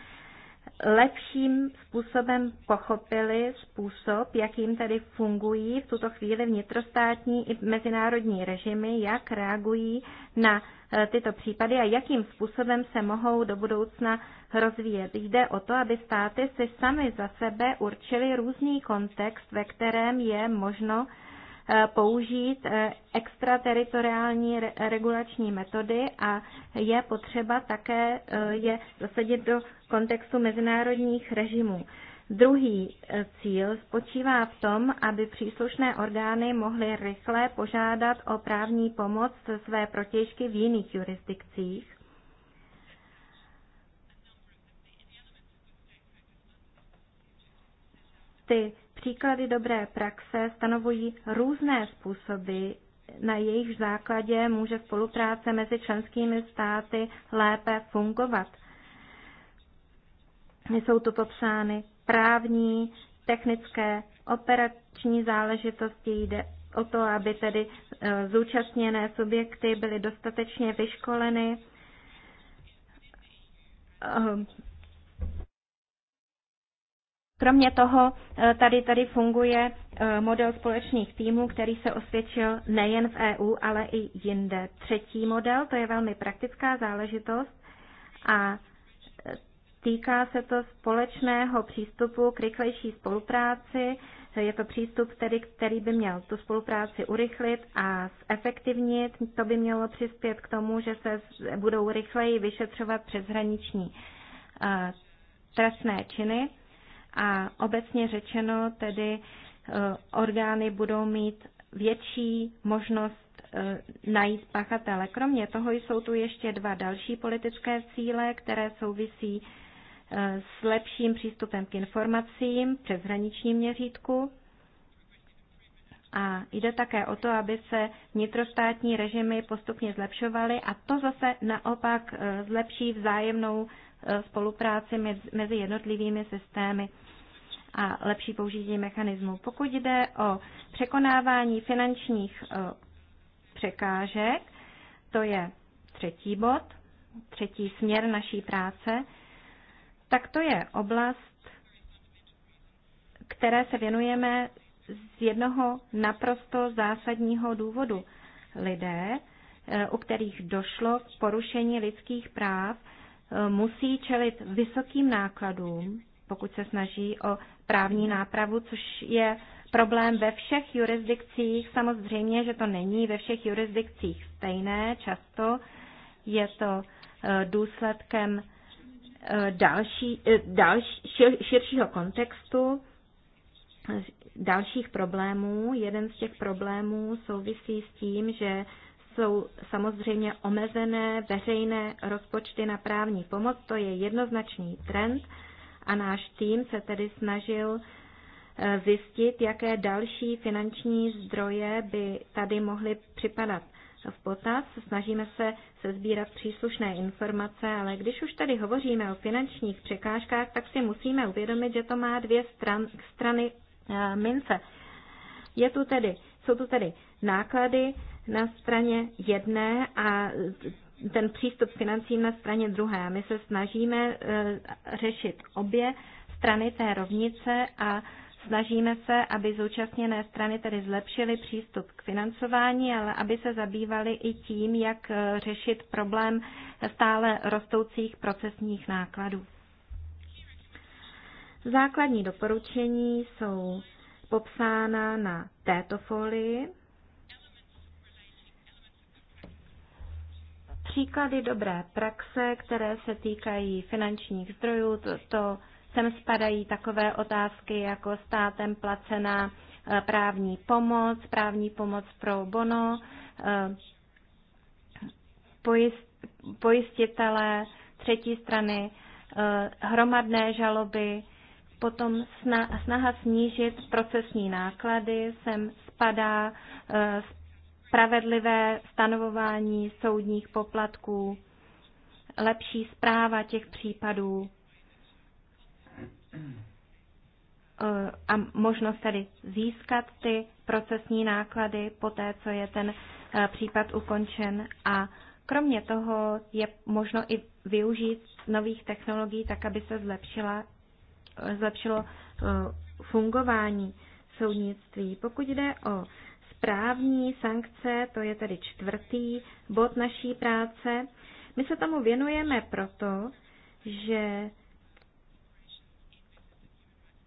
lepším způsobem pochopili způsob, jakým tady fungují v tuto chvíli vnitrostátní i mezinárodní režimy, jak reagují na e, tyto případy a jakým způsobem se mohou do budoucna rozvíjet. Jde o to, aby státy si sami za sebe určili různý kontext, ve kterém je možno Eh, použít eh, extrateritoriální regulační metody a je potřeba také eh, je zasadit do kontextu mezinárodních režimů. Druhý cíl spočívá v tom, aby příslušné orgány mohly rychle požádat o právní pomoc své protěžky v jiných jurisdikcích. Ty Příklady dobré praxe stanovují různé způsoby, na jejich základě může spolupráce mezi členskými státy lépe fungovat. Jsou tu popsány právní, technické, operační záležitosti, jde o to, aby tedy e, zúčastněné subjekty byly dostatečně vyškoleny, Kromě toho eh, tady tady funguje eh, model společných týmů, který se osvědčil nejen v EU, ale i jinde. Třetí model, to je velmi praktická záležitost a eh, týká se to společného přístupu k rychlejší spolupráci. Je to přístup, tedy, který by měl tu spolupráci urychlit a zefektivnit. To by mělo přispět k tomu, že se budou rychleji vyšetřovat přeshraniční trestné činy. A obecně řečeno tedy e, orgány budou mít větší možnost e, najít pachatele. Kromě toho jsou tu ještě dva další politické cíle, které souvisí e, s lepším přístupem k informacím přes hraničním měřítku. A jde také o to, aby se vnitrostátní režimy postupně zlepšovaly a to zase naopak zlepší vzájemnou spolupráci mezi jednotlivými systémy a lepší použití mechanismu. Pokud jde o překonávání finančních e, překážek, to je třetí bod, třetí směr naší práce, tak to je oblast, které se věnujeme z jednoho naprosto zásadního důvodu. Lidé, e, u kterých došlo k porušení lidských práv, e, musí čelit vysokým nákladům, pokud se snaží o právní nápravu, což je problém ve všech jurisdikcích. Samozřejmě, že to není ve všech jurisdikcích stejné, často je to eh, důsledkem eh, další, eh, další, širšího kontextu, dalších problémů. Jeden z těch problémů souvisí s tím, že jsou samozřejmě omezené veřejné rozpočty na právní pomoc. To je jednoznačný trend a náš tým se tedy snažil eh, zjistit, jaké další finanční zdroje by tady mohly připadat v potaz. Snažíme se sezbírat příslušné informace, ale když už tady hovoříme o finančních překážkách, tak si musíme uvědomit, že to má dvě stran, strany eh, mince. Je tu tedy, jsou tu tedy náklady na straně jedné a ten přístup k financím na straně druhé. My se snažíme eh, řešit obě strany té rovnice a Snažíme se, aby zúčastněné strany tedy zlepšily přístup k financování, ale aby se zabývaly i tím, jak eh, řešit problém stále rostoucích procesních nákladů. Základní doporučení jsou popsána na této folii. příklady dobré praxe, které se týkají finančních zdrojů. To, to sem spadají takové otázky jako státem placená eh, právní pomoc, právní pomoc pro bono, eh, pojistitelé třetí strany, eh, hromadné žaloby, potom snaha snížit procesní náklady, sem spadá spravedlivé stanovování soudních poplatků, lepší zpráva těch případů eh, a možnost tedy získat ty procesní náklady po té, co je ten eh, případ ukončen a Kromě toho je možno i využít nových technologií tak, aby se zlepšila, eh, zlepšilo fungování soudnictví. Pokud jde o právní sankce, to je tedy čtvrtý bod naší práce. My se tomu věnujeme proto, že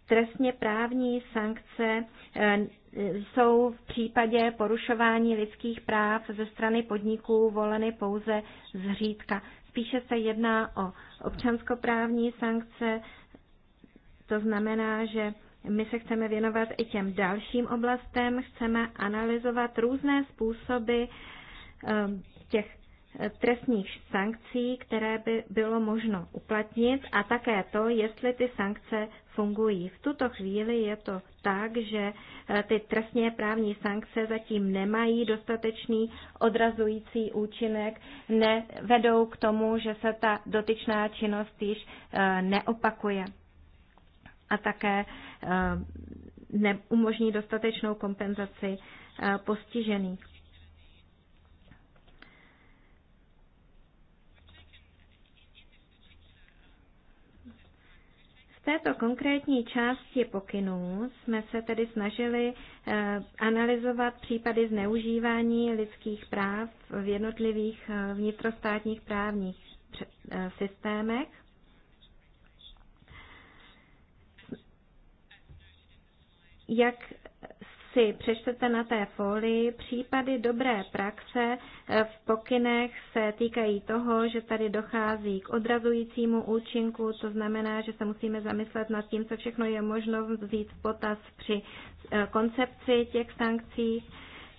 trestně právní sankce eh, jsou v případě porušování lidských práv ze strany podniků voleny pouze zřídka. Spíše se jedná o občanskoprávní sankce, to znamená, že my se chceme věnovat i těm dalším oblastem, chceme analyzovat různé způsoby eh, těch eh, trestních sankcí, které by bylo možno uplatnit a také to, jestli ty sankce fungují. V tuto chvíli je to tak, že eh, ty trestně právní sankce zatím nemají dostatečný odrazující účinek, nevedou k tomu, že se ta dotyčná činnost již neopakuje a také eh, neumožní dostatečnou kompenzaci eh, postižených. V této konkrétní části pokynů jsme se tedy snažili eh, analyzovat případy zneužívání lidských práv v jednotlivých vnitrostátních právních systémech. jak si přečtete na té folii, případy dobré praxe eh, v pokynech se týkají toho, že tady dochází k odrazujícímu účinku, to znamená, že se musíme zamyslet nad tím, co všechno je možno vzít v potaz při eh, koncepci těch sankcí.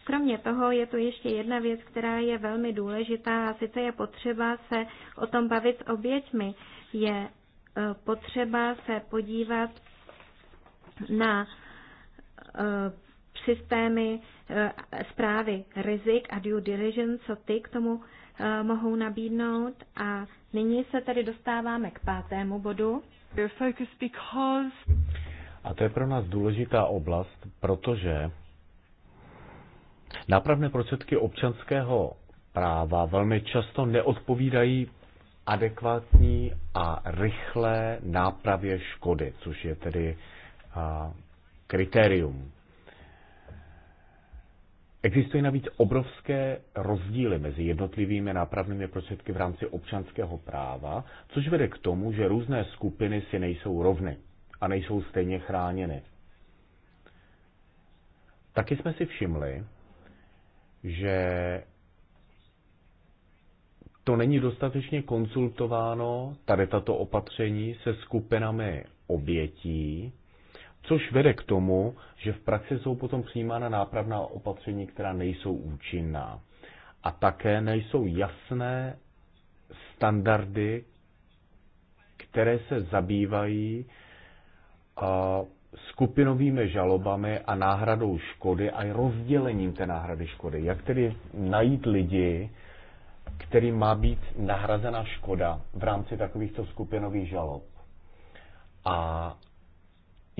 Kromě toho je tu ještě jedna věc, která je velmi důležitá a sice je potřeba se o tom bavit s oběťmi. Je eh, potřeba se podívat na Eh, systémy eh, zprávy rizik a due diligence, co ty k tomu eh, mohou nabídnout. A nyní se tady dostáváme k pátému bodu. A to je pro nás důležitá oblast, protože nápravné prostředky občanského práva velmi často neodpovídají adekvátní a rychlé nápravě škody, což je tedy kritérium. Existuje navíc obrovské rozdíly mezi jednotlivými nápravnými prostředky v rámci občanského práva, což vede k tomu, že různé skupiny si nejsou rovny a nejsou stejně chráněny. Taky jsme si všimli, že to není dostatečně konsultováno, tady tato opatření, se skupinami obětí, což vede k tomu, že v praxi jsou potom přijímána nápravná opatření, která nejsou účinná. A také nejsou jasné standardy, které se zabývají skupinovými žalobami a náhradou škody a rozdělením té náhrady škody. Jak tedy najít lidi, kterým má být nahrazena škoda v rámci takovýchto skupinových žalob. A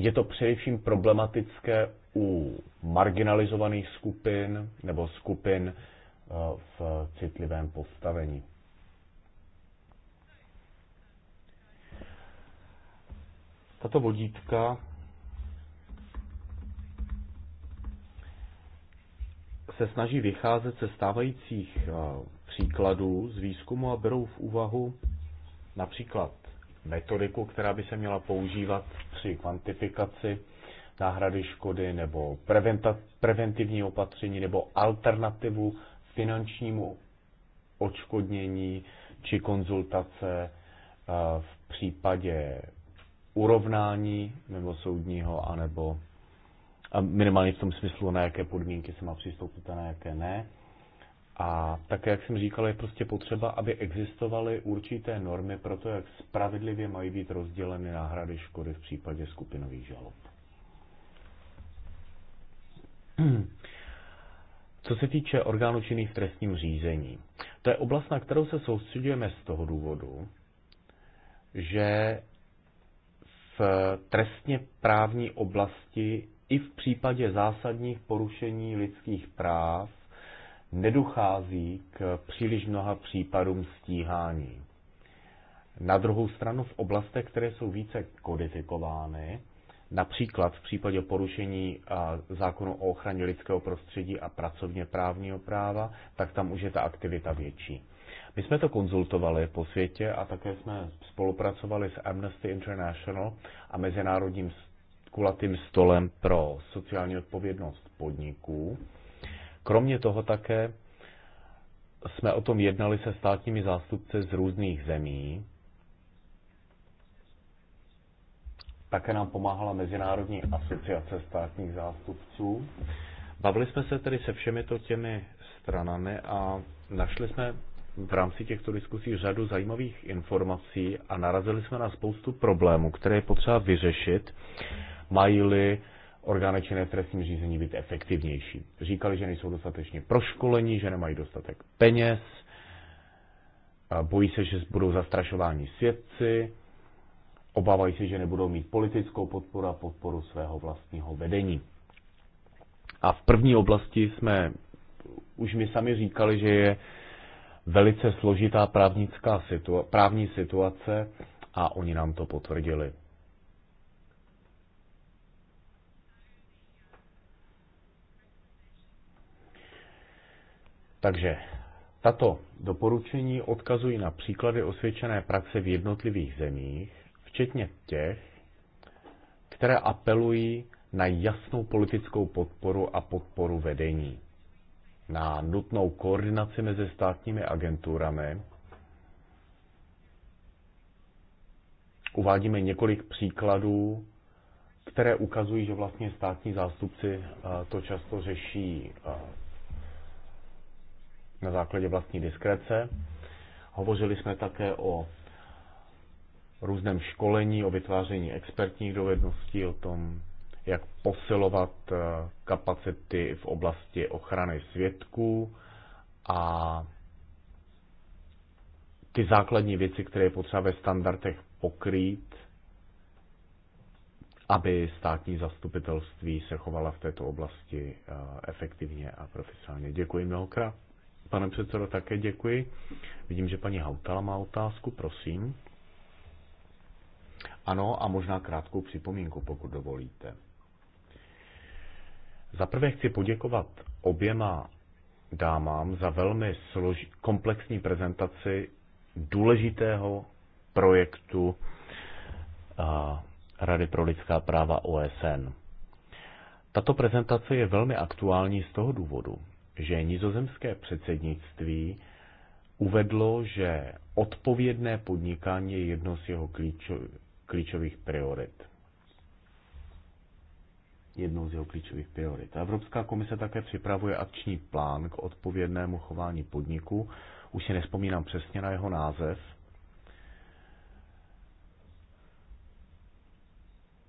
je to především problematické u marginalizovaných skupin nebo skupin eh, v citlivém postavení. Tato vodítka se snaží vycházet ze stávajících eh, příkladů z výzkumu a berou v úvahu například metodiku, která by se měla používat při kvantifikaci náhrady škody nebo preventivní opatření nebo alternativu finančnímu odškodnění či konzultace eh, v případě urovnání mimo soudního, anebo a minimálně v tom smyslu, na jaké podmínky se má přistoupit a na jaké ne. A tak, jak jsem říkal, je prostě potřeba, aby existovaly určité normy pro to, jak spravedlivě mají být rozděleny náhrady škody v případě skupinových žalob. (clears throat) Co se týče orgánů činných v trestním řízení, to je oblast, na kterou se soustředujeme z toho důvodu, že v trestně právní oblasti i v případě zásadních porušení lidských práv nedochází k příliš mnoha případům stíhání. Na druhou stranu v oblastech, které jsou více kodifikovány, například v případě porušení zákonu o ochraně lidského prostředí a pracovně právního práva, tak tam už je ta aktivita větší. My jsme to konzultovali po světě a také jsme spolupracovali s Amnesty International a Mezinárodním kulatým stolem pro sociální odpovědnost podniků Kromě toho také jsme o tom jednali se státními zástupce z různých zemí. Také nám pomáhala Mezinárodní asociace státních zástupců. Bavili jsme se tedy se všemi to těmi stranami a našli jsme v rámci těchto diskusí řadu zajímavých informací a narazili jsme na spoustu problémů, které je potřeba vyřešit, mají-li orgány činné v trestním řízení být efektivnější. Říkali, že nejsou dostatečně proškolení, že nemají dostatek peněz, bojí se, že budou zastrašováni svědci, obávají se, že nebudou mít politickou podporu a podporu svého vlastního vedení. A v první oblasti jsme už mi sami říkali, že je velice složitá právnická situa- právní situace a oni nám to potvrdili. Takže tato doporučení odkazují na příklady osvědčené praxe v jednotlivých zemích, včetně těch, které apelují na jasnou politickou podporu a podporu vedení, na nutnou koordinaci mezi státními agenturami. Uvádíme několik příkladů, které ukazují, že vlastně státní zástupci eh, to často řeší eh, na základě vlastní diskrece. Hovořili jsme také o různém školení, o vytváření expertních dovedností, o tom, jak posilovat eh, kapacity v oblasti ochrany svědků a ty základní věci, které je potřeba ve standardech pokrýt, aby státní zastupitelství se chovala v této oblasti eh, efektivně a profesionálně. Děkuji mnohokrát. Pane předsedo, také děkuji. Vidím, že paní Hautala má otázku, prosím. Ano, a možná krátkou připomínku, pokud dovolíte. Za prvé chci poděkovat oběma dámám za velmi složi- komplexní prezentaci důležitého projektu a, Rady pro lidská práva OSN. Tato prezentace je velmi aktuální z toho důvodu, že nizozemské předsednictví uvedlo, že odpovědné podnikání je jedno z jeho klíčových priorit. Jednou z jeho klíčových priorit. Evropská komise také připravuje akční plán k odpovědnému chování podniku. Už si nespomínám přesně na jeho název,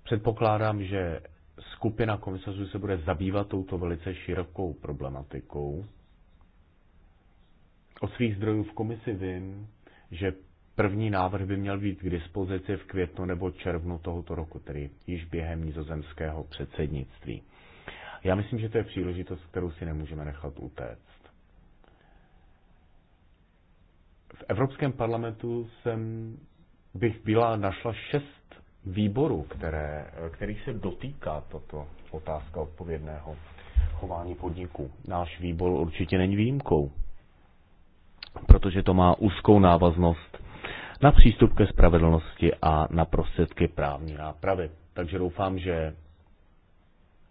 Předpokládám, že skupina komisařů se bude zabývat touto velice širokou problematikou. O svých zdrojů v komisi vím, že první návrh by měl být k dispozici v květnu nebo červnu tohoto roku, tedy již během nizozemského předsednictví. Já myslím, že to je příležitost, kterou si nemůžeme nechat utéct. V Evropském parlamentu jsem bych byla našla šest Výboru, které, který se dotýká toto otázka odpovědného chování podniku. Náš výbor určitě není výjimkou, protože to má úzkou návaznost na přístup ke spravedlnosti a na prostředky právní nápravy. Takže doufám, že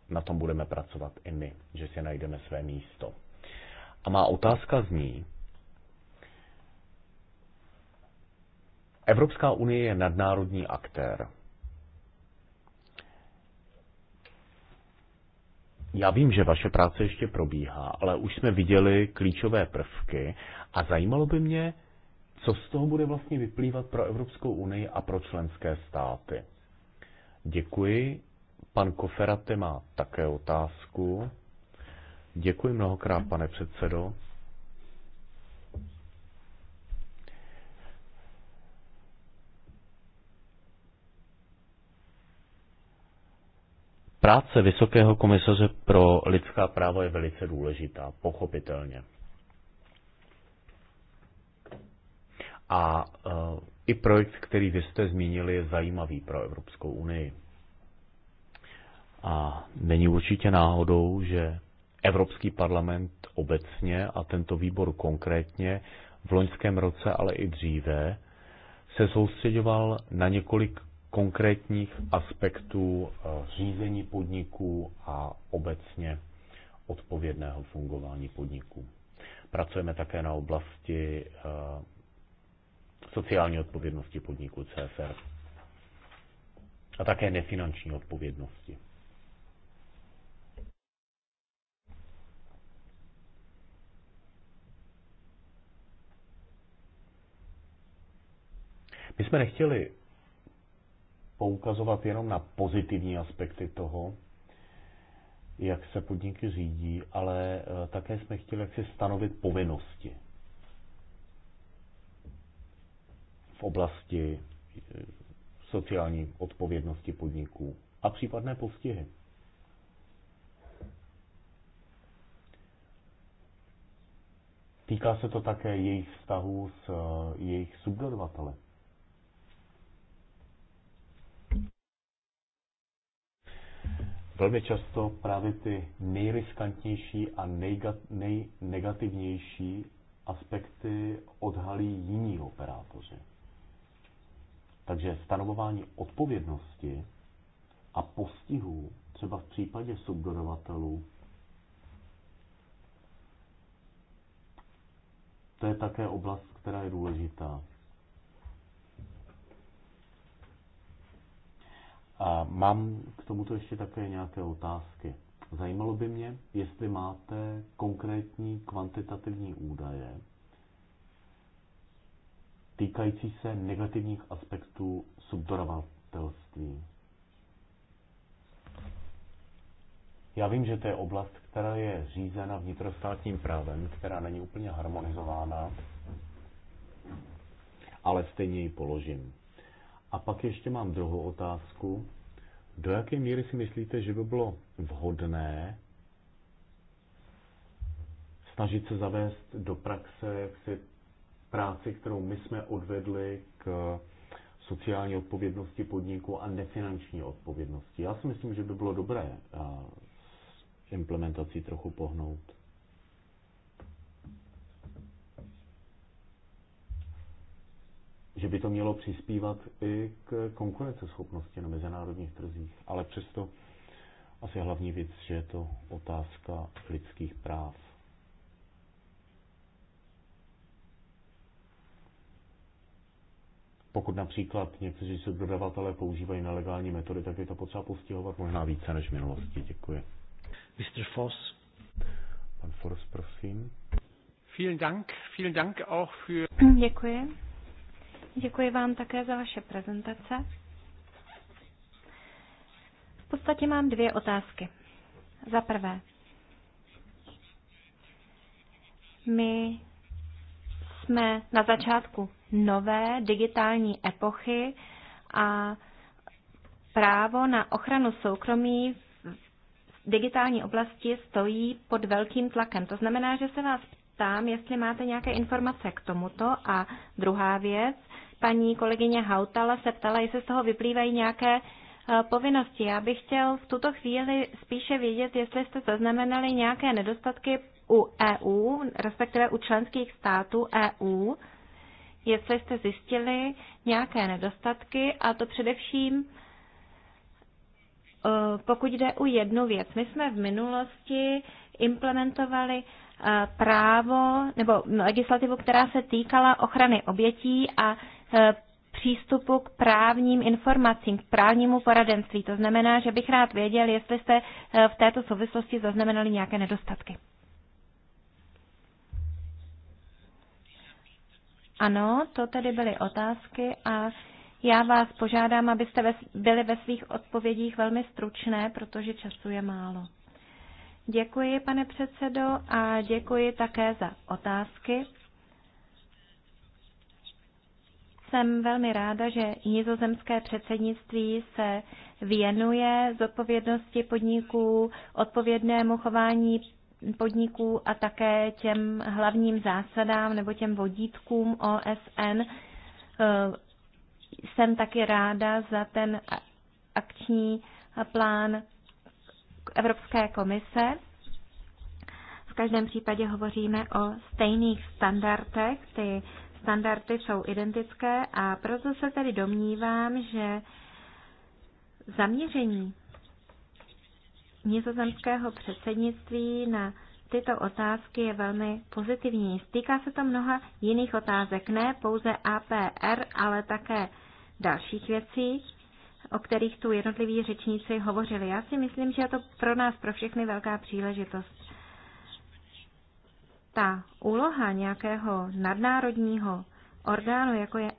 na tom budeme pracovat i my, že si najdeme své místo. A má otázka zní, Evropská unie je nadnárodní aktér. Já vím, že vaše práce ještě probíhá, ale už jsme viděli klíčové prvky a zajímalo by mě, co z toho bude vlastně vyplývat pro Evropskou unii a pro členské státy. Děkuji. Pan Koferate má také otázku. Děkuji mnohokrát, pane předsedo. Práce Vysokého komisaře pro lidská práva je velice důležitá, pochopitelně. A uh, i projekt, který vy jste zmínili, je zajímavý pro Evropskou unii. A není určitě náhodou, že Evropský parlament obecně a tento výbor konkrétně v loňském roce, ale i dříve, se soustředoval na několik konkrétních aspektů eh, řízení podniků a obecně odpovědného fungování podniků. Pracujeme také na oblasti eh, sociální odpovědnosti podniku CSR a také nefinanční odpovědnosti. My jsme nechtěli poukazovat jenom na pozitivní aspekty toho, jak se podniky řídí, ale eh, také jsme chtěli jaksi stanovit povinnosti v oblasti eh, sociální odpovědnosti podniků a případné postihy. Týká se to také jejich vztahu s eh, jejich subdodavateli. Velmi často právě ty nejriskantnější a nejnegativnější aspekty odhalí jiní operátoři. Takže stanovování odpovědnosti a postihů třeba v případě subdodavatelů to je také oblast, která je důležitá. A mám k tomuto ještě také nějaké otázky. Zajímalo by mě, jestli máte konkrétní kvantitativní údaje týkající se negativních aspektů subdorovatelství. Já vím, že to je oblast, která je řízena vnitrostátním právem, která není úplně harmonizována, ale stejně ji položím. A pak ještě mám druhou otázku. Do jaké míry si myslíte, že by bylo vhodné snažit se zavést do praxe jaksi práci, kterou my jsme odvedli k sociální odpovědnosti podniku a nefinanční odpovědnosti. Já si myslím, že by bylo dobré s implementací trochu pohnout. že by to mělo přispívat i k konkurenceschopnosti na mezinárodních trzích. Ale přesto asi hlavní věc, že je to otázka lidských práv. Pokud například někteří dodavatelé používají nelegální metody, tak je to potřeba postihovat možná více než v minulosti. Děkuji. Mr. Foss. Pan Foss, prosím. Vielen Dank, vielen Dank auch für... Děkuji. Děkuji vám také za vaše prezentace. V podstatě mám dvě otázky. Za prvé, my jsme na začátku nové digitální epochy a právo na ochranu soukromí v digitální oblasti stojí pod velkým tlakem. To znamená, že se vás ptám, jestli máte nějaké informace k tomuto. A druhá věc, paní kolegyně Hautala se ptala, jestli z toho vyplývají nějaké e, povinnosti. Já bych chtěl v tuto chvíli spíše vědět, jestli jste zaznamenali nějaké nedostatky u EU, respektive u členských států EU, jestli jste zjistili nějaké nedostatky, a to především e, pokud jde o jednu věc. My jsme v minulosti implementovali Eh, právo nebo legislativu, která se týkala ochrany obětí a eh, přístupu k právním informacím, k právnímu poradenství. To znamená, že bych rád věděl, jestli jste eh, v této souvislosti zaznamenali nějaké nedostatky. Ano, to tedy byly otázky a já vás požádám, abyste byli ve svých odpovědích velmi stručné, protože času je málo. Děkuji, pane předsedo, a děkuji také za otázky. Jsem velmi ráda, že nizozemské předsednictví se věnuje zodpovědnosti podniků, odpovědnému chování podniků a také těm hlavním zásadám nebo těm vodítkům OSN. Jsem taky ráda za ten akční plán Evropské komise. V každém případě hovoříme o stejných standardech. Ty standardy jsou identické a proto se tedy domnívám, že zaměření nizozemského předsednictví na tyto otázky je velmi pozitivní. Stýká se to mnoha jiných otázek, ne pouze APR, ale také dalších věcí o kterých tu jednotliví řečníci hovořili. Já si myslím, že je to pro nás, pro všechny velká příležitost. Ta úloha nějakého nadnárodního orgánu, jako je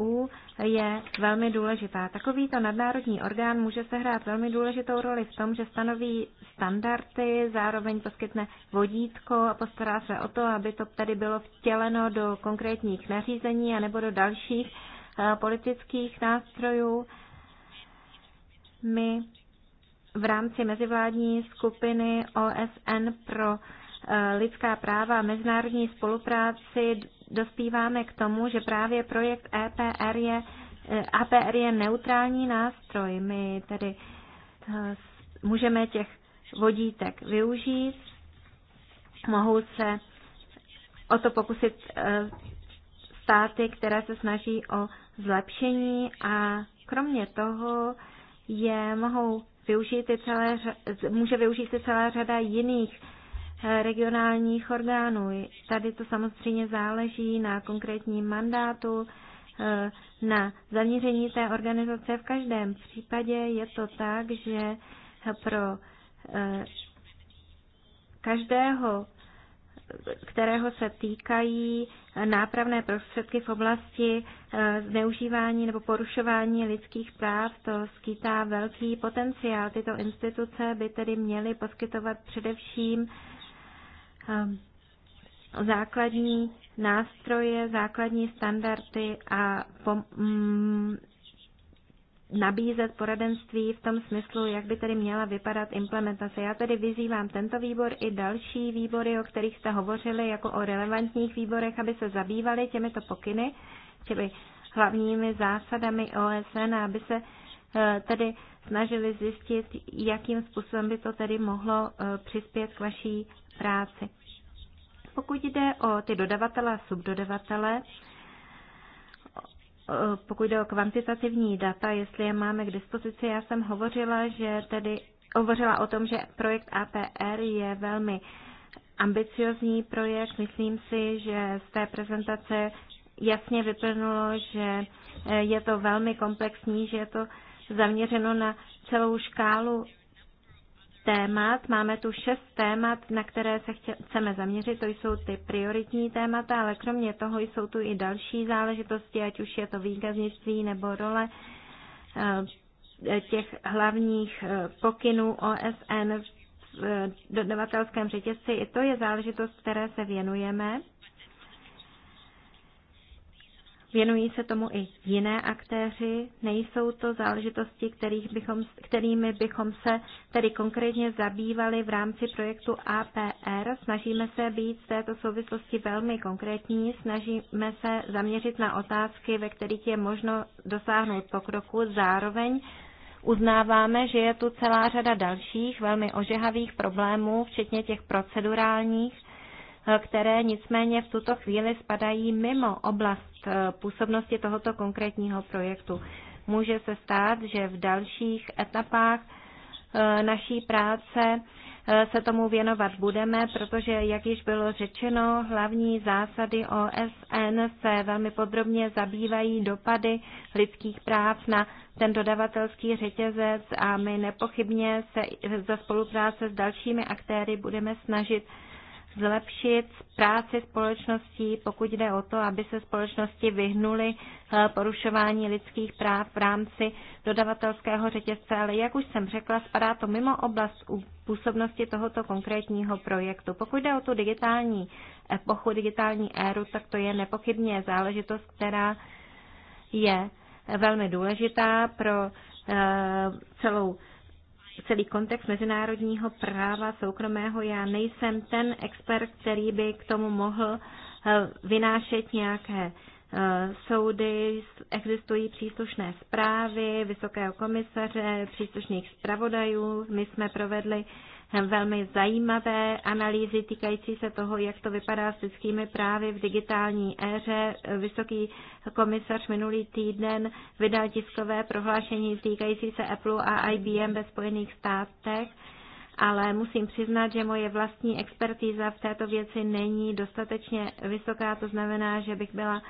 EU, je velmi důležitá. Takovýto nadnárodní orgán může sehrát velmi důležitou roli v tom, že stanoví standardy, zároveň poskytne vodítko a postará se o to, aby to tady bylo vtěleno do konkrétních nařízení anebo do dalších eh, politických nástrojů. My v rámci mezivládní skupiny OSN pro eh, lidská práva a mezinárodní spolupráci dospíváme k tomu, že právě projekt EPR je, eh, APR je neutrální nástroj. My tedy eh, můžeme těch vodítek využít, mohou se o to pokusit státy, které se snaží o zlepšení a kromě toho je mohou využít i celé, může využít i celá řada jiných eh, regionálních orgánů. Tady to samozřejmě záleží na konkrétním mandátu, eh, na zaměření té organizace. V každém případě je to tak, že pro eh, každého kterého se týkají nápravné prostředky v oblasti eh, zneužívání nebo porušování lidských práv, to skýtá velký potenciál. Tyto instituce by tedy měly poskytovat především eh, základní nástroje, základní standardy a mm, nabízet poradenství v tom smyslu, jak by tedy měla vypadat implementace. Já tedy vyzývám tento výbor i další výbory, o kterých jste hovořili, jako o relevantních výborech, aby se zabývali těmito pokyny, čili hlavními zásadami OSN, aby se eh, tedy snažili zjistit, jakým způsobem by to tedy mohlo eh, přispět k vaší práci. Pokud jde o ty dodavatele a subdodavatele, Eh, pokud jde o kvantitativní data, jestli je máme k dispozici, já jsem hovořila, že tedy hovořila o tom, že projekt APR je velmi ambiciozní projekt. Myslím si, že z té prezentace jasně vyplnulo, že eh, je to velmi komplexní, že je to zaměřeno na celou škálu témat. Máme tu šest témat, na které se chceme zaměřit. To jsou ty prioritní témata, ale kromě toho jsou tu i další záležitosti, ať už je to výkaznictví nebo role eh, těch hlavních eh, pokynů OSN v eh, dodavatelském řetězci. I to je záležitost, které se věnujeme. Věnují se tomu i jiné aktéři. Nejsou to záležitosti, kterých bychom, kterými bychom se tedy konkrétně zabývali v rámci projektu APR. Snažíme se být v této souvislosti velmi konkrétní. Snažíme se zaměřit na otázky, ve kterých je možno dosáhnout pokroku. Zároveň uznáváme, že je tu celá řada dalších velmi ožehavých problémů, včetně těch procedurálních které nicméně v tuto chvíli spadají mimo oblast eh, působnosti tohoto konkrétního projektu. Může se stát, že v dalších etapách eh, naší práce eh, se tomu věnovat budeme, protože, jak již bylo řečeno, hlavní zásady OSN se velmi podrobně zabývají dopady lidských práv na ten dodavatelský řetězec a my nepochybně se za spolupráce s dalšími aktéry budeme snažit zlepšit práci společností, pokud jde o to, aby se společnosti vyhnuly eh, porušování lidských práv v rámci dodavatelského řetězce, ale jak už jsem řekla, spadá to mimo oblast působnosti tohoto konkrétního projektu. Pokud jde o tu digitální epochu, digitální éru, tak to je nepochybně záležitost, která je velmi důležitá pro eh, celou celý kontext mezinárodního práva soukromého. Já nejsem ten expert, který by k tomu mohl eh, vynášet nějaké eh, soudy, existují příslušné zprávy vysokého komisaře, příslušných zpravodajů. My jsme provedli velmi zajímavé analýzy týkající se toho, jak to vypadá s lidskými právy v digitální éře. Vysoký komisař minulý týden vydal tiskové prohlášení týkající se Apple a IBM ve Spojených státech ale musím přiznat, že moje vlastní expertíza v této věci není dostatečně vysoká, to znamená, že bych byla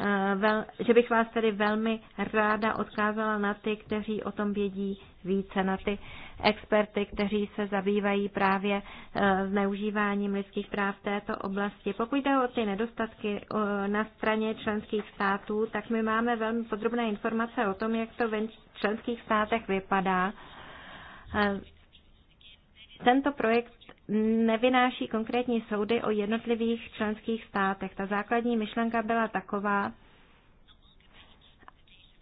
Eh, vel, že bych vás tedy velmi ráda odkázala na ty, kteří o tom vědí více, na ty experty, kteří se zabývají právě eh, zneužíváním lidských práv v této oblasti. Pokud jde o ty nedostatky na straně členských států, tak my máme velmi podrobné informace o tom, jak to v členských státech vypadá. Eh, tento projekt nevynáší konkrétní soudy o jednotlivých členských státech. Ta základní myšlenka byla taková,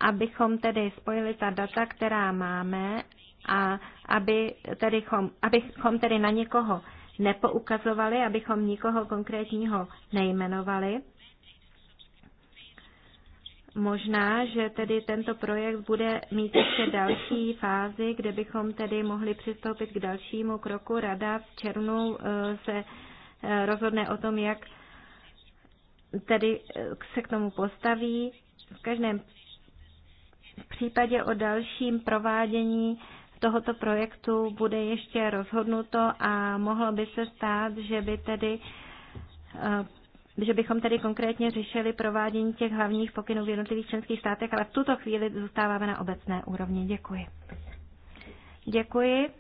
abychom tedy spojili ta data, která máme a aby tedy chom, abychom tedy na někoho nepoukazovali, abychom nikoho konkrétního nejmenovali možná, že tedy tento projekt bude mít ještě další fázi, kde bychom tedy mohli přistoupit k dalšímu kroku. Rada v červnu eh, se eh, rozhodne o tom, jak tedy eh, se k tomu postaví. V každém případě o dalším provádění tohoto projektu bude ještě rozhodnuto a mohlo by se stát, že by tedy že bychom tedy konkrétně řešili provádění těch hlavních pokynů v jednotlivých členských státech, ale v tuto chvíli zůstáváme na obecné úrovni. Děkuji. Děkuji.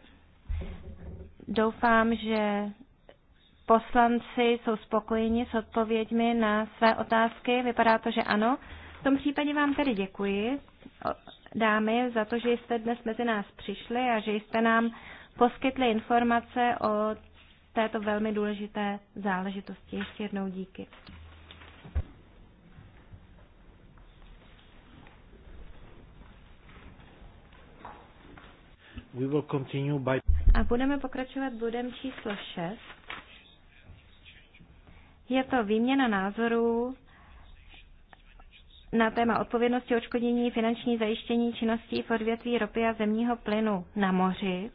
Doufám, že poslanci jsou spokojeni s odpověďmi na své otázky. Vypadá to, že ano. V tom případě vám tedy děkuji, dámy, za to, že jste dnes mezi nás přišli a že jste nám poskytli informace o této velmi důležité záležitosti. Ještě jednou díky. We will continue by... A budeme pokračovat bodem číslo 6. Je to výměna názorů na téma odpovědnosti odškodnění finanční zajištění činností v odvětví ropy a zemního plynu na moři.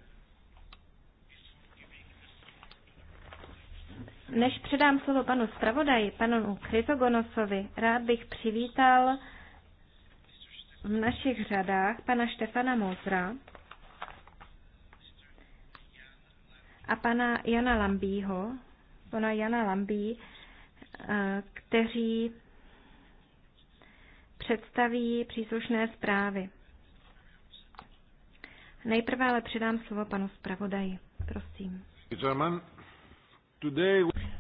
Než předám slovo panu zpravodaji, panu Krytogonosovi, rád bych přivítal v našich řadách pana Štefana Mozra a pana Jana Lambího, pana Jana Lambí, eh, kteří představí příslušné zprávy. Nejprve ale předám slovo panu zpravodaji. Prosím.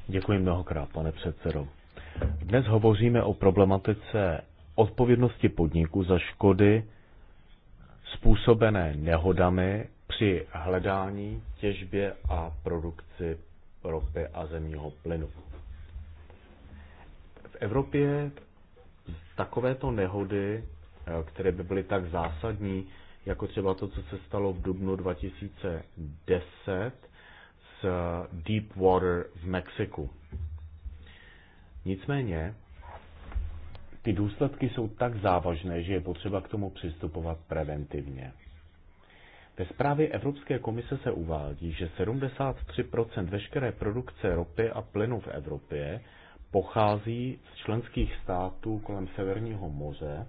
Děkuji mnohokrát, pane předsedo. Dnes hovoříme o problematice odpovědnosti podniku za škody způsobené nehodami při hledání, těžbě a produkci ropy a zemního plynu. V Evropě takovéto nehody, které by byly tak zásadní, jako třeba to, co se stalo v dubnu 2010, Eh, Deepwater v Mexiku. Nicméně, ty důsledky jsou tak závažné, že je potřeba k tomu přistupovat preventivně. Ve zprávě Evropské komise se uvádí, že 73% veškeré produkce ropy a plynu v Evropě pochází z členských států kolem Severního moře,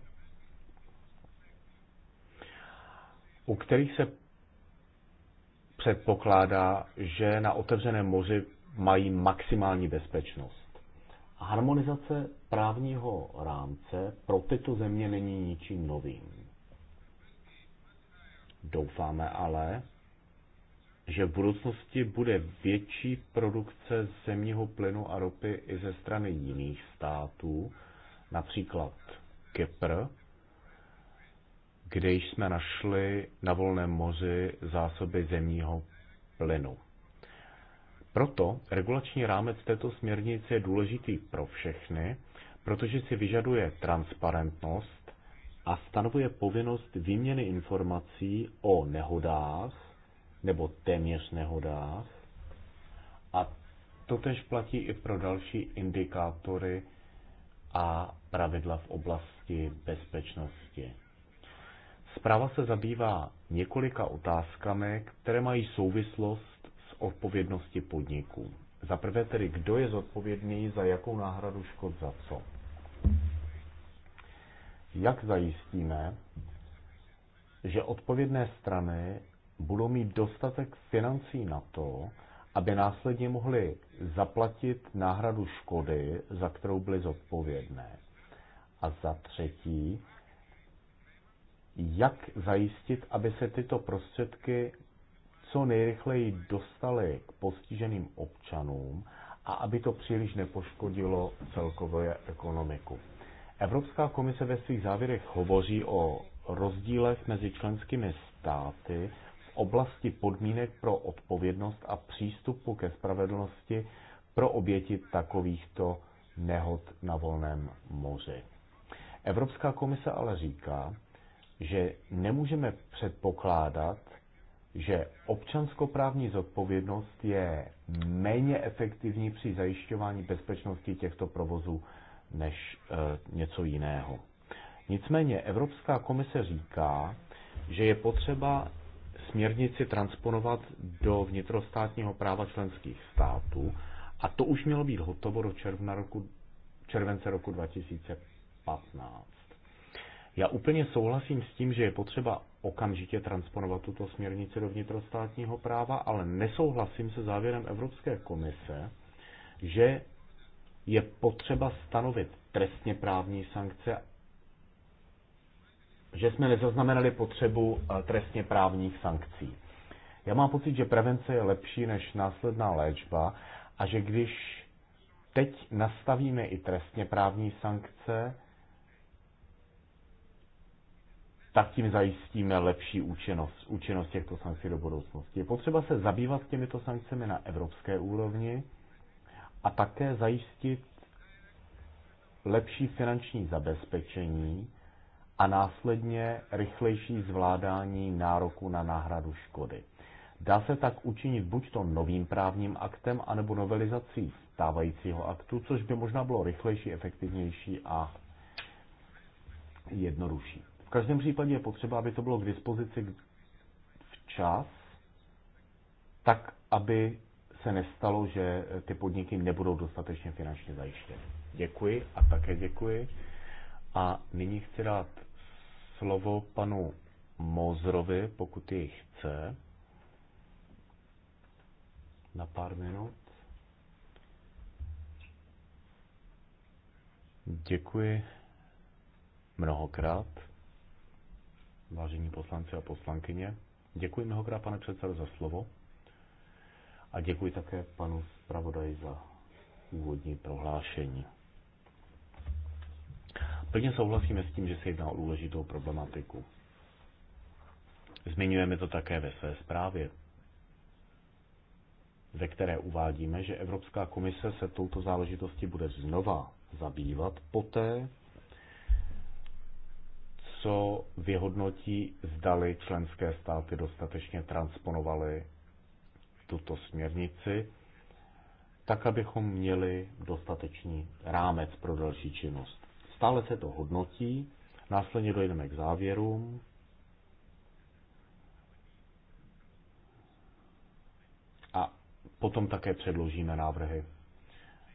u kterých se předpokládá, že na otevřeném moři mají maximální bezpečnost. Harmonizace právního rámce pro tyto země není ničím novým. Doufáme ale, že v budoucnosti bude větší produkce zemního plynu a ropy i ze strany jiných států, například Kypr, kde jsme našli na volném moři zásoby zemního plynu. Proto regulační rámec této směrnice je důležitý pro všechny, protože si vyžaduje transparentnost a stanovuje povinnost výměny informací o nehodách nebo téměř nehodách a to tež platí i pro další indikátory a pravidla v oblasti bezpečnosti. Zpráva se zabývá několika otázkami, které mají souvislost s odpovědností podniků. Za prvé tedy, kdo je zodpovědný za jakou náhradu škod za co. Jak zajistíme, že odpovědné strany budou mít dostatek financí na to, aby následně mohli zaplatit náhradu škody, za kterou byly zodpovědné. A za třetí, jak zajistit, aby se tyto prostředky co nejrychleji dostaly k postiženým občanům a aby to příliš nepoškodilo celkově ekonomiku. Evropská komise ve svých závěrech hovoří o rozdílech mezi členskými státy v oblasti podmínek pro odpovědnost a přístupu ke spravedlnosti pro oběti takovýchto nehod na volném moři. Evropská komise ale říká, že nemůžeme předpokládat, že občanskoprávní zodpovědnost je méně efektivní při zajišťování bezpečnosti těchto provozů než e, něco jiného. Nicméně Evropská komise říká, že je potřeba směrnici transponovat do vnitrostátního práva členských států a to už mělo být hotovo do června roku, července roku 2015. Já úplně souhlasím s tím, že je potřeba okamžitě transponovat tuto směrnici do vnitrostátního práva, ale nesouhlasím se závěrem Evropské komise, že je potřeba stanovit trestně právní sankce, že jsme nezaznamenali potřebu eh, trestně právních sankcí. Já mám pocit, že prevence je lepší než následná léčba a že když teď nastavíme i trestně právní sankce, tak tím zajistíme lepší účinnost, účinnost těchto sankcí do budoucnosti. Je potřeba se zabývat těmito sankcemi na evropské úrovni a také zajistit lepší finanční zabezpečení a následně rychlejší zvládání nároku na náhradu škody. Dá se tak učinit buď to novým právním aktem, anebo novelizací stávajícího aktu, což by možná bylo rychlejší, efektivnější a jednodušší. V každém případě je potřeba, aby to bylo k dispozici včas, tak, aby se nestalo, že ty podniky nebudou dostatečně finančně zajištěny. Děkuji a také děkuji. A nyní chci dát slovo panu Mozrovi, pokud jej chce, na pár minut. Děkuji mnohokrát vážení poslanci a poslankyně. Děkuji mnohokrát, pane předsedo, za slovo a děkuji také panu zpravodaji za úvodní prohlášení. Plně souhlasíme s tím, že se jedná o důležitou problematiku. Zmiňujeme to také ve své zprávě, ve které uvádíme, že Evropská komise se touto záležitostí bude znova zabývat poté, co vyhodnotí, zdali členské státy dostatečně transponovaly tuto směrnici, tak abychom měli dostatečný rámec pro další činnost. Stále se to hodnotí, následně dojdeme k závěrům. A potom také předložíme návrhy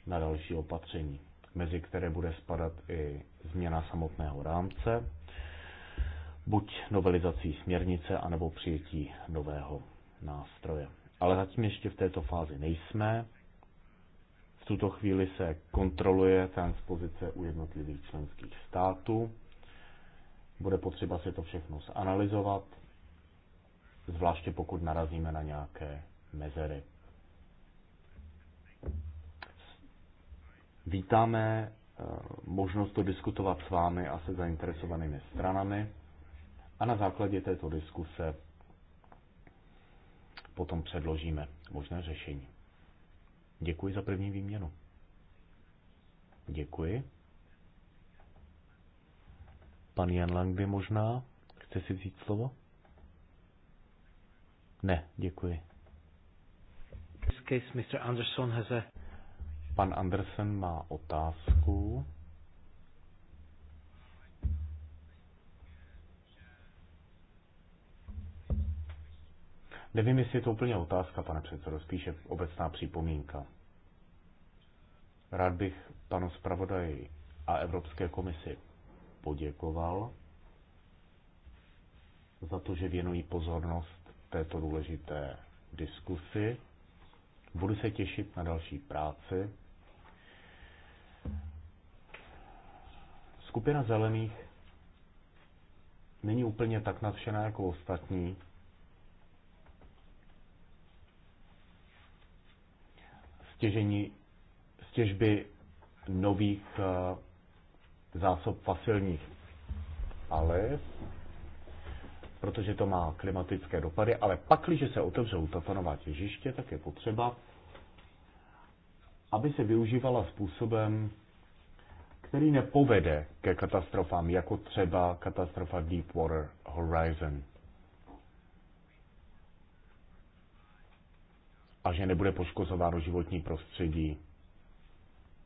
na další opatření, mezi které bude spadat i změna samotného rámce buď novelizací směrnice, anebo přijetí nového nástroje. Ale zatím ještě v této fázi nejsme. V tuto chvíli se kontroluje transpozice u jednotlivých členských států. Bude potřeba si to všechno zanalizovat, zvláště pokud narazíme na nějaké mezery. Vítáme eh, možnost to diskutovat s vámi a se zainteresovanými stranami a na základě této diskuse potom předložíme možné řešení. Děkuji za první výměnu. Děkuji. Pan Jan Langby možná chce si vzít slovo? Ne, děkuji. Case, Mr. Anderson has a... Pan Anderson má otázku. Nevím, jestli je to úplně otázka, pane předsedo, spíše obecná připomínka. Rád bych panu zpravodaji a Evropské komisi poděkoval za to, že věnují pozornost této důležité diskusi. Budu se těšit na další práci. Skupina zelených není úplně tak nadšená jako ostatní, stěžení, stěžby nových eh, zásob fasilních ale protože to má klimatické dopady, ale pak, když se otevřou tafanová těžiště, tak je potřeba, aby se využívala způsobem, který nepovede ke katastrofám, jako třeba katastrofa Deepwater Horizon. a že nebude poškozováno životní prostředí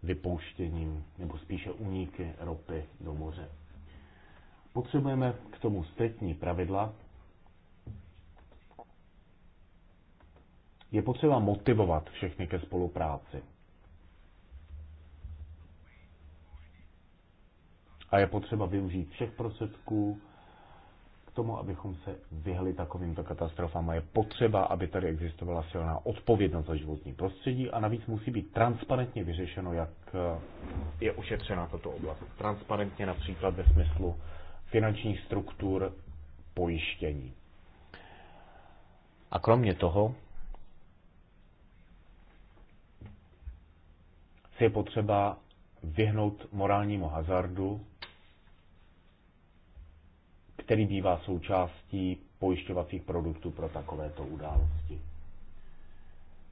vypouštěním nebo spíše uníky ropy do moře. Potřebujeme k tomu striktní pravidla. Je potřeba motivovat všechny ke spolupráci. A je potřeba využít všech prostředků, k tomu, abychom se vyhli takovýmto katastrofám, je potřeba, aby tady existovala silná odpovědnost za životní prostředí a navíc musí být transparentně vyřešeno, jak eh, je ošetřena tato oblast. Transparentně například ve smyslu finančních struktur pojištění. A kromě toho si je potřeba vyhnout morálnímu hazardu který bývá součástí pojišťovacích produktů pro takovéto události.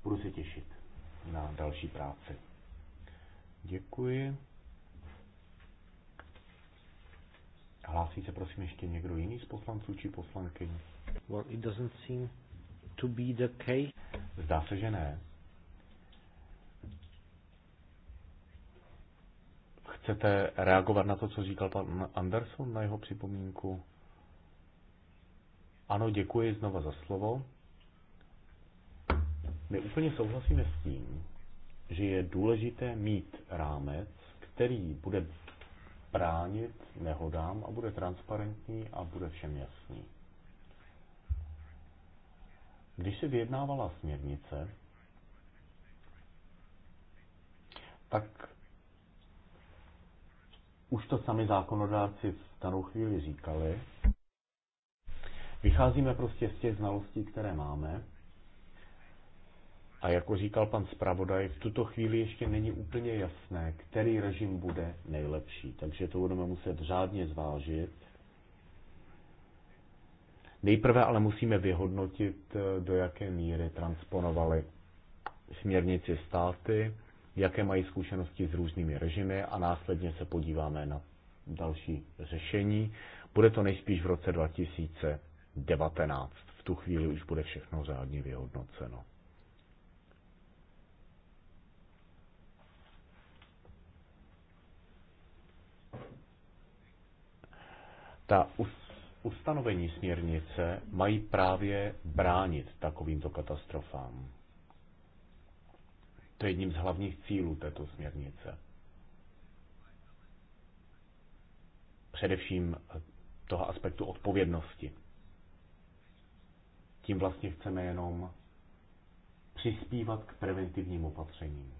Budu se těšit na další práci. Děkuji. Hlásí se prosím ještě někdo jiný z poslanců či poslankyň? Well, it doesn't seem to be the case. Zdá se, že ne. Chcete reagovat na to, co říkal pan Anderson, na jeho připomínku? Ano, děkuji znova za slovo. My úplně souhlasíme s tím, že je důležité mít rámec, který bude bránit nehodám a bude transparentní a bude všem jasný. Když se vyjednávala směrnice, tak už to sami zákonodárci v danou chvíli říkali, Vycházíme prostě z těch znalostí, které máme. A jako říkal pan zpravodaj, v tuto chvíli ještě není úplně jasné, který režim bude nejlepší. Takže to budeme muset řádně zvážit. Nejprve ale musíme vyhodnotit, eh, do jaké míry transponovali směrnici státy, jaké mají zkušenosti s různými režimy a následně se podíváme na další řešení. Bude to nejspíš v roce 2000 19. V tu chvíli už bude všechno řádně vyhodnoceno. Ta ustanovení směrnice mají právě bránit takovýmto katastrofám. To je jedním z hlavních cílů této směrnice. Především toho aspektu odpovědnosti. Tím vlastně chceme jenom přispívat k preventivním opatřením.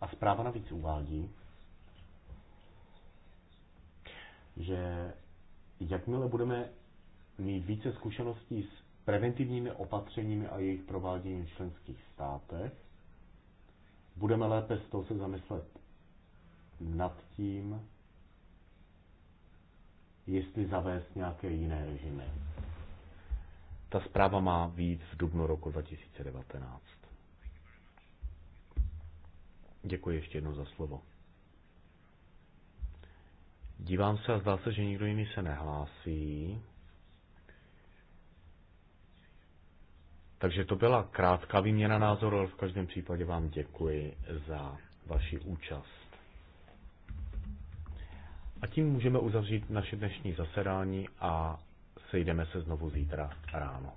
A zpráva navíc uvádí, že jakmile budeme mít více zkušeností s preventivními opatřeními a jejich prováděním v členských státech, budeme lépe z toho se zamyslet nad tím, jestli zavést nějaké jiné režimy. Ta zpráva má víc v dubnu roku 2019. Děkuji ještě jednou za slovo. Dívám se a zdá se, že nikdo jiný se nehlásí. Takže to byla krátká výměna názoru, ale v každém případě vám děkuji za vaši účast. A tím můžeme uzavřít naše dnešní zasedání a Sejdeme se znovu zítra ráno.